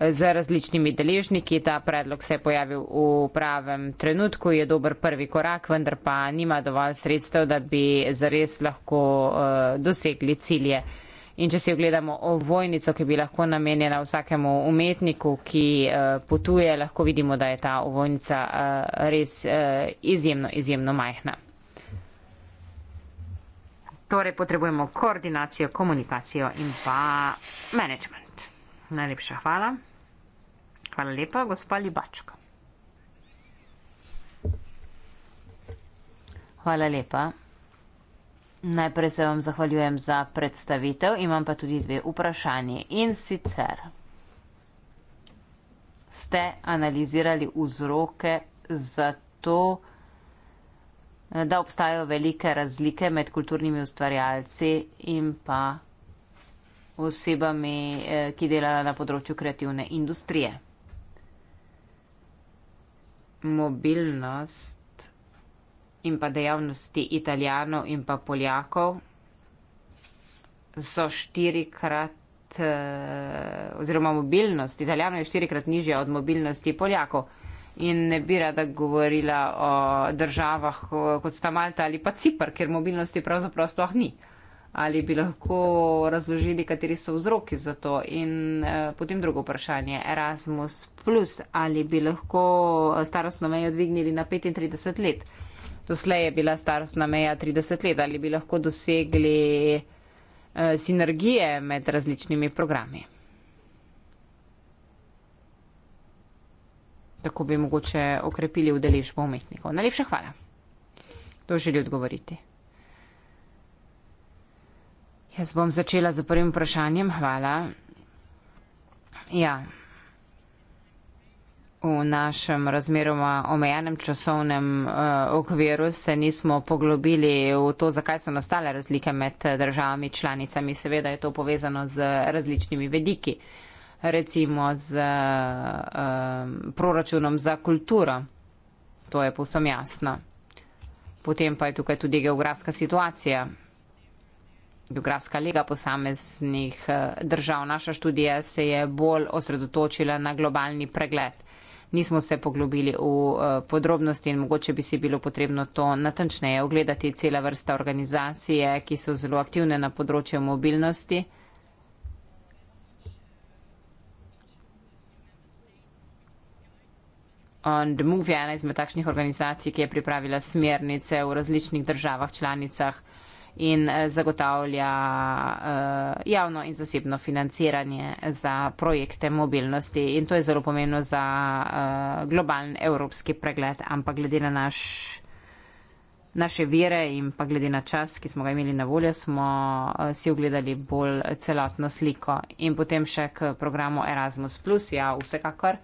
z različnimi deležniki. Ta predlog se je pojavil v pravem trenutku, je dober prvi korak, vendar pa nima dovolj sredstev, da bi zares lahko eh, dosegli cilje. In če si ogledamo ovojnico, ki bi lahko namenjena vsakemu umetniku, ki eh, potuje, lahko vidimo, da je ta ovojnica eh, res izjemno, izjemno majhna. Torej potrebujemo koordinacijo, komunikacijo in pa management. Najlepša hvala. Hvala lepa, gospa Libačka. Hvala lepa. Najprej se vam zahvaljujem za predstavitev, imam pa tudi dve vprašanje. In sicer ste analizirali vzroke za to, da obstajajo velike razlike med kulturnimi ustvarjalci in pa osebami, eh, ki delajo na področju kreativne industrije mobilnost in pa dejavnosti italijanov in pa poljakov so štirikrat eh, oziroma mobilnost italijanov je štirikrat nižja od mobilnosti poljakov. In ne bi rada govorila o državah kot sta Malta ali pa Cipr, ker mobilnosti pravzaprav sploh ni ali bi lahko razložili, kateri so vzroki za to. In eh, potem drugo vprašanje, Erasmus, plus, ali bi lahko eh, starostno mejo dvignili na 35 let. Doslej je bila starostna meja 30 let, ali bi lahko dosegli eh, sinergije med različnimi programi. Tako bi mogoče okrepili udeležbo umetnikov. Najlepša hvala. To želi odgovoriti. Jaz bom začela z prvim vprašanjem. Hvala. Ja. V našem razmeroma omejenem časovnem uh, okviru se nismo poglobili v to, zakaj so nastale razlike med eh, državami članicami. Seveda je to povezano z različnimi vediki, recimo z uh, proračunom za kulturo. To je povsem jasno. Potem pa je tukaj tudi geografska situacija geografska lega posameznih eh, držav. Naša študija se je bolj osredotočila na globalni pregled. Nismo se poglobili v eh, podrobnosti in mogoče bi si bilo potrebno to natančneje ogledati cela vrsta organizacije, ki so zelo aktivne na področju mobilnosti. On the Move je ena izmed takšnih organizacij, ki je pripravila smernice v različnih državah članicah in eh, zagotavlja eh, javno in zasebno financiranje za projekte mobilnosti. In to je zelo pomembno za eh, globalen evropski pregled, ampak glede na naš. Naše vire in pa glede na čas, ki smo ga imeli na voljo, smo si ogledali bolj celotno sliko. In potem še k programu Erasmus, ja, vsekakor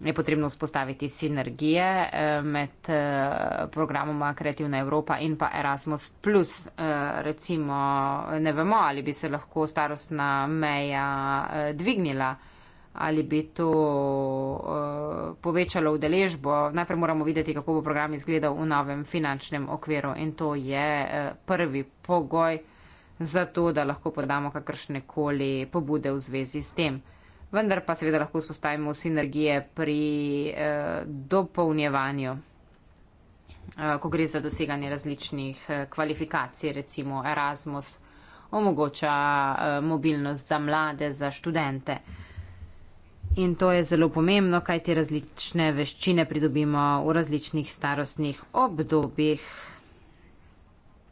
je potrebno vzpostaviti sinergije eh, med eh, programoma Kreativna Evropa in pa Erasmus. Plus, eh, recimo, ne vemo, ali bi se lahko starostna meja dvignila, ali bi to povečalo udeležbo. Najprej moramo videti, kako bo program izgledal v novem finančnem okviru in to je prvi pogoj za to, da lahko podamo kakršne koli pobude v zvezi s tem vendar pa seveda lahko spostavimo sinergije pri eh, dopolnjevanju, eh, ko gre za doseganje različnih eh, kvalifikacij, recimo Erasmus omogoča eh, mobilnost za mlade, za študente. In to je zelo pomembno, kaj te različne veščine pridobimo v različnih starostnih obdobjih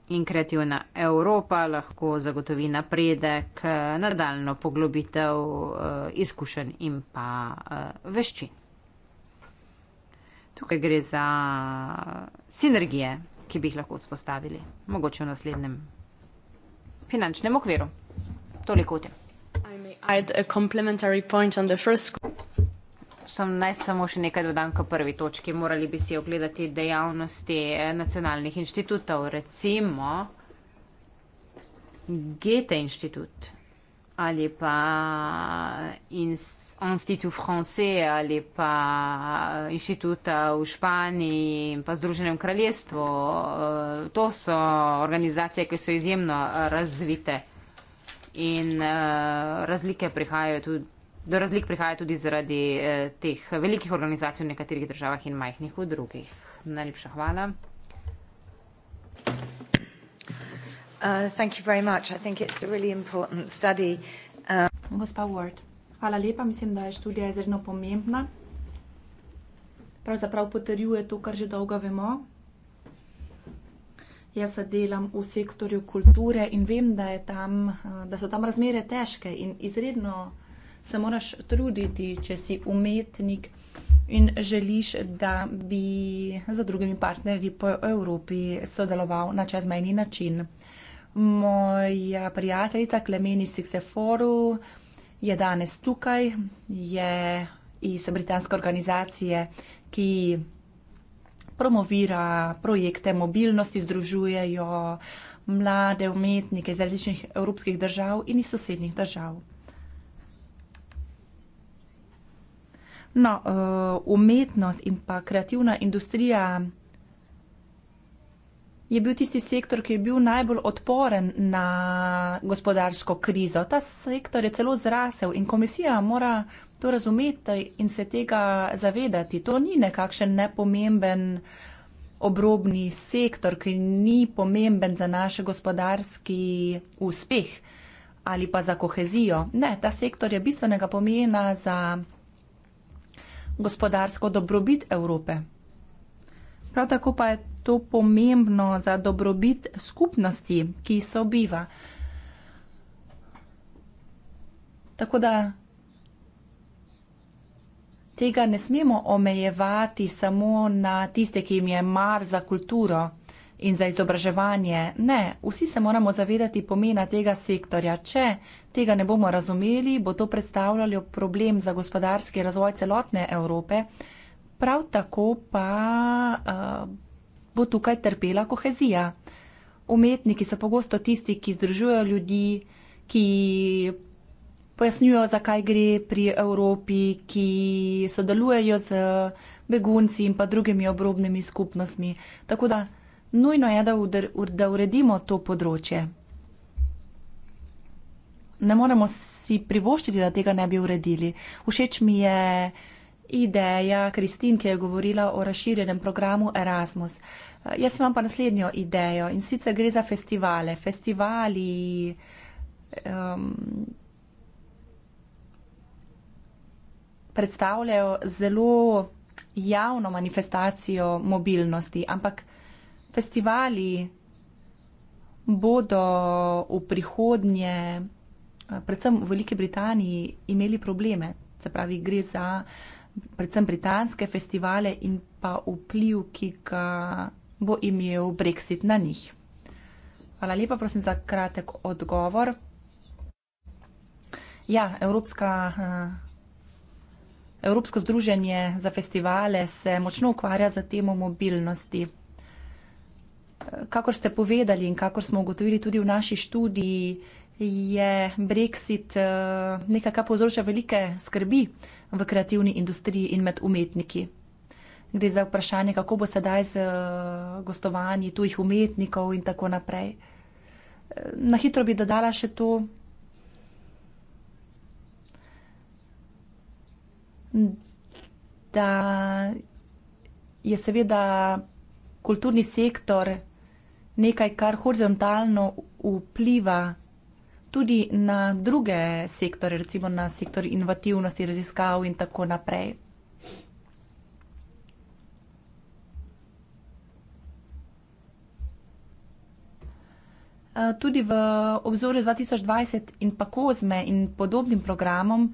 in kreativna Evropa lahko zagotovi napredek, eh, nadaljno poglobitev eh, izkušenj in pa eh, veščin. Tukaj gre za sinergije, ki bi jih lahko vzpostavili, mogoče v naslednjem finančnem okviru. Toliko o tem sem naj samo še nekaj dodam k prvi točki. Morali bi si ogledati dejavnosti eh, nacionalnih inštitutov, recimo Gete inštitut ali pa eh, Institut Francais ali pa eh, inštituta v Španiji in pa Združenem kraljestvu. To so organizacije, ki so izjemno razvite in razlike prihajajo tudi do razlik prihaja tudi zaradi eh, teh velikih organizacij v nekaterih državah in majhnih v drugih. Najlepša hvala. Uh, really uh, Gospa Ward, hvala lepa. Mislim, da je študija izredno pomembna. Pravzaprav potrjuje to, kar že dolgo vemo. Jaz delam v sektorju kulture in vem, da, tam, eh, da so tam razmere težke in izredno se moraš truditi, če si umetnik in želiš, da bi z drugimi partnerji po Evropi sodeloval na čezmejni način. Moja prijateljica Klemeni Sixeforu je danes tukaj, je iz britanske organizacije, ki promovira projekte mobilnosti, združujejo mlade umetnike iz različnih evropskih držav in iz sosednjih držav. No, eh, umetnost in pa kreativna industrija je bil tisti sektor, ki je bil najbolj odporen na gospodarsko krizo. Ta sektor je celo zrasel in komisija mora to razumeti in se tega zavedati. To ni nekakšen nepomemben obrobni sektor, ki ni pomemben za naš gospodarski uspeh ali pa za kohezijo. Ne, ta sektor je bistvenega pomena za gospodarsko dobrobit Evrope. Prav tako pa je to pomembno za dobrobit skupnosti, ki so biva. Tako da tega ne smemo omejevati samo na tiste, ki jim je mar za kulturo in za izobraževanje. Ne, vsi se moramo zavedati pomena tega sektorja. Če tega ne bomo razumeli, bo to predstavljalo problem za gospodarski razvoj celotne Evrope. Prav tako pa uh, bo tukaj trpela kohezija. Umetniki so pogosto tisti, ki združujejo ljudi, ki pojasnjujejo, zakaj gre pri Evropi, ki sodelujejo z begunci in pa drugimi obrobnimi skupnostmi. Tako da nujno je, da, udr, da uredimo to področje. Ne moremo si privoščiti, da tega ne bi uredili. Všeč mi je ideja Kristin, ki je govorila o razširjenem programu Erasmus. Jaz imam pa naslednjo idejo in sicer gre za festivale. Festivali. Um, predstavljajo zelo javno manifestacijo mobilnosti, ampak festivali bodo v prihodnje, eh, predvsem v Veliki Britaniji, imeli probleme. Se pravi, gre za predvsem britanske festivale in pa vpliv, ki ga bo imel Brexit na njih. Hvala lepa, prosim, za kratek odgovor. Ja, Evropska, eh, Evropsko združenje za festivale se močno ukvarja z temo mobilnosti kakor ste povedali in kakor smo ugotovili tudi v naši študiji, je brexit eh, nekaj, kar povzroča velike skrbi v kreativni industriji in med umetniki. Gre za vprašanje, kako bo sedaj z eh, gostovanji tujih umetnikov in tako naprej. Na hitro bi dodala še to, da je seveda kulturni sektor nekaj, kar horizontalno vpliva tudi na druge sektore, recimo na sektor inovativnosti, raziskav in tako naprej. Eh, tudi v obzorju 2020 in pa kozme in podobnim programom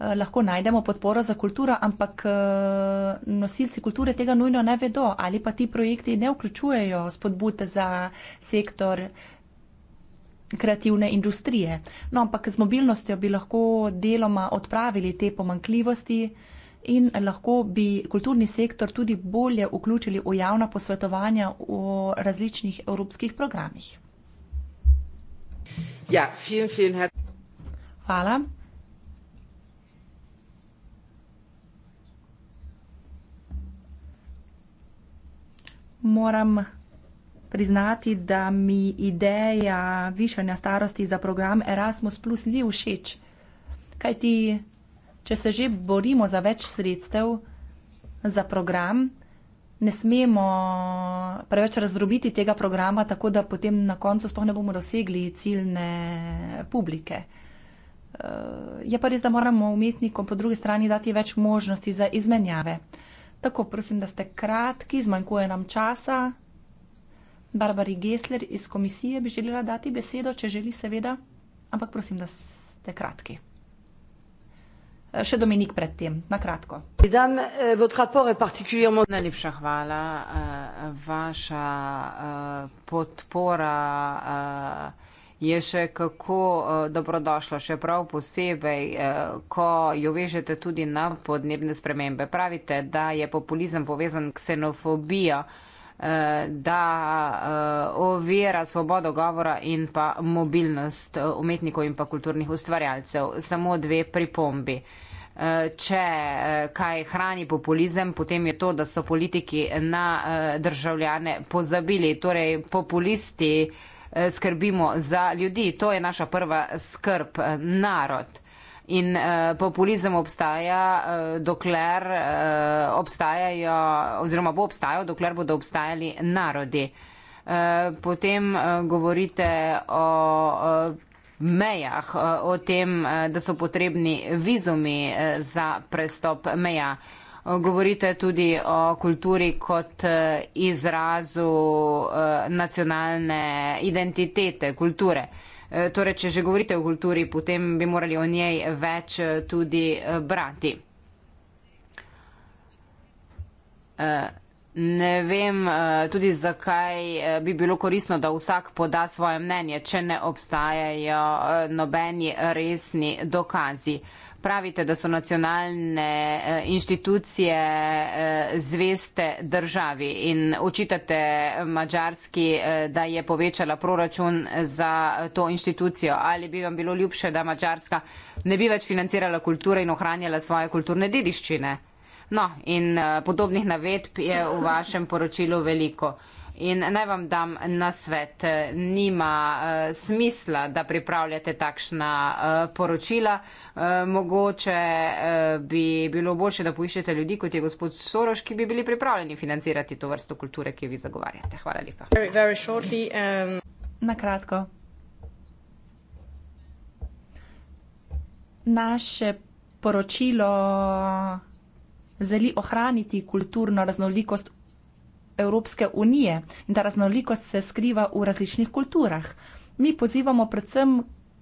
Eh, lahko najdemo podporo za kulturo, ampak eh, nosilci kulture tega nujno ne vedo ali pa ti projekti ne vključujejo spodbud za sektor kreativne industrije. No, ampak z mobilnostjo bi lahko deloma odpravili te pomankljivosti in lahko bi kulturni sektor tudi bolje vključili v javna posvetovanja v različnih evropskih programih. Ja, vielen, vielen Hvala. moram priznati, da mi ideja višanja starosti za program Erasmus Plus ni všeč. Kaj ti, če se že borimo za več sredstev za program, ne smemo preveč razdrobiti tega programa, tako da potem na koncu sploh ne bomo dosegli ciljne publike. Eh, je pa res, da moramo umetnikom po drugi strani dati več možnosti za izmenjave. Tako, prosim, da ste kratki, zmanjkuje nam časa. Barbari Gessler iz komisije bi želela dati besedo, če želi, seveda, ampak prosim, da ste kratki. E, še Dominik predtem, na kratko. E, Najlepša hvala, e, vaša podpora je še kako uh, eh, dobrodošla, še prav posebej, uh, ko jo vežete tudi na podnebne spremembe. Pravite, da je populizem povezan ksenofobijo, uh, da uh, ovira svobodo govora in pa mobilnost umetnikov in pa kulturnih ustvarjalcev. Samo dve pripombi. Če kaj hrani populizem, potem je to, da so politiki na državljane pozabili. Torej, populisti uh, Eh, skrbimo za ljudi. To je naša prva skrb, eh, narod. In eh, populizem obstaja, eh, dokler eh, obstajajo, oziroma bo obstajal, dokler bodo obstajali narodi. Eh, potem eh, govorite o, o eh, mejah, o tem, eh, da so potrebni vizumi eh, za prestop meja. Eh, Govorite tudi o kulturi kot eh, izrazu eh, nacionalne identitete, kulture. Eh, torej, če že govorite o kulturi, potem bi morali o njej več tudi brati. Ne vem tudi, zakaj bi bilo korisno, da vsak poda svoje mnenje, če ne obstajajo nobeni resni dokazi. Pravite, da so nacionalne eh, inštitucije eh, zveste državi in očitate Mačarski, eh, da je povečala proračun za to inštitucijo. Ali bi vam bilo ljubše, da Mačarska ne bi več financirala kulture in ohranjala svoje kulturne dediščine? No, in podobnih navedb je v vašem poročilu veliko. In naj vam dam na svet, nima uh, smisla, da pripravljate takšna uh, poročila. Uh, mogoče uh, bi bilo boljše, da poiščete ljudi, kot je gospod Soroš, ki bi bili pripravljeni financirati to vrsto kulture, ki jo vi zagovarjate. Hvala lepa. Very, very shortly, um... Na kratko. Naše poročilo želi ohraniti kulturno raznolikost Evropske unije in ta raznolikost se skriva v različnih kulturah. Mi pozivamo predvsem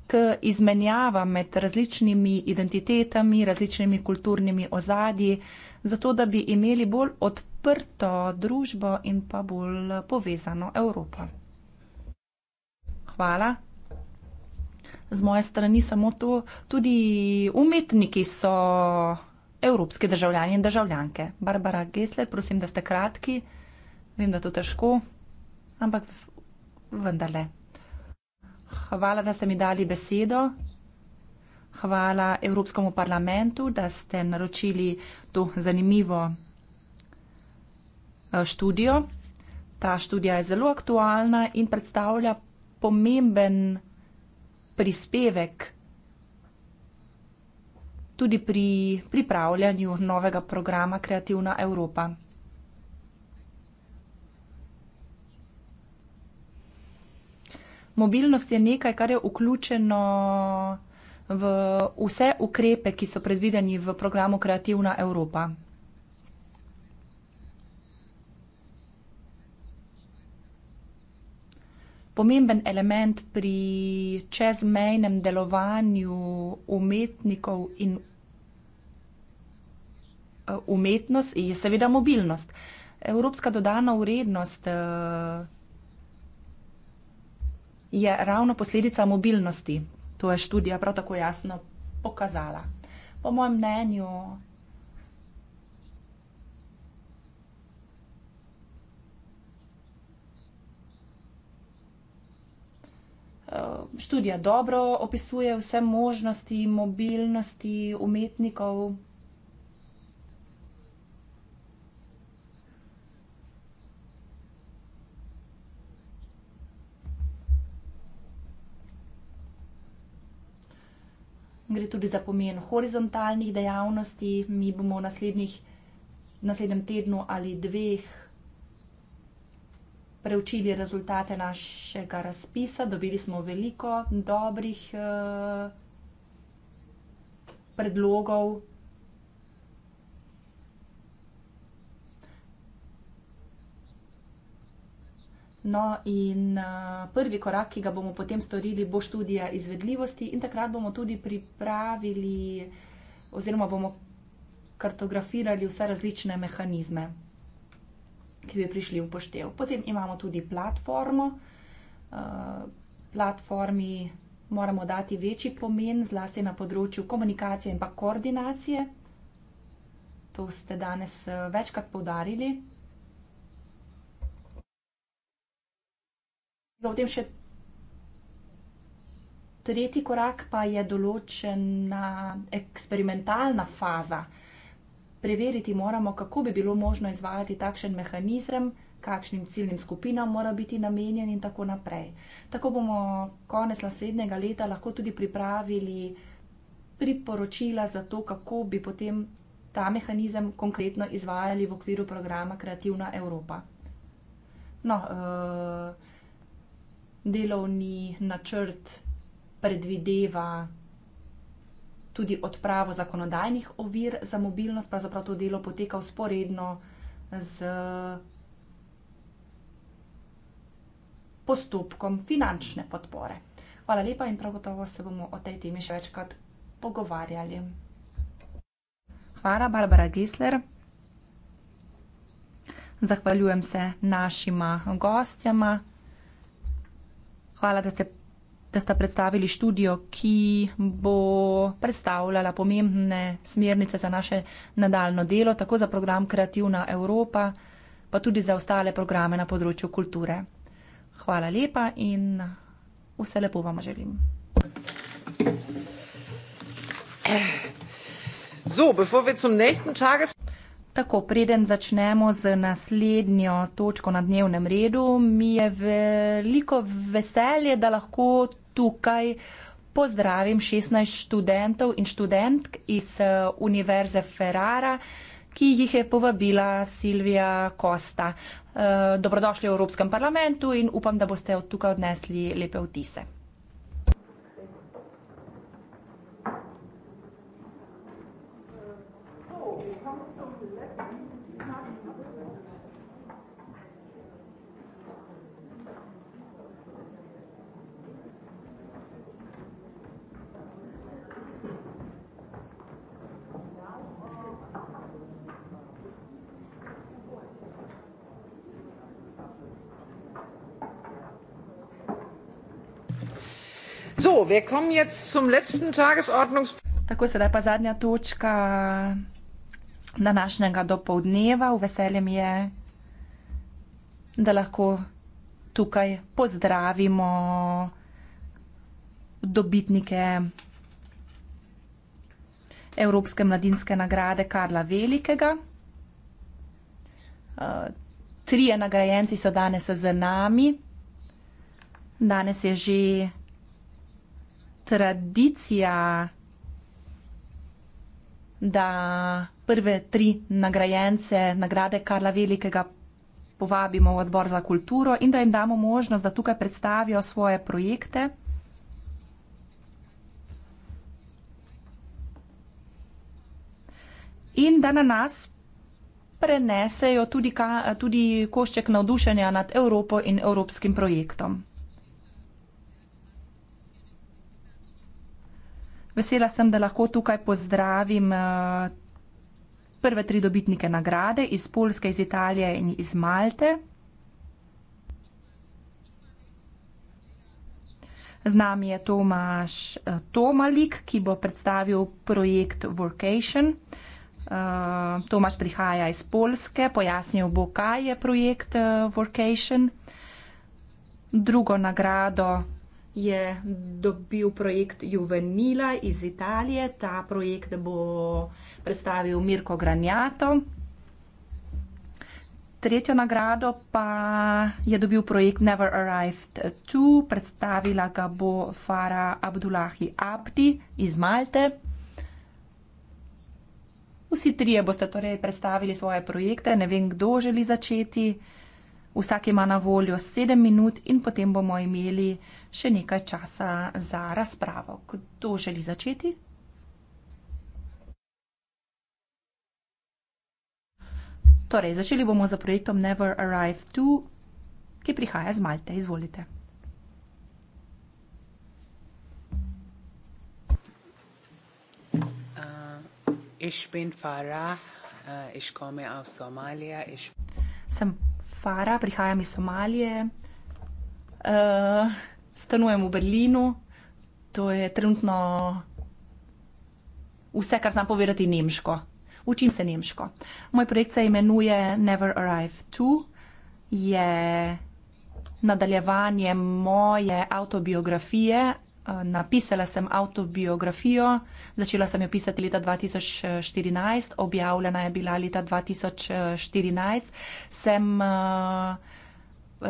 k izmenjavam med različnimi identitetami, različnimi kulturnimi ozadji, zato da bi imeli bolj odprto družbo in pa bolj povezano Evropo. Hvala. Z moje strani samo to, tudi umetniki so evropski državljani in državljanke. Barbara Gessler, prosim, da ste kratki. Vem, da je to težko, ampak vendarle. Hvala, da ste mi dali besedo. Hvala Evropskemu parlamentu, da ste naročili to zanimivo eh, študijo. Ta študija je zelo aktualna in predstavlja pomemben prispevek tudi pri pripravljanju novega programa Kreativna Evropa. mobilnost je nekaj, kar je vključeno v vse ukrepe, ki so predvideni v programu Kreativna Evropa. Pomemben element pri čezmejnem delovanju umetnikov in eh, umetnost je seveda mobilnost. Evropska dodana vrednost eh, je ravno posledica mobilnosti. To je študija prav tako jasno pokazala. Po mojem mnenju. Študija dobro opisuje vse možnosti mobilnosti umetnikov. gre tudi za pomen horizontalnih dejavnosti. Mi bomo v naslednjem tednu ali dveh preučili rezultate našega razpisa. Dobili smo veliko dobrih uh, predlogov. No, in uh, prvi korak, ki ga bomo potem storili, bo študija izvedljivosti, in takrat bomo tudi pripravili, oziroma bomo kartografirali vse različne mehanizme, ki bi prišli v poštev. Potem imamo tudi platformo. Uh, platformi moramo dati večji pomen, zlasti na področju komunikacije in pa koordinacije. To ste danes eh, večkrat poudarili. potem no, še tretji korak, pa je določena eksperimentalna faza. Preveriti moramo, kako bi bilo možno izvajati takšen mehanizem, kakšnim ciljnim skupinam mora biti namenjen in tako naprej. Tako bomo konec naslednjega leta lahko tudi pripravili priporočila za to, kako bi potem ta mehanizem konkretno izvajali v okviru programa Kreativna Evropa. No, uh, delovni načrt predvideva tudi odpravo zakonodajnih ovir za mobilnost, pravzaprav to delo poteka usporedno z postopkom finančne podpore. Hvala lepa in prav gotovo se bomo o tej temi še večkrat pogovarjali. Hvala, Barbara Gessler. Zahvaljujem se našima gostjama hvala, da ste, da ste predstavili študijo, ki bo predstavljala pomembne smernice za naše nadaljno delo, tako za program Kreativna Evropa, pa tudi za ostale programe na področju kulture. Hvala lepa in vse lepo vam želim. Zo, bevor wir zum nächsten Tages... Tako, preden začnemo z naslednjo točko na dnevnem redu, mi je veliko veselje, da lahko tukaj pozdravim 16 študentov in študentk iz Univerze Ferrara, ki jih je povabila Silvija Kosta. Eh, dobrodošli v Evropskem parlamentu in upam, da boste od tukaj odnesli lepe vtise. So, wir kommen jetzt zum letzten Tagesordnungspunkt. Tako, sedaj pa zadnja točka današnjega dopoldneva. V veselje mi je, da lahko tukaj pozdravimo dobitnike Evropske mladinske nagrade Karla Velikega. Eh, trije nagrajenci so danes z nami. Danes je že tradicija, da prve tri nagrajence, nagrade Karla Velikega, povabimo v odbor za kulturo in da jim damo možnost, da tukaj predstavijo svoje projekte. In da na nas prenesejo tudi, ka, tudi košček navdušenja nad Evropo in evropskim projektom. Vesela sem, da lahko tukaj pozdravim eh, prve tri dobitnike nagrade iz Polske, iz Italije in iz Malte. Z nami je Tomaš eh, Tomalik, ki bo predstavil projekt Workation. Eh, Tomaš prihaja iz Polske, pojasnil bo, kaj je projekt Workation. Drugo nagrado je dobil projekt Juvenila iz Italije. Ta projekt bo predstavil Mirko Granjato. Tretjo nagrado pa je dobil projekt Never Arrived 2, predstavila ga bo Farah Abdullahi Abdi iz Malte. Vsi trije boste torej predstavili svoje projekte, ne vem, kdo želi začeti. Vsak ima na voljo sedem minut in potem bomo imeli še nekaj časa za razpravo. Kdo želi začeti? Torej, začeli bomo z projektom Never Arrive 2, ki prihaja z Malte. Izvolite. Uh, ich bin Farah, uh, ich komme aus Somalia. Ich... Sem Farah, prihajam iz Somalije. Uh, stanujem v Berlinu, to je trenutno vse, kar znam povedati nemško. Učim se nemško. Moj projekt se imenuje Never Arrive Two, je nadaljevanje moje avtobiografije. Napisala sem avtobiografijo, začela sem jo pisati leta 2014, objavljena je bila leta 2014. Sem uh,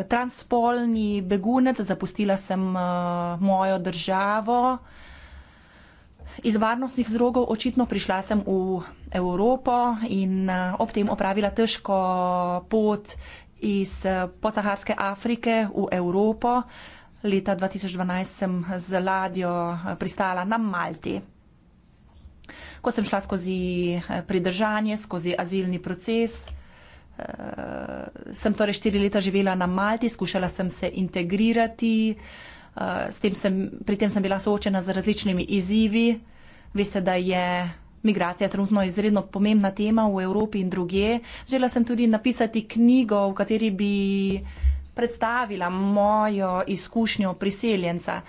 transpolni begunec, zapustila sem uh, mojo državo. Iz varnostnih vzrokov očitno prišla sem v Evropo in uh, ob tem opravila težko pot iz uh, podsaharske Afrike v Evropo. Leta 2012 sem z ladjo uh, pristala na Malti. Ko sem šla skozi uh, pridržanje, skozi azilni proces, Uh, sem torej štiri leta živela na Malti, skušala sem se integrirati, uh, tem sem, pri tem sem bila soočena z različnimi izzivi. Veste, da je migracija trenutno izredno pomembna tema v Evropi in druge. Želela sem tudi napisati knjigo, v kateri bi predstavila mojo izkušnjo priseljenca. Uh,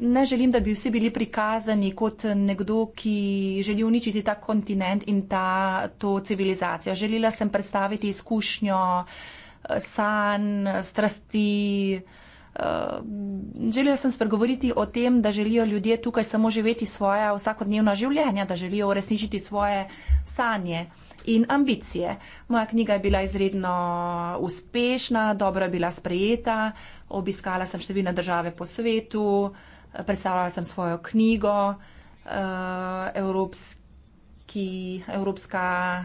ne želim, da bi vsi bili prikazani kot nekdo, ki želi uničiti ta kontinent in ta, to civilizacijo. Želela sem predstaviti izkušnjo, eh, san, strasti. Eh, želela sem spregovoriti o tem, da želijo ljudje tukaj samo živeti svoje vsakodnevna življenja, da želijo uresničiti svoje sanje in ambicije. Moja knjiga je bila izredno uspešna, dobro je bila sprejeta, obiskala sem številne države po svetu, predstavljala sem svojo knjigo, eh, Evropski, Evropska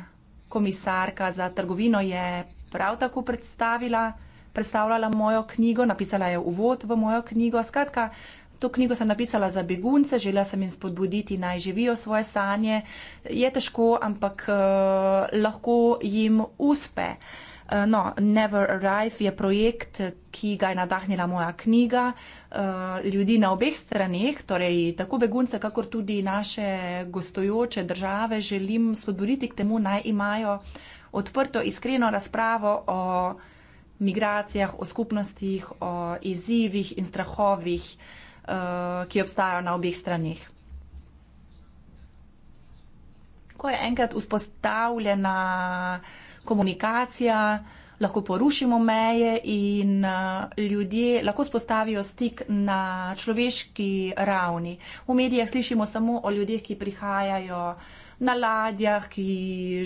komisarka za trgovino je prav tako predstavila. Predstavljala mojo knjigo, napisala je uvod v mojo knjigo. Skratka, To knjigo sem napisala za begunce, želela sem jim spodbuditi, naj živijo svoje sanje. Je težko, ampak uh, lahko jim uspe. Eh, no, Never Arrive je projekt, ki ga je nadahnila moja knjiga. Eh, ljudi na obeh straneh, torej tako begunce, kakor tudi naše gostujoče države, želim spodbuditi k temu, naj imajo odprto, iskreno razpravo o migracijah, o skupnostih, o izzivih in strahovih. Eh, ki obstajajo na obeh stranih. Ko je enkrat vzpostavljena komunikacija, lahko porušimo meje in eh, ljudje lahko spostavijo stik na človeški ravni. V medijah slišimo samo o ljudeh, ki prihajajo na ladjah, ki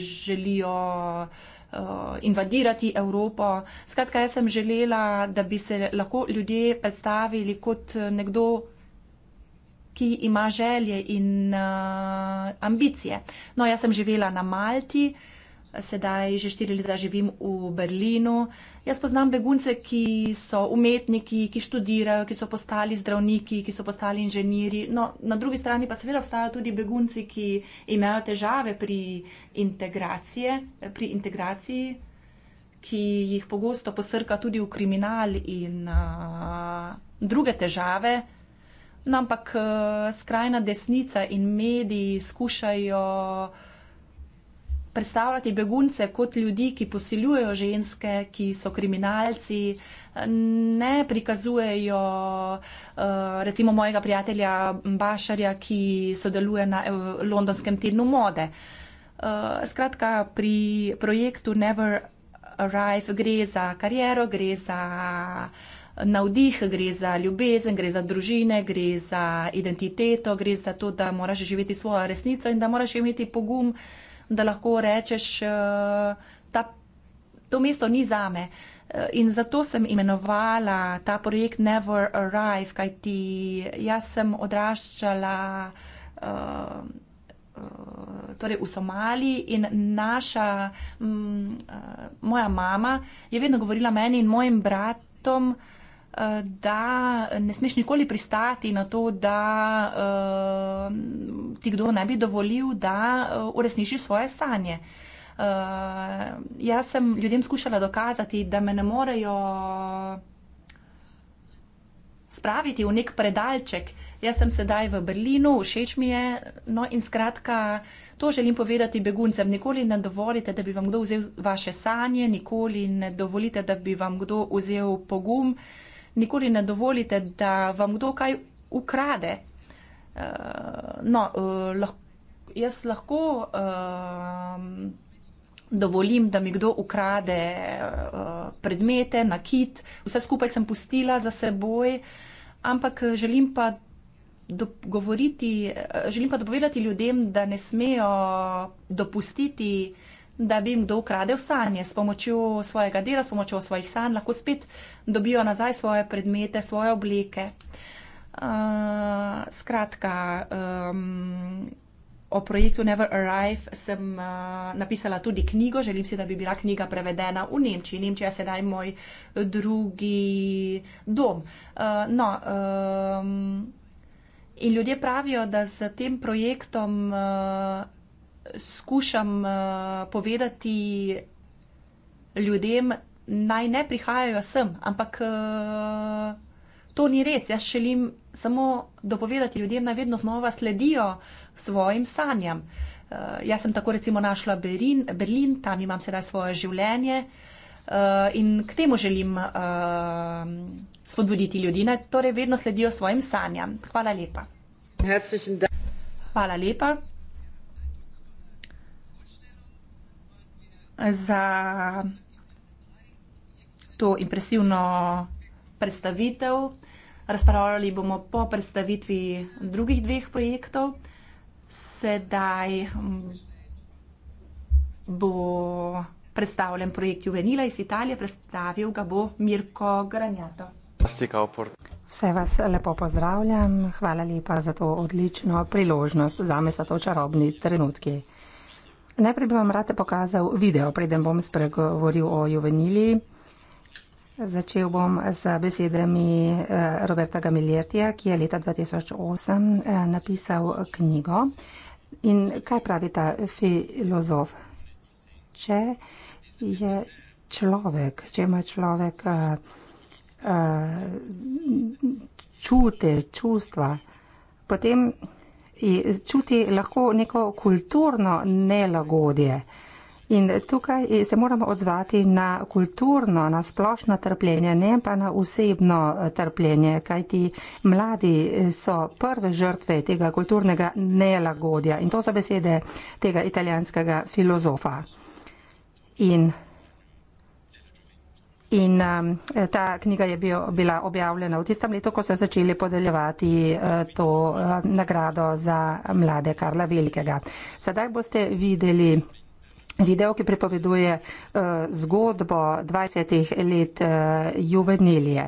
želijo uh, Eh, invadirati Evropo. Skratka, jaz sem želela, da bi se lahko ljudje predstavili kot eh, nekdo, ki ima želje in uh, ambicije. No, jaz sem živela na Malti, uh, sedaj že štiri leta živim v Berlinu. Jaz poznam begunce, ki so umetniki, ki študirajo, ki so postali zdravniki, ki so postali inženirji. No, na drugi strani pa seveda obstajajo tudi begunci, ki imajo težave pri, pri integraciji, ki jih pogosto posrka tudi v kriminal in uh, druge težave. No, ampak uh, skrajna desnica in mediji skušajo predstavljati begunce kot ljudi, ki posiljujejo ženske, ki so kriminalci, ne prikazujejo eh, recimo mojega prijatelja Bašarja, ki sodeluje na londonskem tednu mode. Eh, skratka, pri projektu Never Arrive gre za kariero, gre za navdih, gre za ljubezen, gre za družine, gre za identiteto, gre za to, da moraš živeti svojo resnico in da moraš imeti pogum da lahko rečeš, da eh, to mesto ni zame. Eh, in zato sem imenovala ta projekt Never Arrive, kajti jaz sem odraščala eh, torej v Somaliji in naša, mm, moja mama je vedno govorila meni in mojim bratom, da ne smeš nikoli pristati na to, da eh, ti kdo ne bi dovolil, da eh, uresniši svoje sanje. Eh, jaz sem ljudem skušala dokazati, da me ne morejo spraviti v nek predalček. Jaz sem sedaj v Berlinu, všeč mi je, no in skratka, to želim povedati beguncem. Nikoli ne dovolite, da bi vam kdo vzel vaše sanje, nikoli ne dovolite, da bi vam kdo vzel pogum. Uh, nikoli ne dovolite, da vam kdo kaj ukrade. Eh, no, eh, jaz lahko ehm, dovolim, da mi kdo ukrade eh, predmete, nakit, vse skupaj sem pustila za seboj, ampak želim pa. Govoriti, želim pa dopovedati ljudem, da ne smejo dopustiti, da bi jim kdo ukradel sanje. S pomočjo svojega dela, s pomočjo svojih sanj lahko spet dobijo nazaj svoje predmete, svoje obleke. Uh, skratka, um, o projektu Never Arrive sem uh, napisala tudi knjigo. Želim si, da bi bila knjiga prevedena v Nemčiji. Nemčija je sedaj moj drugi dom. Uh, no, um, in ljudje pravijo, da z tem projektom. Uh, skušam uh, povedati ljudem, naj ne prihajajo sem, ampak uh, to ni res. Jaz želim samo dopovedati ljudem, naj vedno znova sledijo svojim sanjam. Uh, jaz sem tako recimo našla Berin, Berlin, tam imam sedaj svoje življenje uh, in k temu želim uh, spodbuditi ljudi, naj torej vedno sledijo svojim sanjam. Hvala lepa. Hvala lepa. za to impresivno predstavitev. Razpravljali bomo po predstavitvi drugih dveh projektov. Sedaj mm, bo predstavljen projekt Juvenila iz Italije, predstavil ga bo Mirko Granjato. Vse vas lepo pozdravljam, hvala lepa za to odlično priložnost, zame so to čarobni trenutki. Najprej bi vam rad pokazal video, preden bom spregovoril o juvenili. Začel bom z besedami eh, Roberta Gamilertija, ki je leta 2008 eh, napisal knjigo. In kaj pravi ta filozof? Če je človek, če ima človek uh, uh, čute, čustva, potem čuti lahko neko kulturno nelagodje. In tukaj se moramo odzvati na kulturno, na splošno trpljenje, ne pa na osebno eh, trpljenje, kajti mladi eh, so prve žrtve tega kulturnega nelagodja. In to so besede tega italijanskega filozofa. In In um, ta knjiga je bil, bila objavljena v tistem letu, ko so začeli podeljevati uh, to uh, nagrado za mlade Karla Velikega. Sedaj boste videli. Video, ki pripoveduje uh, zgodbo 20 let uh, juvenilije.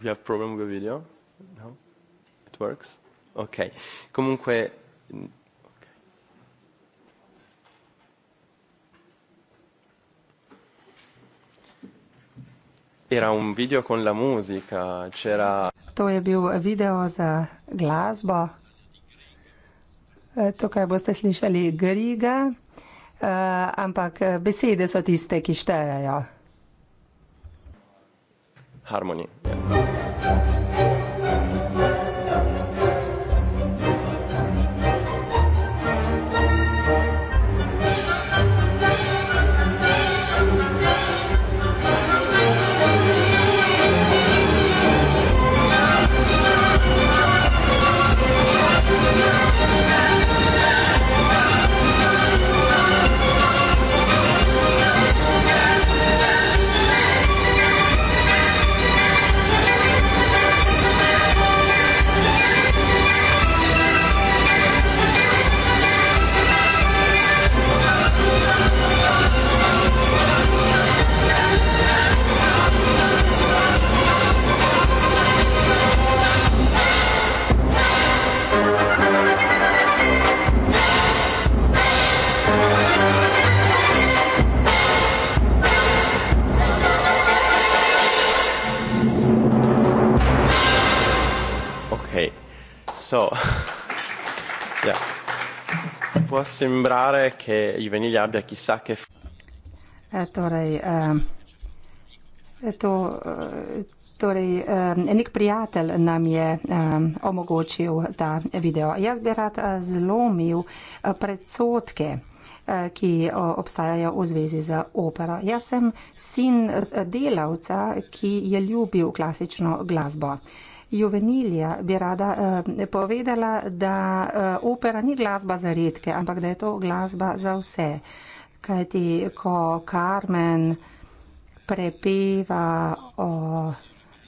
Imamo problem z video? Ne? No? Deluje? Ok. Komunque, Era un video con la musica, c'era... To je bil video za glasbo. Eh, Tukaj boste slišali griga, eh, ampak eh, besede so tiste, ki štejejo. Harmonija. Yeah. so. yeah. <laughs> Ja. Può sembrare che Juvenile abbia chissà che. F- eh, torej, eh, to, eh, torej eh, nek prijatelj nam je eh, omogočil ta video. Jaz bi rad eh, zlomil eh, predsotke, eh, ki obstajajo v zvezi z opero. Jaz sem sin delavca, ki je ljubil klasično glasbo. Eh, Juvenilija bi rada eh, povedala, da eh, opera ni glasba za redke, ampak da je to glasba za vse. Kajti, ko Carmen prepeva o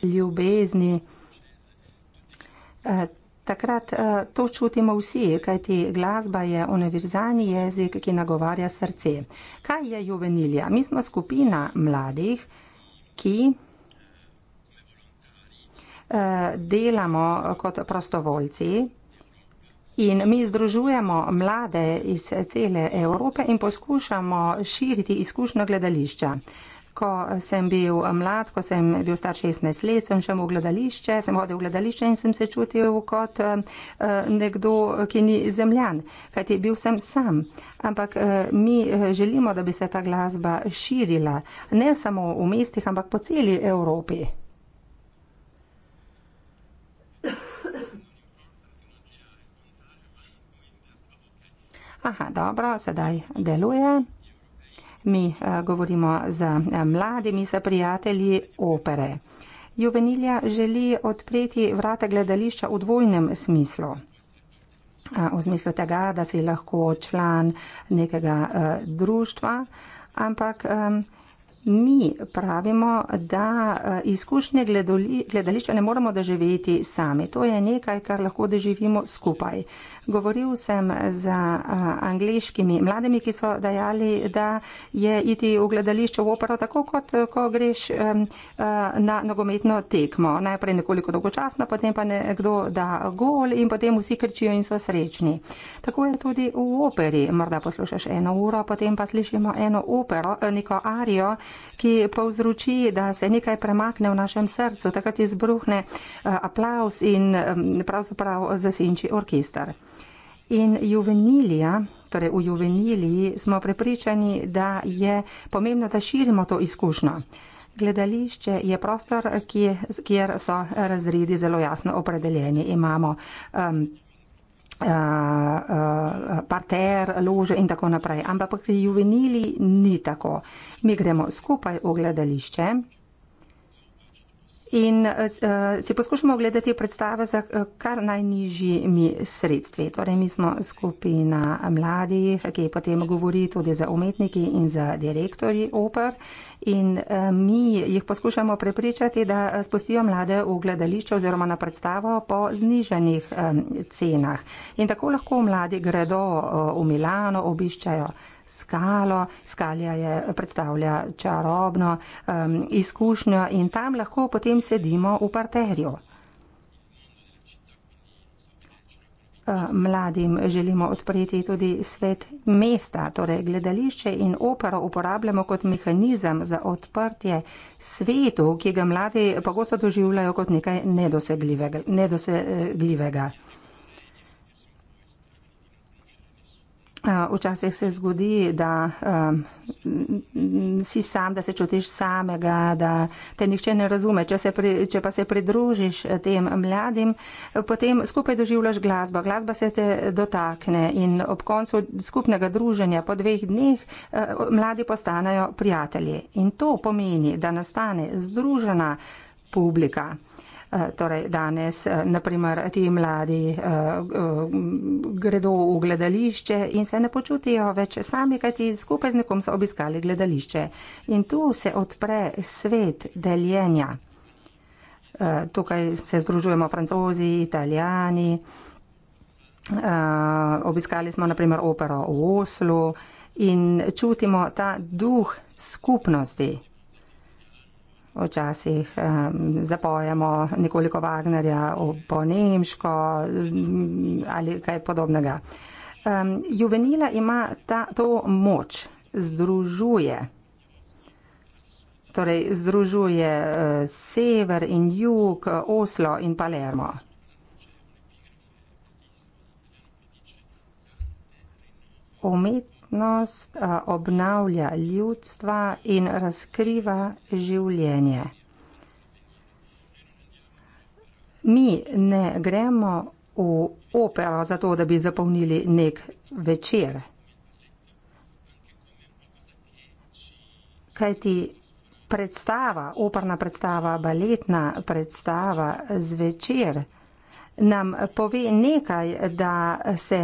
ljubezni, eh, Takrat uh, to čutimo vsi, kajti glasba je univerzalni jezik, ki nagovarja srce. Kaj je juvenilija? Mi smo skupina mladih, ki delamo kot prostovoljci in mi združujemo mlade iz cele Evrope in poskušamo širiti izkušnjo gledališča. Ko sem bil mlad, ko sem bil star 16 let, sem šel v gledališče, sem hodil v gledališče in sem se čutil kot eh, nekdo, ki ni zemljan, kajti bil sem sam. Ampak eh, mi eh, želimo, da bi se ta glasba širila ne samo v mestih, ampak po celi Evropi. Aha, dobro, sedaj deluje. Mi eh, govorimo z eh, mladimi, s prijatelji opere. Juvenilja želi odpreti vrata gledališča v dvojnem smislu. Eh, v smislu tega, da si lahko član nekega društva, ampak Mi pravimo, da eh, izkušnje gledališča ne moramo doživeti sami. To je nekaj, kar lahko doživimo skupaj. Govoril sem z eh, angliškimi mladimi, ki so dajali, da je iti v gledališče v opero tako, kot eh, ko greš na nogometno tekmo. Najprej nekoliko dolgočasno, potem pa nekdo da gol in potem vsi krčijo in so srečni. Tako je tudi v operi. Morda poslušaš eno uro, potem pa slišimo eno opero, neko arijo ki povzroči, da se nekaj premakne v našem srcu, takrat izbruhne eh, aplaus in pravzaprav zasinči orkester. In juvenilija, torej v juveniliji smo prepričani, da je pomembno, da širimo to izkušnjo. Gledališče je prostor, kjer so razredi zelo jasno opredeljeni. Imamo um, Eh, eh, parter, lože in tako naprej. Ampak pri juvenili ni tako. Mi gremo skupaj v gledališče in eh, se eh, poskušamo ogledati predstave za eh, kar najnižjimi sredstvi. Torej, mi smo skupina mladih, ki potem govori tudi za umetniki in za direktori oper in mi jih poskušamo prepričati, da spustijo mlade v gledališče oziroma na predstavo po zniženih cenah. In tako lahko mladi gredo v Milano, obiščajo skalo. Skalja je, predstavlja čarobno um, izkušnjo in tam lahko potem sedimo v parterju. Uh, mladim želimo odpreti tudi svet mesta, torej gledališče in opero uporabljamo kot mehanizem za odprtje svetu, ki ga mladi pogosto doživljajo kot nekaj nedosegljivega. nedosegljivega. Eh, včasih se zgodi, da um, si sam, da se čutiš samega, da te nihče ne razume. Če, pri, če pa se pridružiš eh, tem mladim, potem skupaj doživljaš glasbo. Glasba se te dotakne in ob koncu skupnega druženja po dveh dneh uh, mladi postanejo prijatelji. In to pomeni, da nastane združena publika torej danes, eh, naprimer, ti mladi eh, eh, gredo v gledališče in se ne počutijo več sami, kajti skupaj z nekom so obiskali gledališče. In tu se odpre svet deljenja. Tukaj se združujemo francozi, italijani, obiskali smo naprimer opero v Oslu in čutimo ta duh skupnosti včasih eh, zapojemo nekoliko Wagnerja po nemško mm, ali kaj podobnega. Eh, juvenila ima ta, to moč, združuje. Torej, združuje eh, sever in jug, Oslo in Palermo. Umet skupnost obnavlja ljudstva in razkriva življenje. Mi ne gremo v opero zato, da bi zapolnili nek večer. Kajti predstava, operna predstava, baletna predstava zvečer nam pove nekaj, da se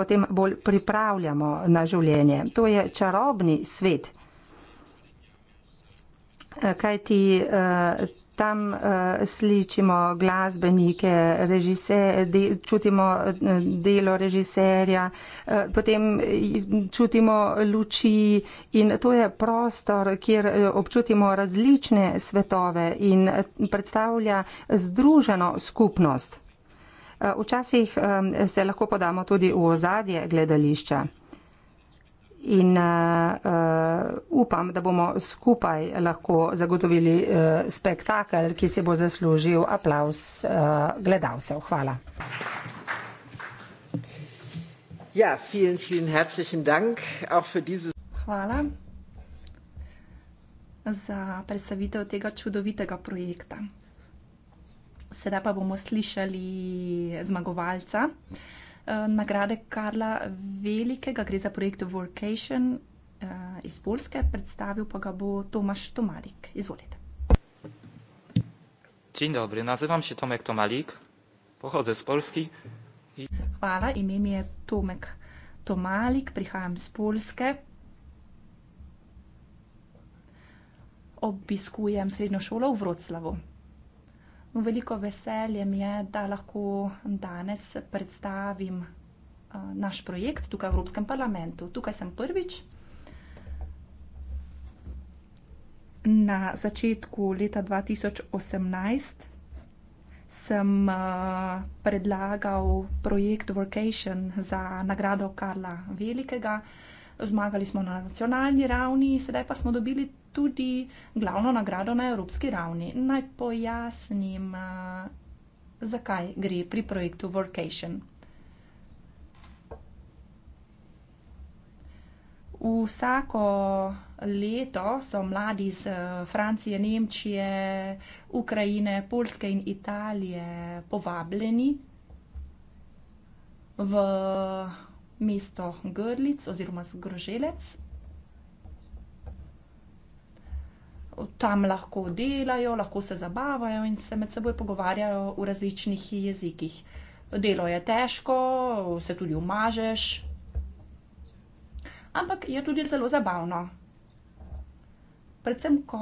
potem bolj pripravljamo na življenje. To je čarobni svet. Eh, Kaj ti eh, tam eh, sličimo glasbenike, čutimo delo režiserja, potem čutimo luči in to je prostor, kjer občutimo različne svetove in predstavlja združeno skupnost. Včasih se lahko podamo tudi v ozadje gledališča. In uh, uh, upam, da bomo skupaj lahko zagotovili uh, spektakel, ki se bo zaslužil aplaus uh, gledalcev. Hvala. Ja, vielen, vielen herzlichen Dank auch für dieses. Hvala za predstavitev tega čudovitega projekta sedaj pa bomo slišali zmagovalca eh, nagrade Karla Velikega, gre za projekt Workation eh, iz Polske, predstavil pa ga bo Tomaš Tomalik. Izvolite. Dzień dobry, nazywam się Tomek Tomalik, pochodzę z Polski. I... Hvala, ime mi je Tomek Tomalik, prihajam z Polske. Obiskujem srednjo šolo v Vroclavu. Veliko veselje mi je, da lahko danes predstavim naš projekt tukaj v Evropskem parlamentu. Tukaj sem prvič. Na začetku leta 2018 sem predlagal projekt Workation za nagrado Karla Velikega. Zmagali smo na nacionalni ravni, sedaj pa smo dobili tudi glavno nagrado na evropski ravni. Naj pojasnim, zakaj gre pri projektu Workation. Vsako leto so mladi iz Francije, Nemčije, Ukrajine, Poljske in Italije povabljeni v mesto Grlic oziroma Zgroželec tam lahko delajo, lahko se zabavajo in se med seboj pogovarjajo v različnih jezikih. Delo je težko, se tudi umažeš, ampak je tudi zelo zabavno. Predvsem, ko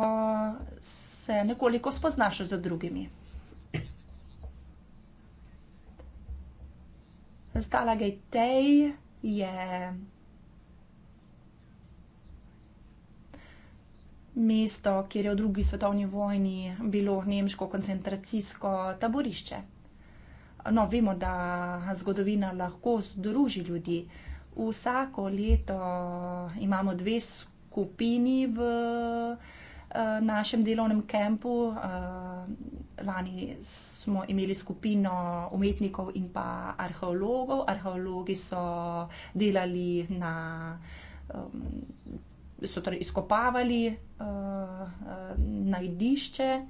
se nekoliko spoznaš z drugimi. Stala Gejtej je mesto, kjer je v drugi svetovni vojni bilo nemško koncentracijsko taborišče. No, vemo, da zgodovina lahko združi ljudi. Vsako leto imamo dve skupini v eh, našem delovnem kampu. Eh, lani smo imeli skupino umetnikov in pa arheologov. Arheologi so delali na ehm, so torej izkopavali uh, uh, najdišče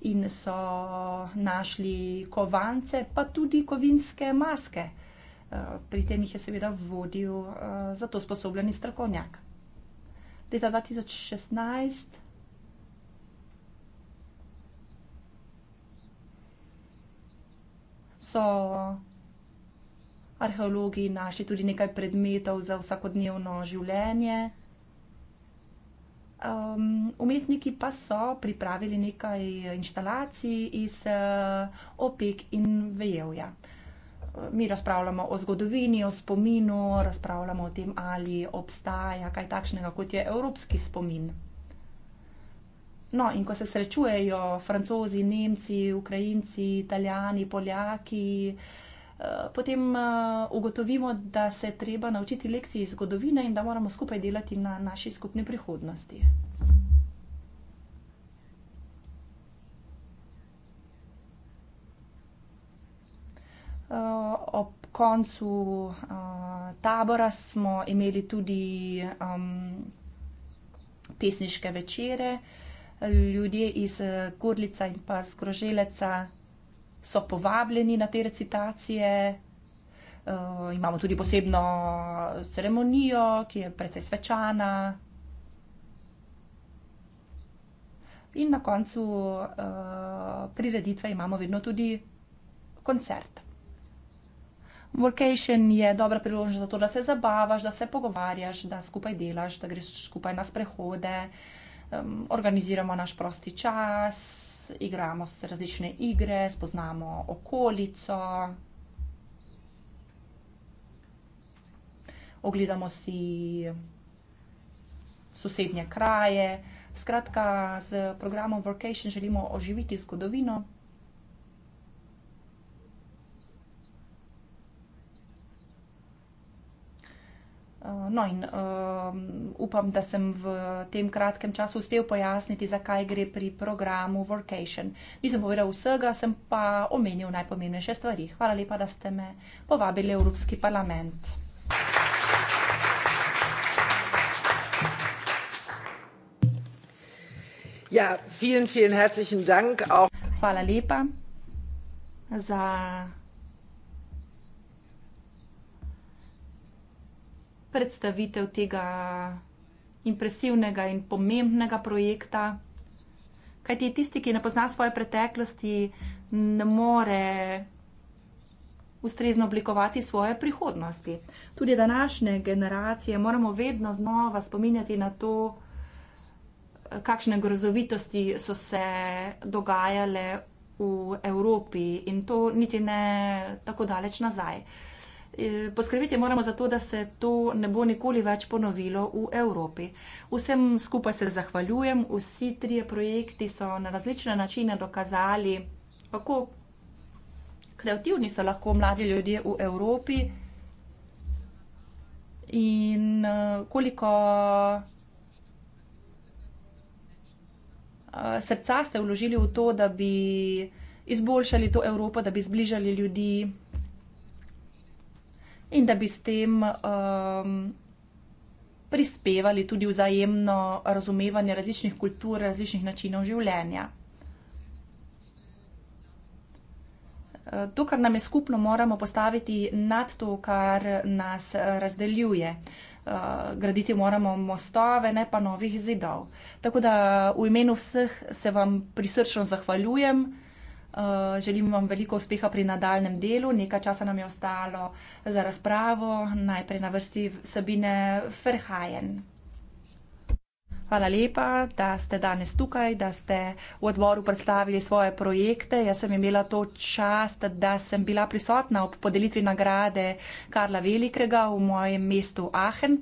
in so našli kovance, pa tudi kovinske maske. Uh, pri tem jih je seveda vodil uh, za to sposobljeni strokovnjak. Leta 2016. So arheologi našli tudi nekaj predmetov za vsakodnevno življenje, Um, umetniki pa so pripravili nekaj instalacij iz uh, opek in vejevja. Mi razpravljamo o zgodovini, o spominu, razpravljamo o tem, ali obstaja kaj takšnega, kot je evropski spomin. No, in ko se srečujejo francozi, nemci, ukrajinci, italijani, poljaki, uh, Eh, potem eh, ugotovimo, da se je treba naučiti lekcije iz zgodovine in da moramo skupaj delati na naši skupni prihodnosti. Eh, ob koncu tabora smo imeli tudi pesniške večere. Ljudje iz Gorlica in pa Zgroželeca so povabljeni na te recitacije. Uh, imamo tudi posebno ceremonijo, ki je precej svečana. In na koncu uh, prireditve imamo vedno tudi koncert. Workation je dobra priložnost za to, da se zabavaš, da se pogovarjaš, da skupaj delaš, da greš skupaj na sprehode, um, organiziramo naš prosti čas igramo se različne igre, spoznamo okolico, ogledamo si sosednje kraje. Skratka, z programom Vacation želimo oživiti zgodovino. Eh, no, in um, upam, da sem v tem kratkem času uspel pojasniti, zakaj gre pri programu Vocation. Nisem povedal vsega, sem pa omenil najpomembnejše stvari. Hvala lepa, da ste me povabili v Evropski parlament. Ja, vielen, vielen herzlichen Dank. Auch. Hvala lepa za. predstavitev tega impresivnega in pomembnega projekta. Kaj ti tisti, ki ne pozna svoje preteklosti, ne more ustrezno oblikovati svoje prihodnosti. Tudi današnje generacije moramo vedno znova spominjati na to, kakšne grozovitosti so se dogajale v Evropi in to niti ne tako daleč nazaj. Eh, poskrbeti moramo za to, da se to ne bo nikoli več ponovilo v Evropi. Vsem skupaj se zahvaljujem, vsi trije projekti so na različne načine dokazali, kako kreativni so lahko mladi ljudje v Evropi in eh, koliko eh, srca ste vložili v to, da bi izboljšali to Evropo, da bi zbližali ljudi in da bi s tem um, prispevali tudi vzajemno razumevanje različnih kultur, različnih načinov življenja. Uh, to, kar nam je skupno, moramo postaviti nad to, kar nas razdeljuje. Uh, graditi moramo mostove, ne pa novih zidov. Tako da v imenu vseh se vam prisrčno zahvaljujem. Eh, želim vam veliko uspeha pri nadaljem delu. Nekaj časa nam je ostalo za razpravo. Najprej na vrsti Sabine Ferhajen. Hvala lepa, da ste danes tukaj, da ste v odboru predstavili svoje projekte. Jaz sem imela to čast, da sem bila prisotna ob podelitvi nagrade Karla Velikega v mojem mestu Aachen.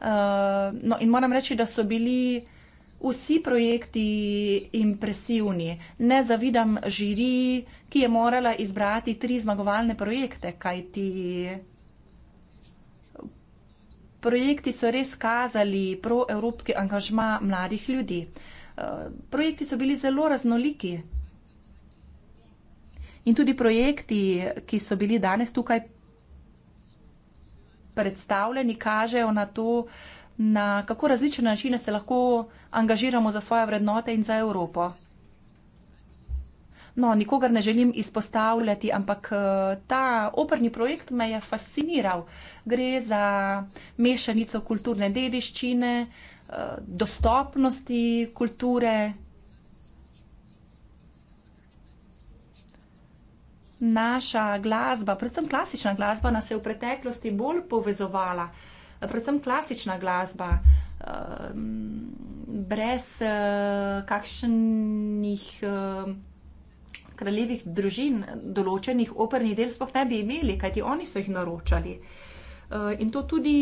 Eh, no, in moram reči, da so bili vsi projekti impresivni. Ne zavidam žiri, ki je morala izbrati tri zmagovalne projekte, kajti projekti so res kazali proevropski angažma mladih ljudi. Eh, projekti so bili zelo raznoliki. In tudi projekti, ki so bili danes tukaj predstavljeni, kažejo na to, na kako različne načine se lahko angažiramo za svoje vrednote in za Evropo. No, nikogar ne želim izpostavljati, ampak eh, ta operni projekt me je fasciniral. Gre za mešanico kulturne dediščine, eh, dostopnosti kulture. Naša glasba, predvsem klasična glasba, nas je v preteklosti bolj povezovala, predvsem klasična glasba. Um, brez uh, kakšnih uh, kraljevih družin, določenih opernih del, sploh ne bi imeli, kajti oni so jih naročali. Uh, in to tudi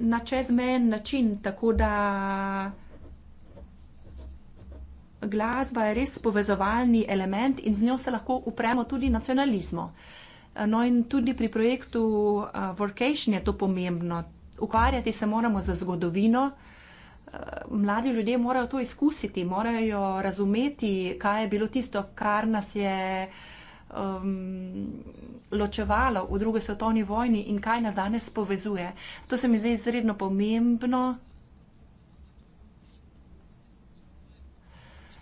na čezmen način, tako da glasba je res povezovalni element in z njo se lahko upremo tudi nacionalizmu. Uh, no, in tudi pri projektu uh, Workation je to pomembno, ukvarjati se moramo z zgodovino. Eh, mladi ljudje morajo to izkusiti, morajo razumeti, kaj je bilo tisto, kar nas je um, ločevalo v drugi svetovni vojni in kaj nas danes povezuje. To se mi zdi izredno pomembno.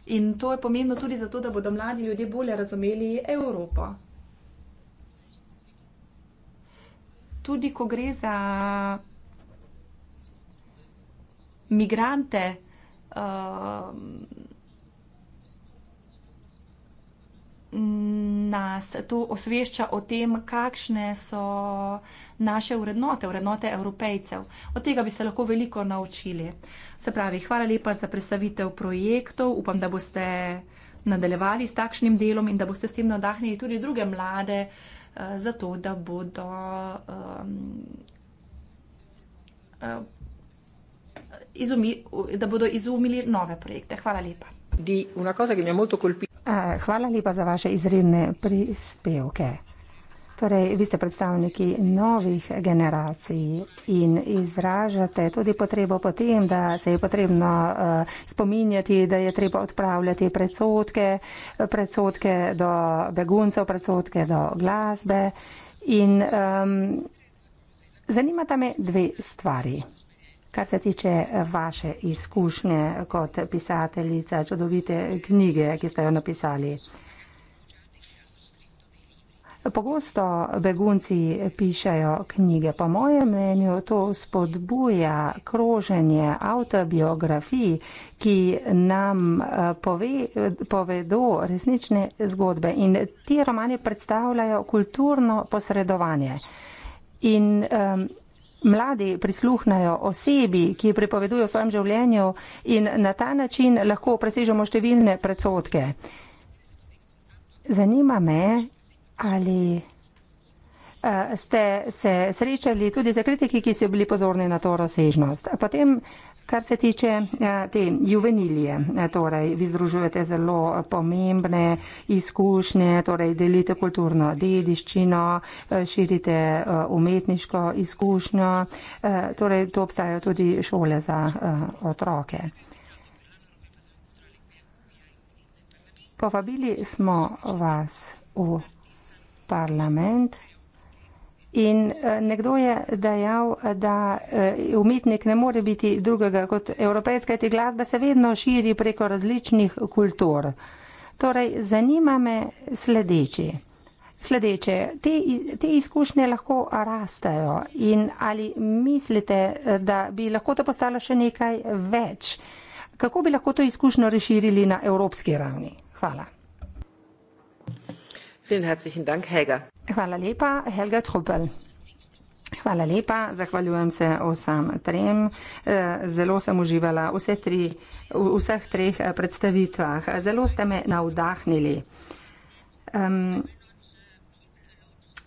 In to je pomembno tudi zato, da bodo mladi ljudje bolje razumeli Evropo. Tudi, ko gre za migrante, um, nas to osvešča o tem, kakšne so naše vrednote, vrednote evropejcev. Od tega bi se lahko veliko naučili. Se pravi, hvala lepa za predstavitev projektov. Upam, da boste nadaljevali s takšnim delom in da boste s tem nadahnili tudi druge mlade, eh, zato da bodo um, eh, izumi, da bodo izumili nove projekte. Hvala lepa. Di, cosa, colpi... uh, eh, hvala lepa za vaše izredne prispevke. Torej, vi ste predstavniki novih generacij in izražate tudi potrebo po tem, da se je potrebno uh, spominjati, da je treba odpravljati predsotke, predsotke do beguncev, predsotke do glasbe. In um, zanimata me dve stvari. Kar se tiče eh, vaše izkušnje kot pisateljica čudovite knjige, ki ste jo napisali. Pogosto begunci pišajo knjige. Po mojem mnenju to spodbuja kroženje autobiografij, ki nam eh, pove, povedo resnične zgodbe. In ti romani predstavljajo kulturno posredovanje. In, um, mladi prisluhnajo osebi, ki pripovedujo o svojem življenju in na ta način lahko presežemo številne predsotke. Zanima me, ali eh, ste se srečali tudi za kritiki, ki so bili pozorni na to razsežnost. Potem Kar se tiče eh, te juvenilije, eh, torej vi združujete zelo pomembne izkušnje, torej delite kulturno dediščino, eh, širite umetniško izkušnjo, torej to obstajajo tudi šole za otroke. Povabili smo vas v parlament. In eh, nekdo je dejal, da eh, umetnik ne more biti drugega kot evropejska, ti glasba se vedno širi preko različnih kultur. Torej, zanima me sledeči. Sledeče, te, te izkušnje lahko rastejo in ali mislite, eh, da bi lahko to postalo še nekaj več? Kako bi lahko to izkušnjo razširili na evropski ravni? Hvala. Hvala lepa, Helga Trupel. Hvala lepa, zahvaljujem se vsem trem. Eh, zelo sem uživala vse tri, v vseh treh eh, predstavitvah. Zelo ste me navdahnili. Um,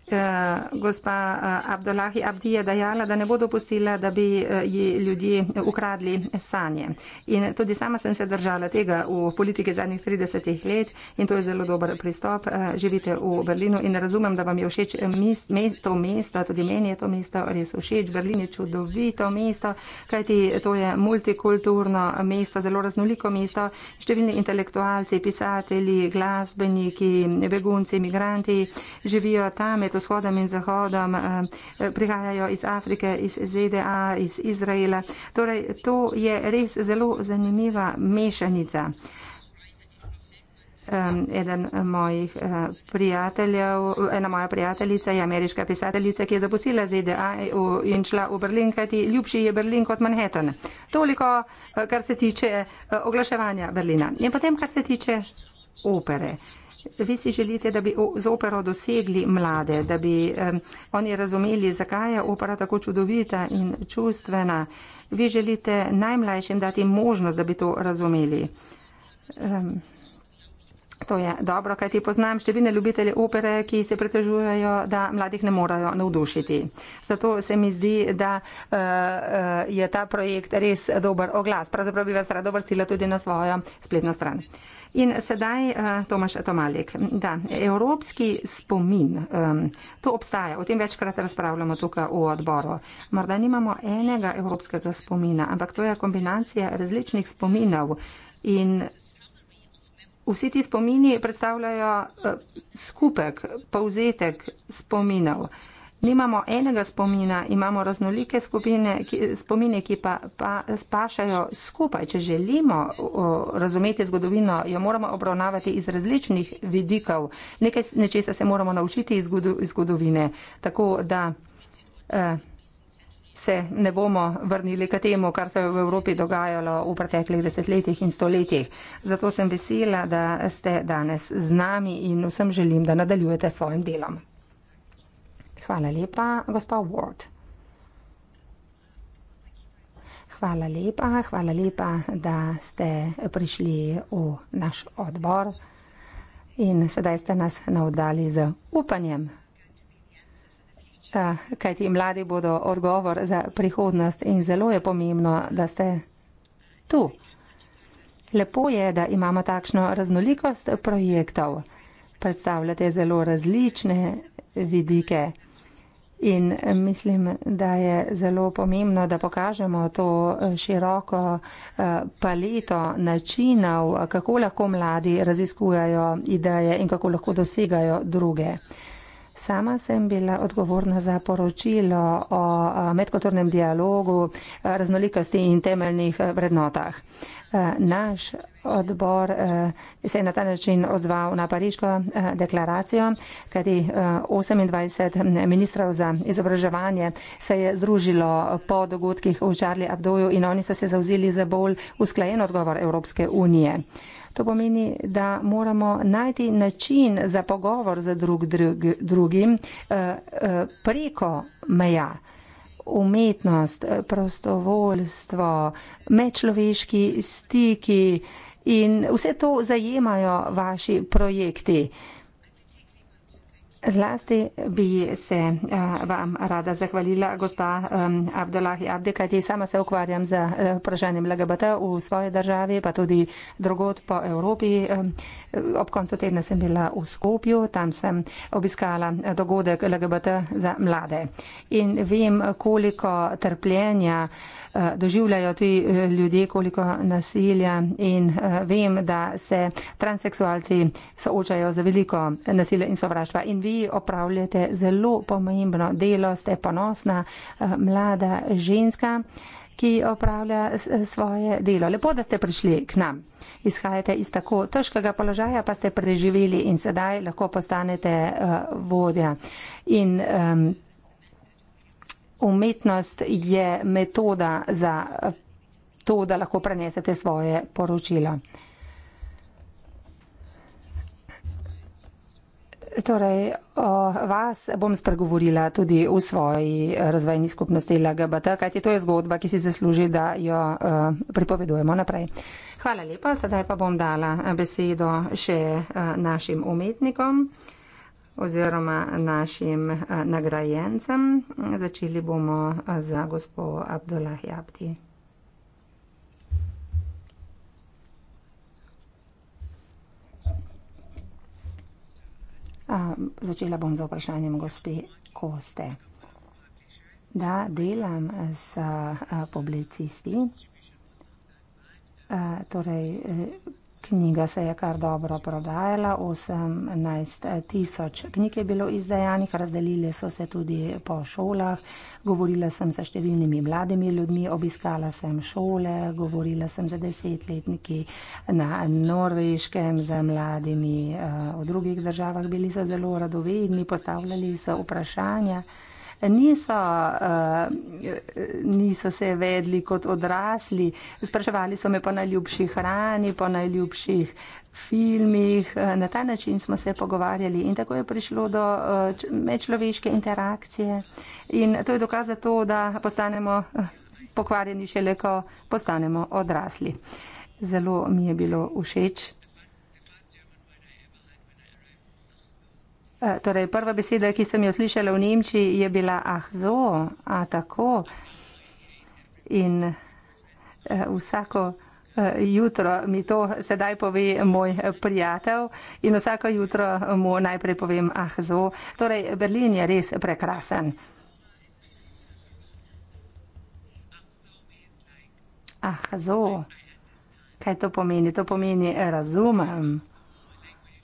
Eh, gospa eh, Abdullahi Abdi je dejala, da ne bo dopustila, da bi eh, ji ljudje ukradli sanje. In tudi sama sem se držala tega v politiki zadnjih 30 let in to je zelo dober pristop. Živite v Berlinu in razumem, da vam je všeč mest, mest, to mesto, tudi meni je to mesto res všeč. Berlin je čudovito mesto, kajti to je multikulturno mesto, zelo raznoliko mesto. Številni intelektualci, pisatelji, glasbeniki, begunci, imigranti živijo tam. Je to med vzhodom in zahodom, eh, eh, prihajajo iz Afrike, iz ZDA, iz Izraela. Torej, to je res zelo zanimiva mešanica. Eden mojih eh, prijateljev, ena moja prijateljica je ameriška pisateljica, ki je zapustila ZDA in šla v Berlin, kajti ljubši je Berlin kot Manhattan. Toliko, kar se tiče oglaševanja Berlina. In potem, kar se tiče opere. Vi si želite, da bi z opero dosegli mlade, da bi oni razumeli, zakaj je opera tako čudovita in čustvena. Vi želite najmlajšim dati možnost, da bi to razumeli. To je dobro, kaj ti poznam številne ljubitelje opere, ki se pretežujejo, da mladih ne morajo navdušiti. Zato se mi zdi, da uh, uh, je ta projekt res dober oglas. Pravzaprav bi vas rada vrstila tudi na svojo spletno stran. Uh, In sedaj uh, eh, Tomaš Tomalik. Da, evropski spomin, um, to obstaja, o tem večkrat razpravljamo tukaj v odboru. Morda nimamo enega evropskega spomina, ampak to je kombinacija različnih spominov. In vsi ti spomini predstavljajo uh, skupek, povzetek spominov. Nimamo enega spomina, imamo raznolike skupine, ki, spomine, ki pa, pa spašajo skupaj. Če želimo o, razumeti zgodovino, jo moramo obravnavati iz različnih vidikov. Nekaj nečesa se moramo naučiti iz, zgodu, iz zgodovine, tako da eh, se ne bomo vrnili k temu, kar se je v Evropi dogajalo v preteklih desetletjih in stoletjih. Zato sem vesela, da ste danes z nami in vsem želim, da nadaljujete s svojim delom. Hvala lepa, gospa Ward. Hvala lepa, hvala lepa, da ste prišli v naš odbor in sedaj ste nas navdali z upanjem. Eh, Kaj ti mladi bodo odgovor za prihodnost in zelo je pomembno, da ste tu. Lepo je, da imamo takšno raznolikost projektov. Predstavljate zelo različne vidike projektov. In eh, mislim, da je zelo pomembno, da pokažemo to eh, široko eh, paleto načinov, kako lahko mladi raziskujajo ideje in kako lahko dosegajo druge. Sama sem bila odgovorna za poročilo o medkulturnem dialogu, raznolikosti in temeljnih vrednotah. Eh, naš odbor eh, se je na ta način ozval na pariško eh, deklaracijo, kajti 28 mm, ministrov za izobraževanje se je združilo po dogodkih v Charlie Abdoju in oni so se zauzeli za bolj usklajen odgovor Evropske unije. To pomeni, da moramo najti način za pogovor z drug, drug, drugim preko meja umetnost, eh, prostovoljstvo, medčloveški stiki in vse to zajemajo vaši projekti. Zlasti bi se eh, vam rada zahvalila, gospa Abdullah Abdi, kajti sama se ukvarjam z eh, vprašanjem LGBT v svoji državi, pa tudi drugot po Evropi. Ob koncu tedna sem bila v Skopju, tam sem obiskala eh, dogodek LGBT za mlade. In vem, koliko trpljenja Eh, doživljajo tudi eh, ljudje, koliko nasilja in eh, vem, da se transseksualci soočajo z veliko nasilja in sovraštva in vi opravljate zelo pomembno delo, ste ponosna mlada ženska ki opravlja svoje delo. Lepo, da ste prišli k nam. Izhajate iz tako težkega položaja, pa ste preživeli in sedaj lahko postanete uh, vodja. In, um, umetnost je metoda za to, da lahko prenesete svoje poročilo. Torej, o vas bom spregovorila tudi v svoji razvojni skupnosti LGBT, kajti to je zgodba, ki si zasluži, da jo e, pripovedujemo naprej. Hvala lepa, sedaj pa bom dala besedo še e, našim umetnikom oziroma našim eh, nagrajencem. Začeli bomo eh, za gospo Abdullah Jabdi. Ah, začela bom z vprašanjem gospe Koste. Da, delam s eh, publicisti. Torej, Knjiga se je kar dobro prodajala, 18 tisoč knjig je bilo izdajanih, razdelili so se tudi po šolah. Govorila sem sa številnimi mladimi ljudmi, obiskala sem šole, govorila sem za desetletniki na Norveškem, za mladimi eh, v drugih državah. Bili so zelo radovedni, postavljali so vprašanja niso, eh, niso se vedli kot odrasli. Spraševali so me po najljubših hrani, po najljubših filmih. Eh, na ta način smo se pogovarjali in tako je prišlo do eh, medčloveške interakcije. In to je dokaz za to, da postanemo pokvarjeni šele, ko postanemo odrasli. Zelo mi je bilo všeč. Eh, torej, prva beseda, ki sem jo slišala v Nemčiji, je bila ah, zo, a tako. In eh, vsako eh, jutro mi to sedaj pove moj eh, prijatelj in vsako jutro mu najprej povem ah, zo. Torej, Berlin je res prekrasen. Ah, zo. Kaj to pomeni? To pomeni razumem.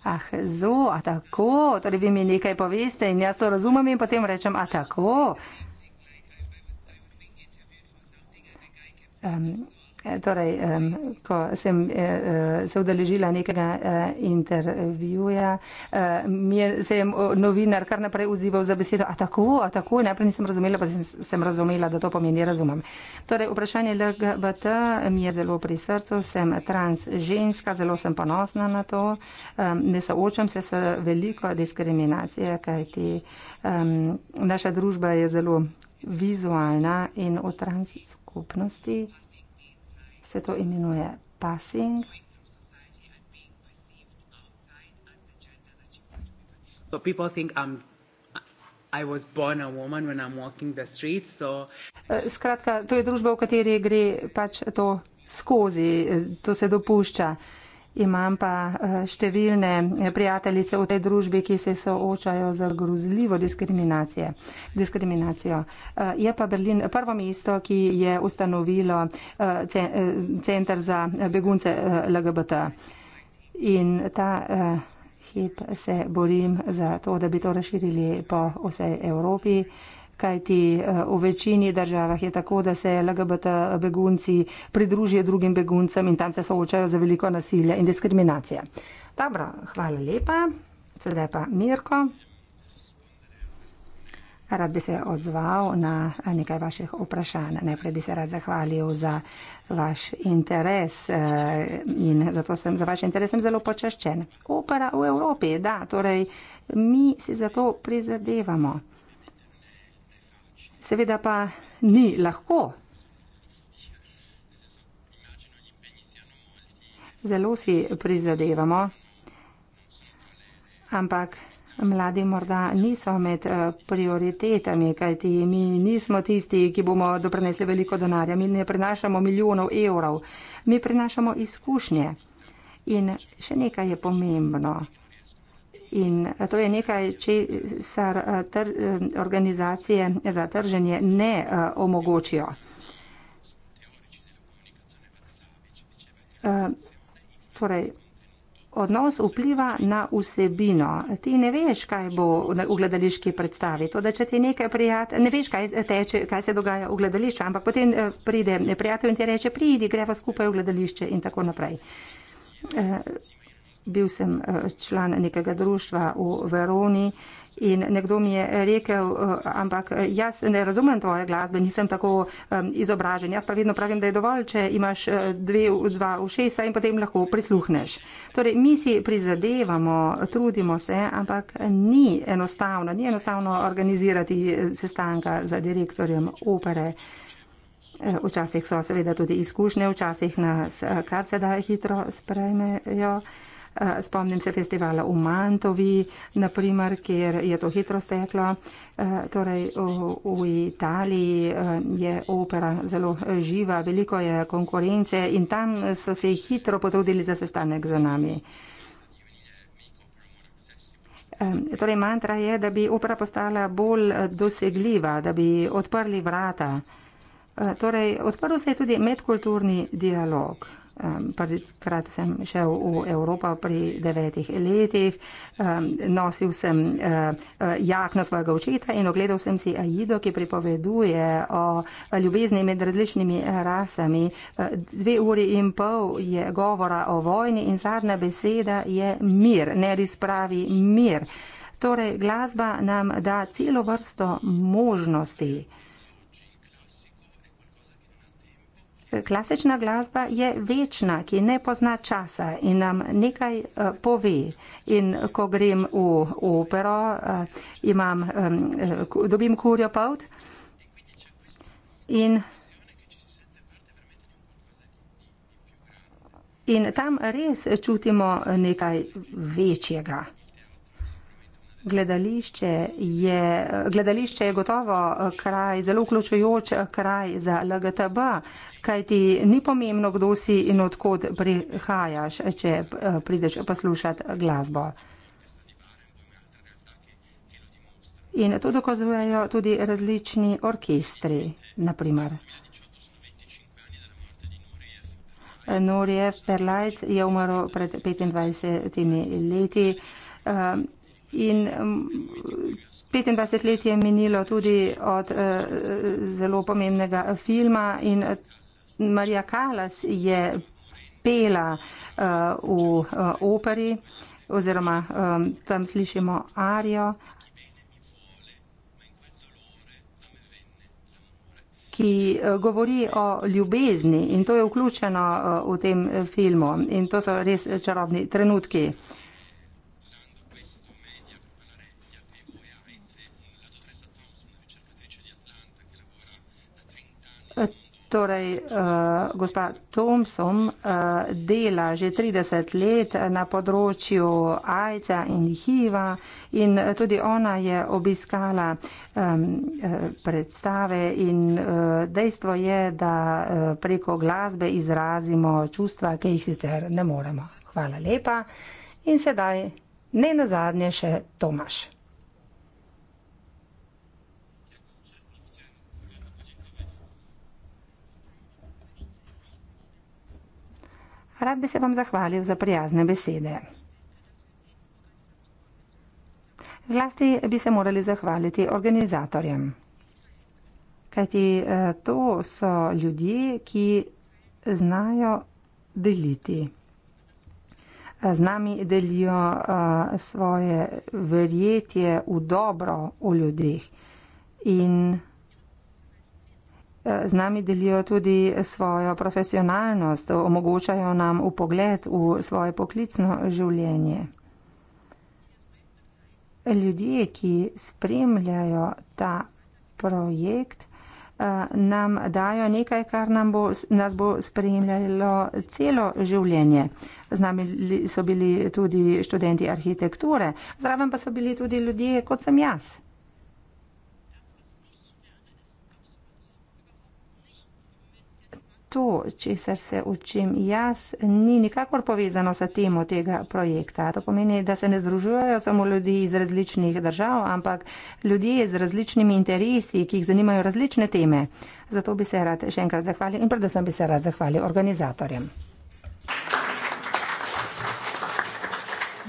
Ah, zo, a tako, torej vi mi nekaj poveste in jaz to razumem in potem rečem, a tako. Um, Eh, torej, ko sem eh, eh, se udeležila nekega intervjuja, mi je, se je novinar kar naprej vzival za besedo, a tako, a tako, najprej nisem razumela, pa sem, sem razumela, da to pomeni ja razumem. Torej, vprašanje LGBT mi je zelo pri srcu, sem transženska, zelo sem ponosna na to, ne soočam se s veliko diskriminacije, kajti naša družba je zelo vizualna in v transskupnosti se to imenuje passing. So people think I'm, I was born a woman when I'm walking the streets, so. Eh, skratka, to je družba, v kateri gre pač to skozi, eh, to se dopušča. Imam pa eh, številne eh, prijateljice v tej družbi, ki se soočajo z grozljivo diskriminacijo. Eh, je pa Berlin prvo mesto, ki je ustanovilo centr za begunce LGBT. In ta hip se borim za to, da bi to razširili po vsej Evropi kajti eh, v večini državah je tako, da se LGBT begunci pridružijo drugim beguncem in tam se soočajo za veliko nasilja in diskriminacije. Dobro, hvala lepa. Sedaj pa Mirko. Rad bi se odzval na nekaj vaših vprašanj. Najprej bi se rad zahvalil za vaš interes eh, in zato sem za vaš interes sem zelo počaščen. Opera v Evropi, da, torej mi si za to prizadevamo. Seveda pa ni lahko. Zelo si prizadevamo, ampak mladi morda niso med eh, prioritetami, kajti mi nismo tisti, ki bomo doprinesli veliko denarja, mi ne prinašamo milijonov evrov, mi prinašamo izkušnje. In še nekaj je pomembno. In eh, to je nekaj, česar eh, eh, organizacije za trženje ne omogočijo. Torej, odnos vpliva na vsebino. Ti ne veš, kaj bo v gledališki predstavi. To, da če ti nekaj prijatelj, ne veš, kaj, teče, kaj se dogaja v gledališču, ampak potem pride prijatelj in ti reče, pridi, greva skupaj v gledališče in tako naprej bil sem eh, član nekega društva v Veroni in nekdo mi je rekel, eh, ampak eh, jaz ne razumem tvoje glasbe, nisem tako izobražen. Jaz pa vedno pravim, da je dovolj, če imaš dve, dva ušesa in potem lahko prisluhneš. Torej, mi si prizadevamo, trudimo se, ampak ni enostavno, ni enostavno organizirati sestanka za direktorjem opere. Včasih so seveda tudi izkušnje, včasih nas kar se da hitro sprejmejo spomnim se festivala v Mantovi, naprimer, kjer je to hitro steklo. Eh, torej, v Italiji eh, je opera zelo živa, veliko je konkurence in tam so se hitro potrudili za sestanek z nami. Torej, mantra je, da bi opera postala bolj eh, dosegljiva, da bi odprli vrata. Torej, odprl se je tudi medkulturni dialog. Ehm, Prvikrat sem šel v Evropo pri devetih letih, ehm, nosil sem eh, jakno svojega očeta in ogledal sem si Aido, ki pripoveduje o ljubezni med različnimi rasami. Eh, dve uri in pol je govora o vojni in zadnja beseda je mir, ne razpravi mir. Torej, glasba nam da celo vrsto možnosti. klasična glasba je večna, ki ne pozna časa in nam nekaj eh, pove. In ko grem v opero, eh, imam, eh, dobim kurjo pot in, in tam res čutimo nekaj večjega. Gledališče je, gledališče je gotovo eh, kraj, zelo vključujoč eh, kraj za LGTB, kajti ni pomembno, kdo si in odkot prihajaš, če eh, prideš poslušati glasbo. In to dokazujejo tudi različni orkestri, naprimer. Norjev Perlajc je umrl pred 25 leti. In 25 mm, let je minilo tudi od eh, zelo pomembnega eh, filma in eh, Marija Kalas je pela v operi oziroma tam slišimo arijo. ki govori o ljubezni in to je vključeno v tem filmu in to so res čarobni trenutki. Torej, uh, gospa Thompson uh, dela že 30 let na področju AIDS-a in HIV-a in eh, tudi ona je obiskala um, predstave in uh, dejstvo je, da uh, preko glasbe izrazimo čustva, ki jih sicer ne moremo. Hvala lepa. In sedaj, ne nazadnje, še Tomaš. rad bi se vam zahvalil za prijazne besede. Zlasti bi se morali zahvaliti organizatorjem, kajti eh, to so ljudje, ki znajo deliti. Eh, z nami delijo eh, svoje verjetje v dobro v ljudeh in Eh, z nami delijo tudi svojo profesionalnost, omogočajo nam upogled v svoje poklicno življenje. Ljudje, ki spremljajo ta projekt, eh, nam dajo nekaj, kar bo, nas bo spremljalo celo življenje. Z nami so bili tudi študenti arhitekture, zraven pa so bili tudi ljudje, kot sem jaz. to, česar se učim jaz, ni nikakor povezano sa temo tega projekta. To pomeni, da se ne združujejo samo ljudi iz različnih držav, ampak ljudje z različnimi interesi, ki jih zanimajo različne teme. Zato bi se rad še enkrat zahvalil in predvsem bi se rad zahvalil organizatorjem.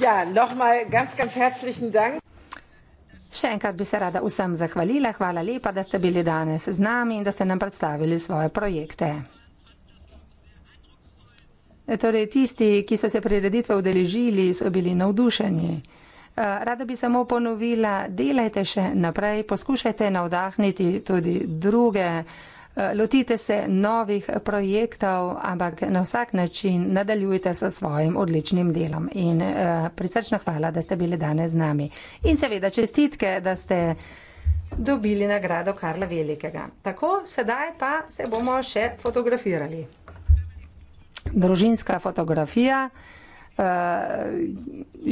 Ja, nochmal ganz, ganz herzlichen Dank. Še enkrat bi se rada vsem zahvalila, hvala lepa, da ste bili danes z nami in da ste nam predstavili svoje projekte. Torej, tisti, ki so se prireditve udeležili, so bili navdušeni. Eh, rada bi samo ponovila, delajte še naprej, poskušajte navdahniti tudi druge, eh, lotite se novih projektov, ampak na vsak način nadaljujte s svojim odličnim delom. In eh, prisrčna hvala, da ste bili danes z nami. In seveda čestitke, da ste dobili nagrado Karla Velikega. Tako, sedaj pa se bomo še fotografirali družinska fotografija eh,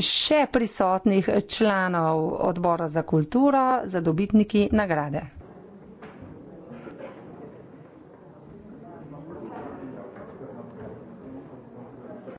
še prisotnih članov odbora za kulturo za dobitniki nagrade.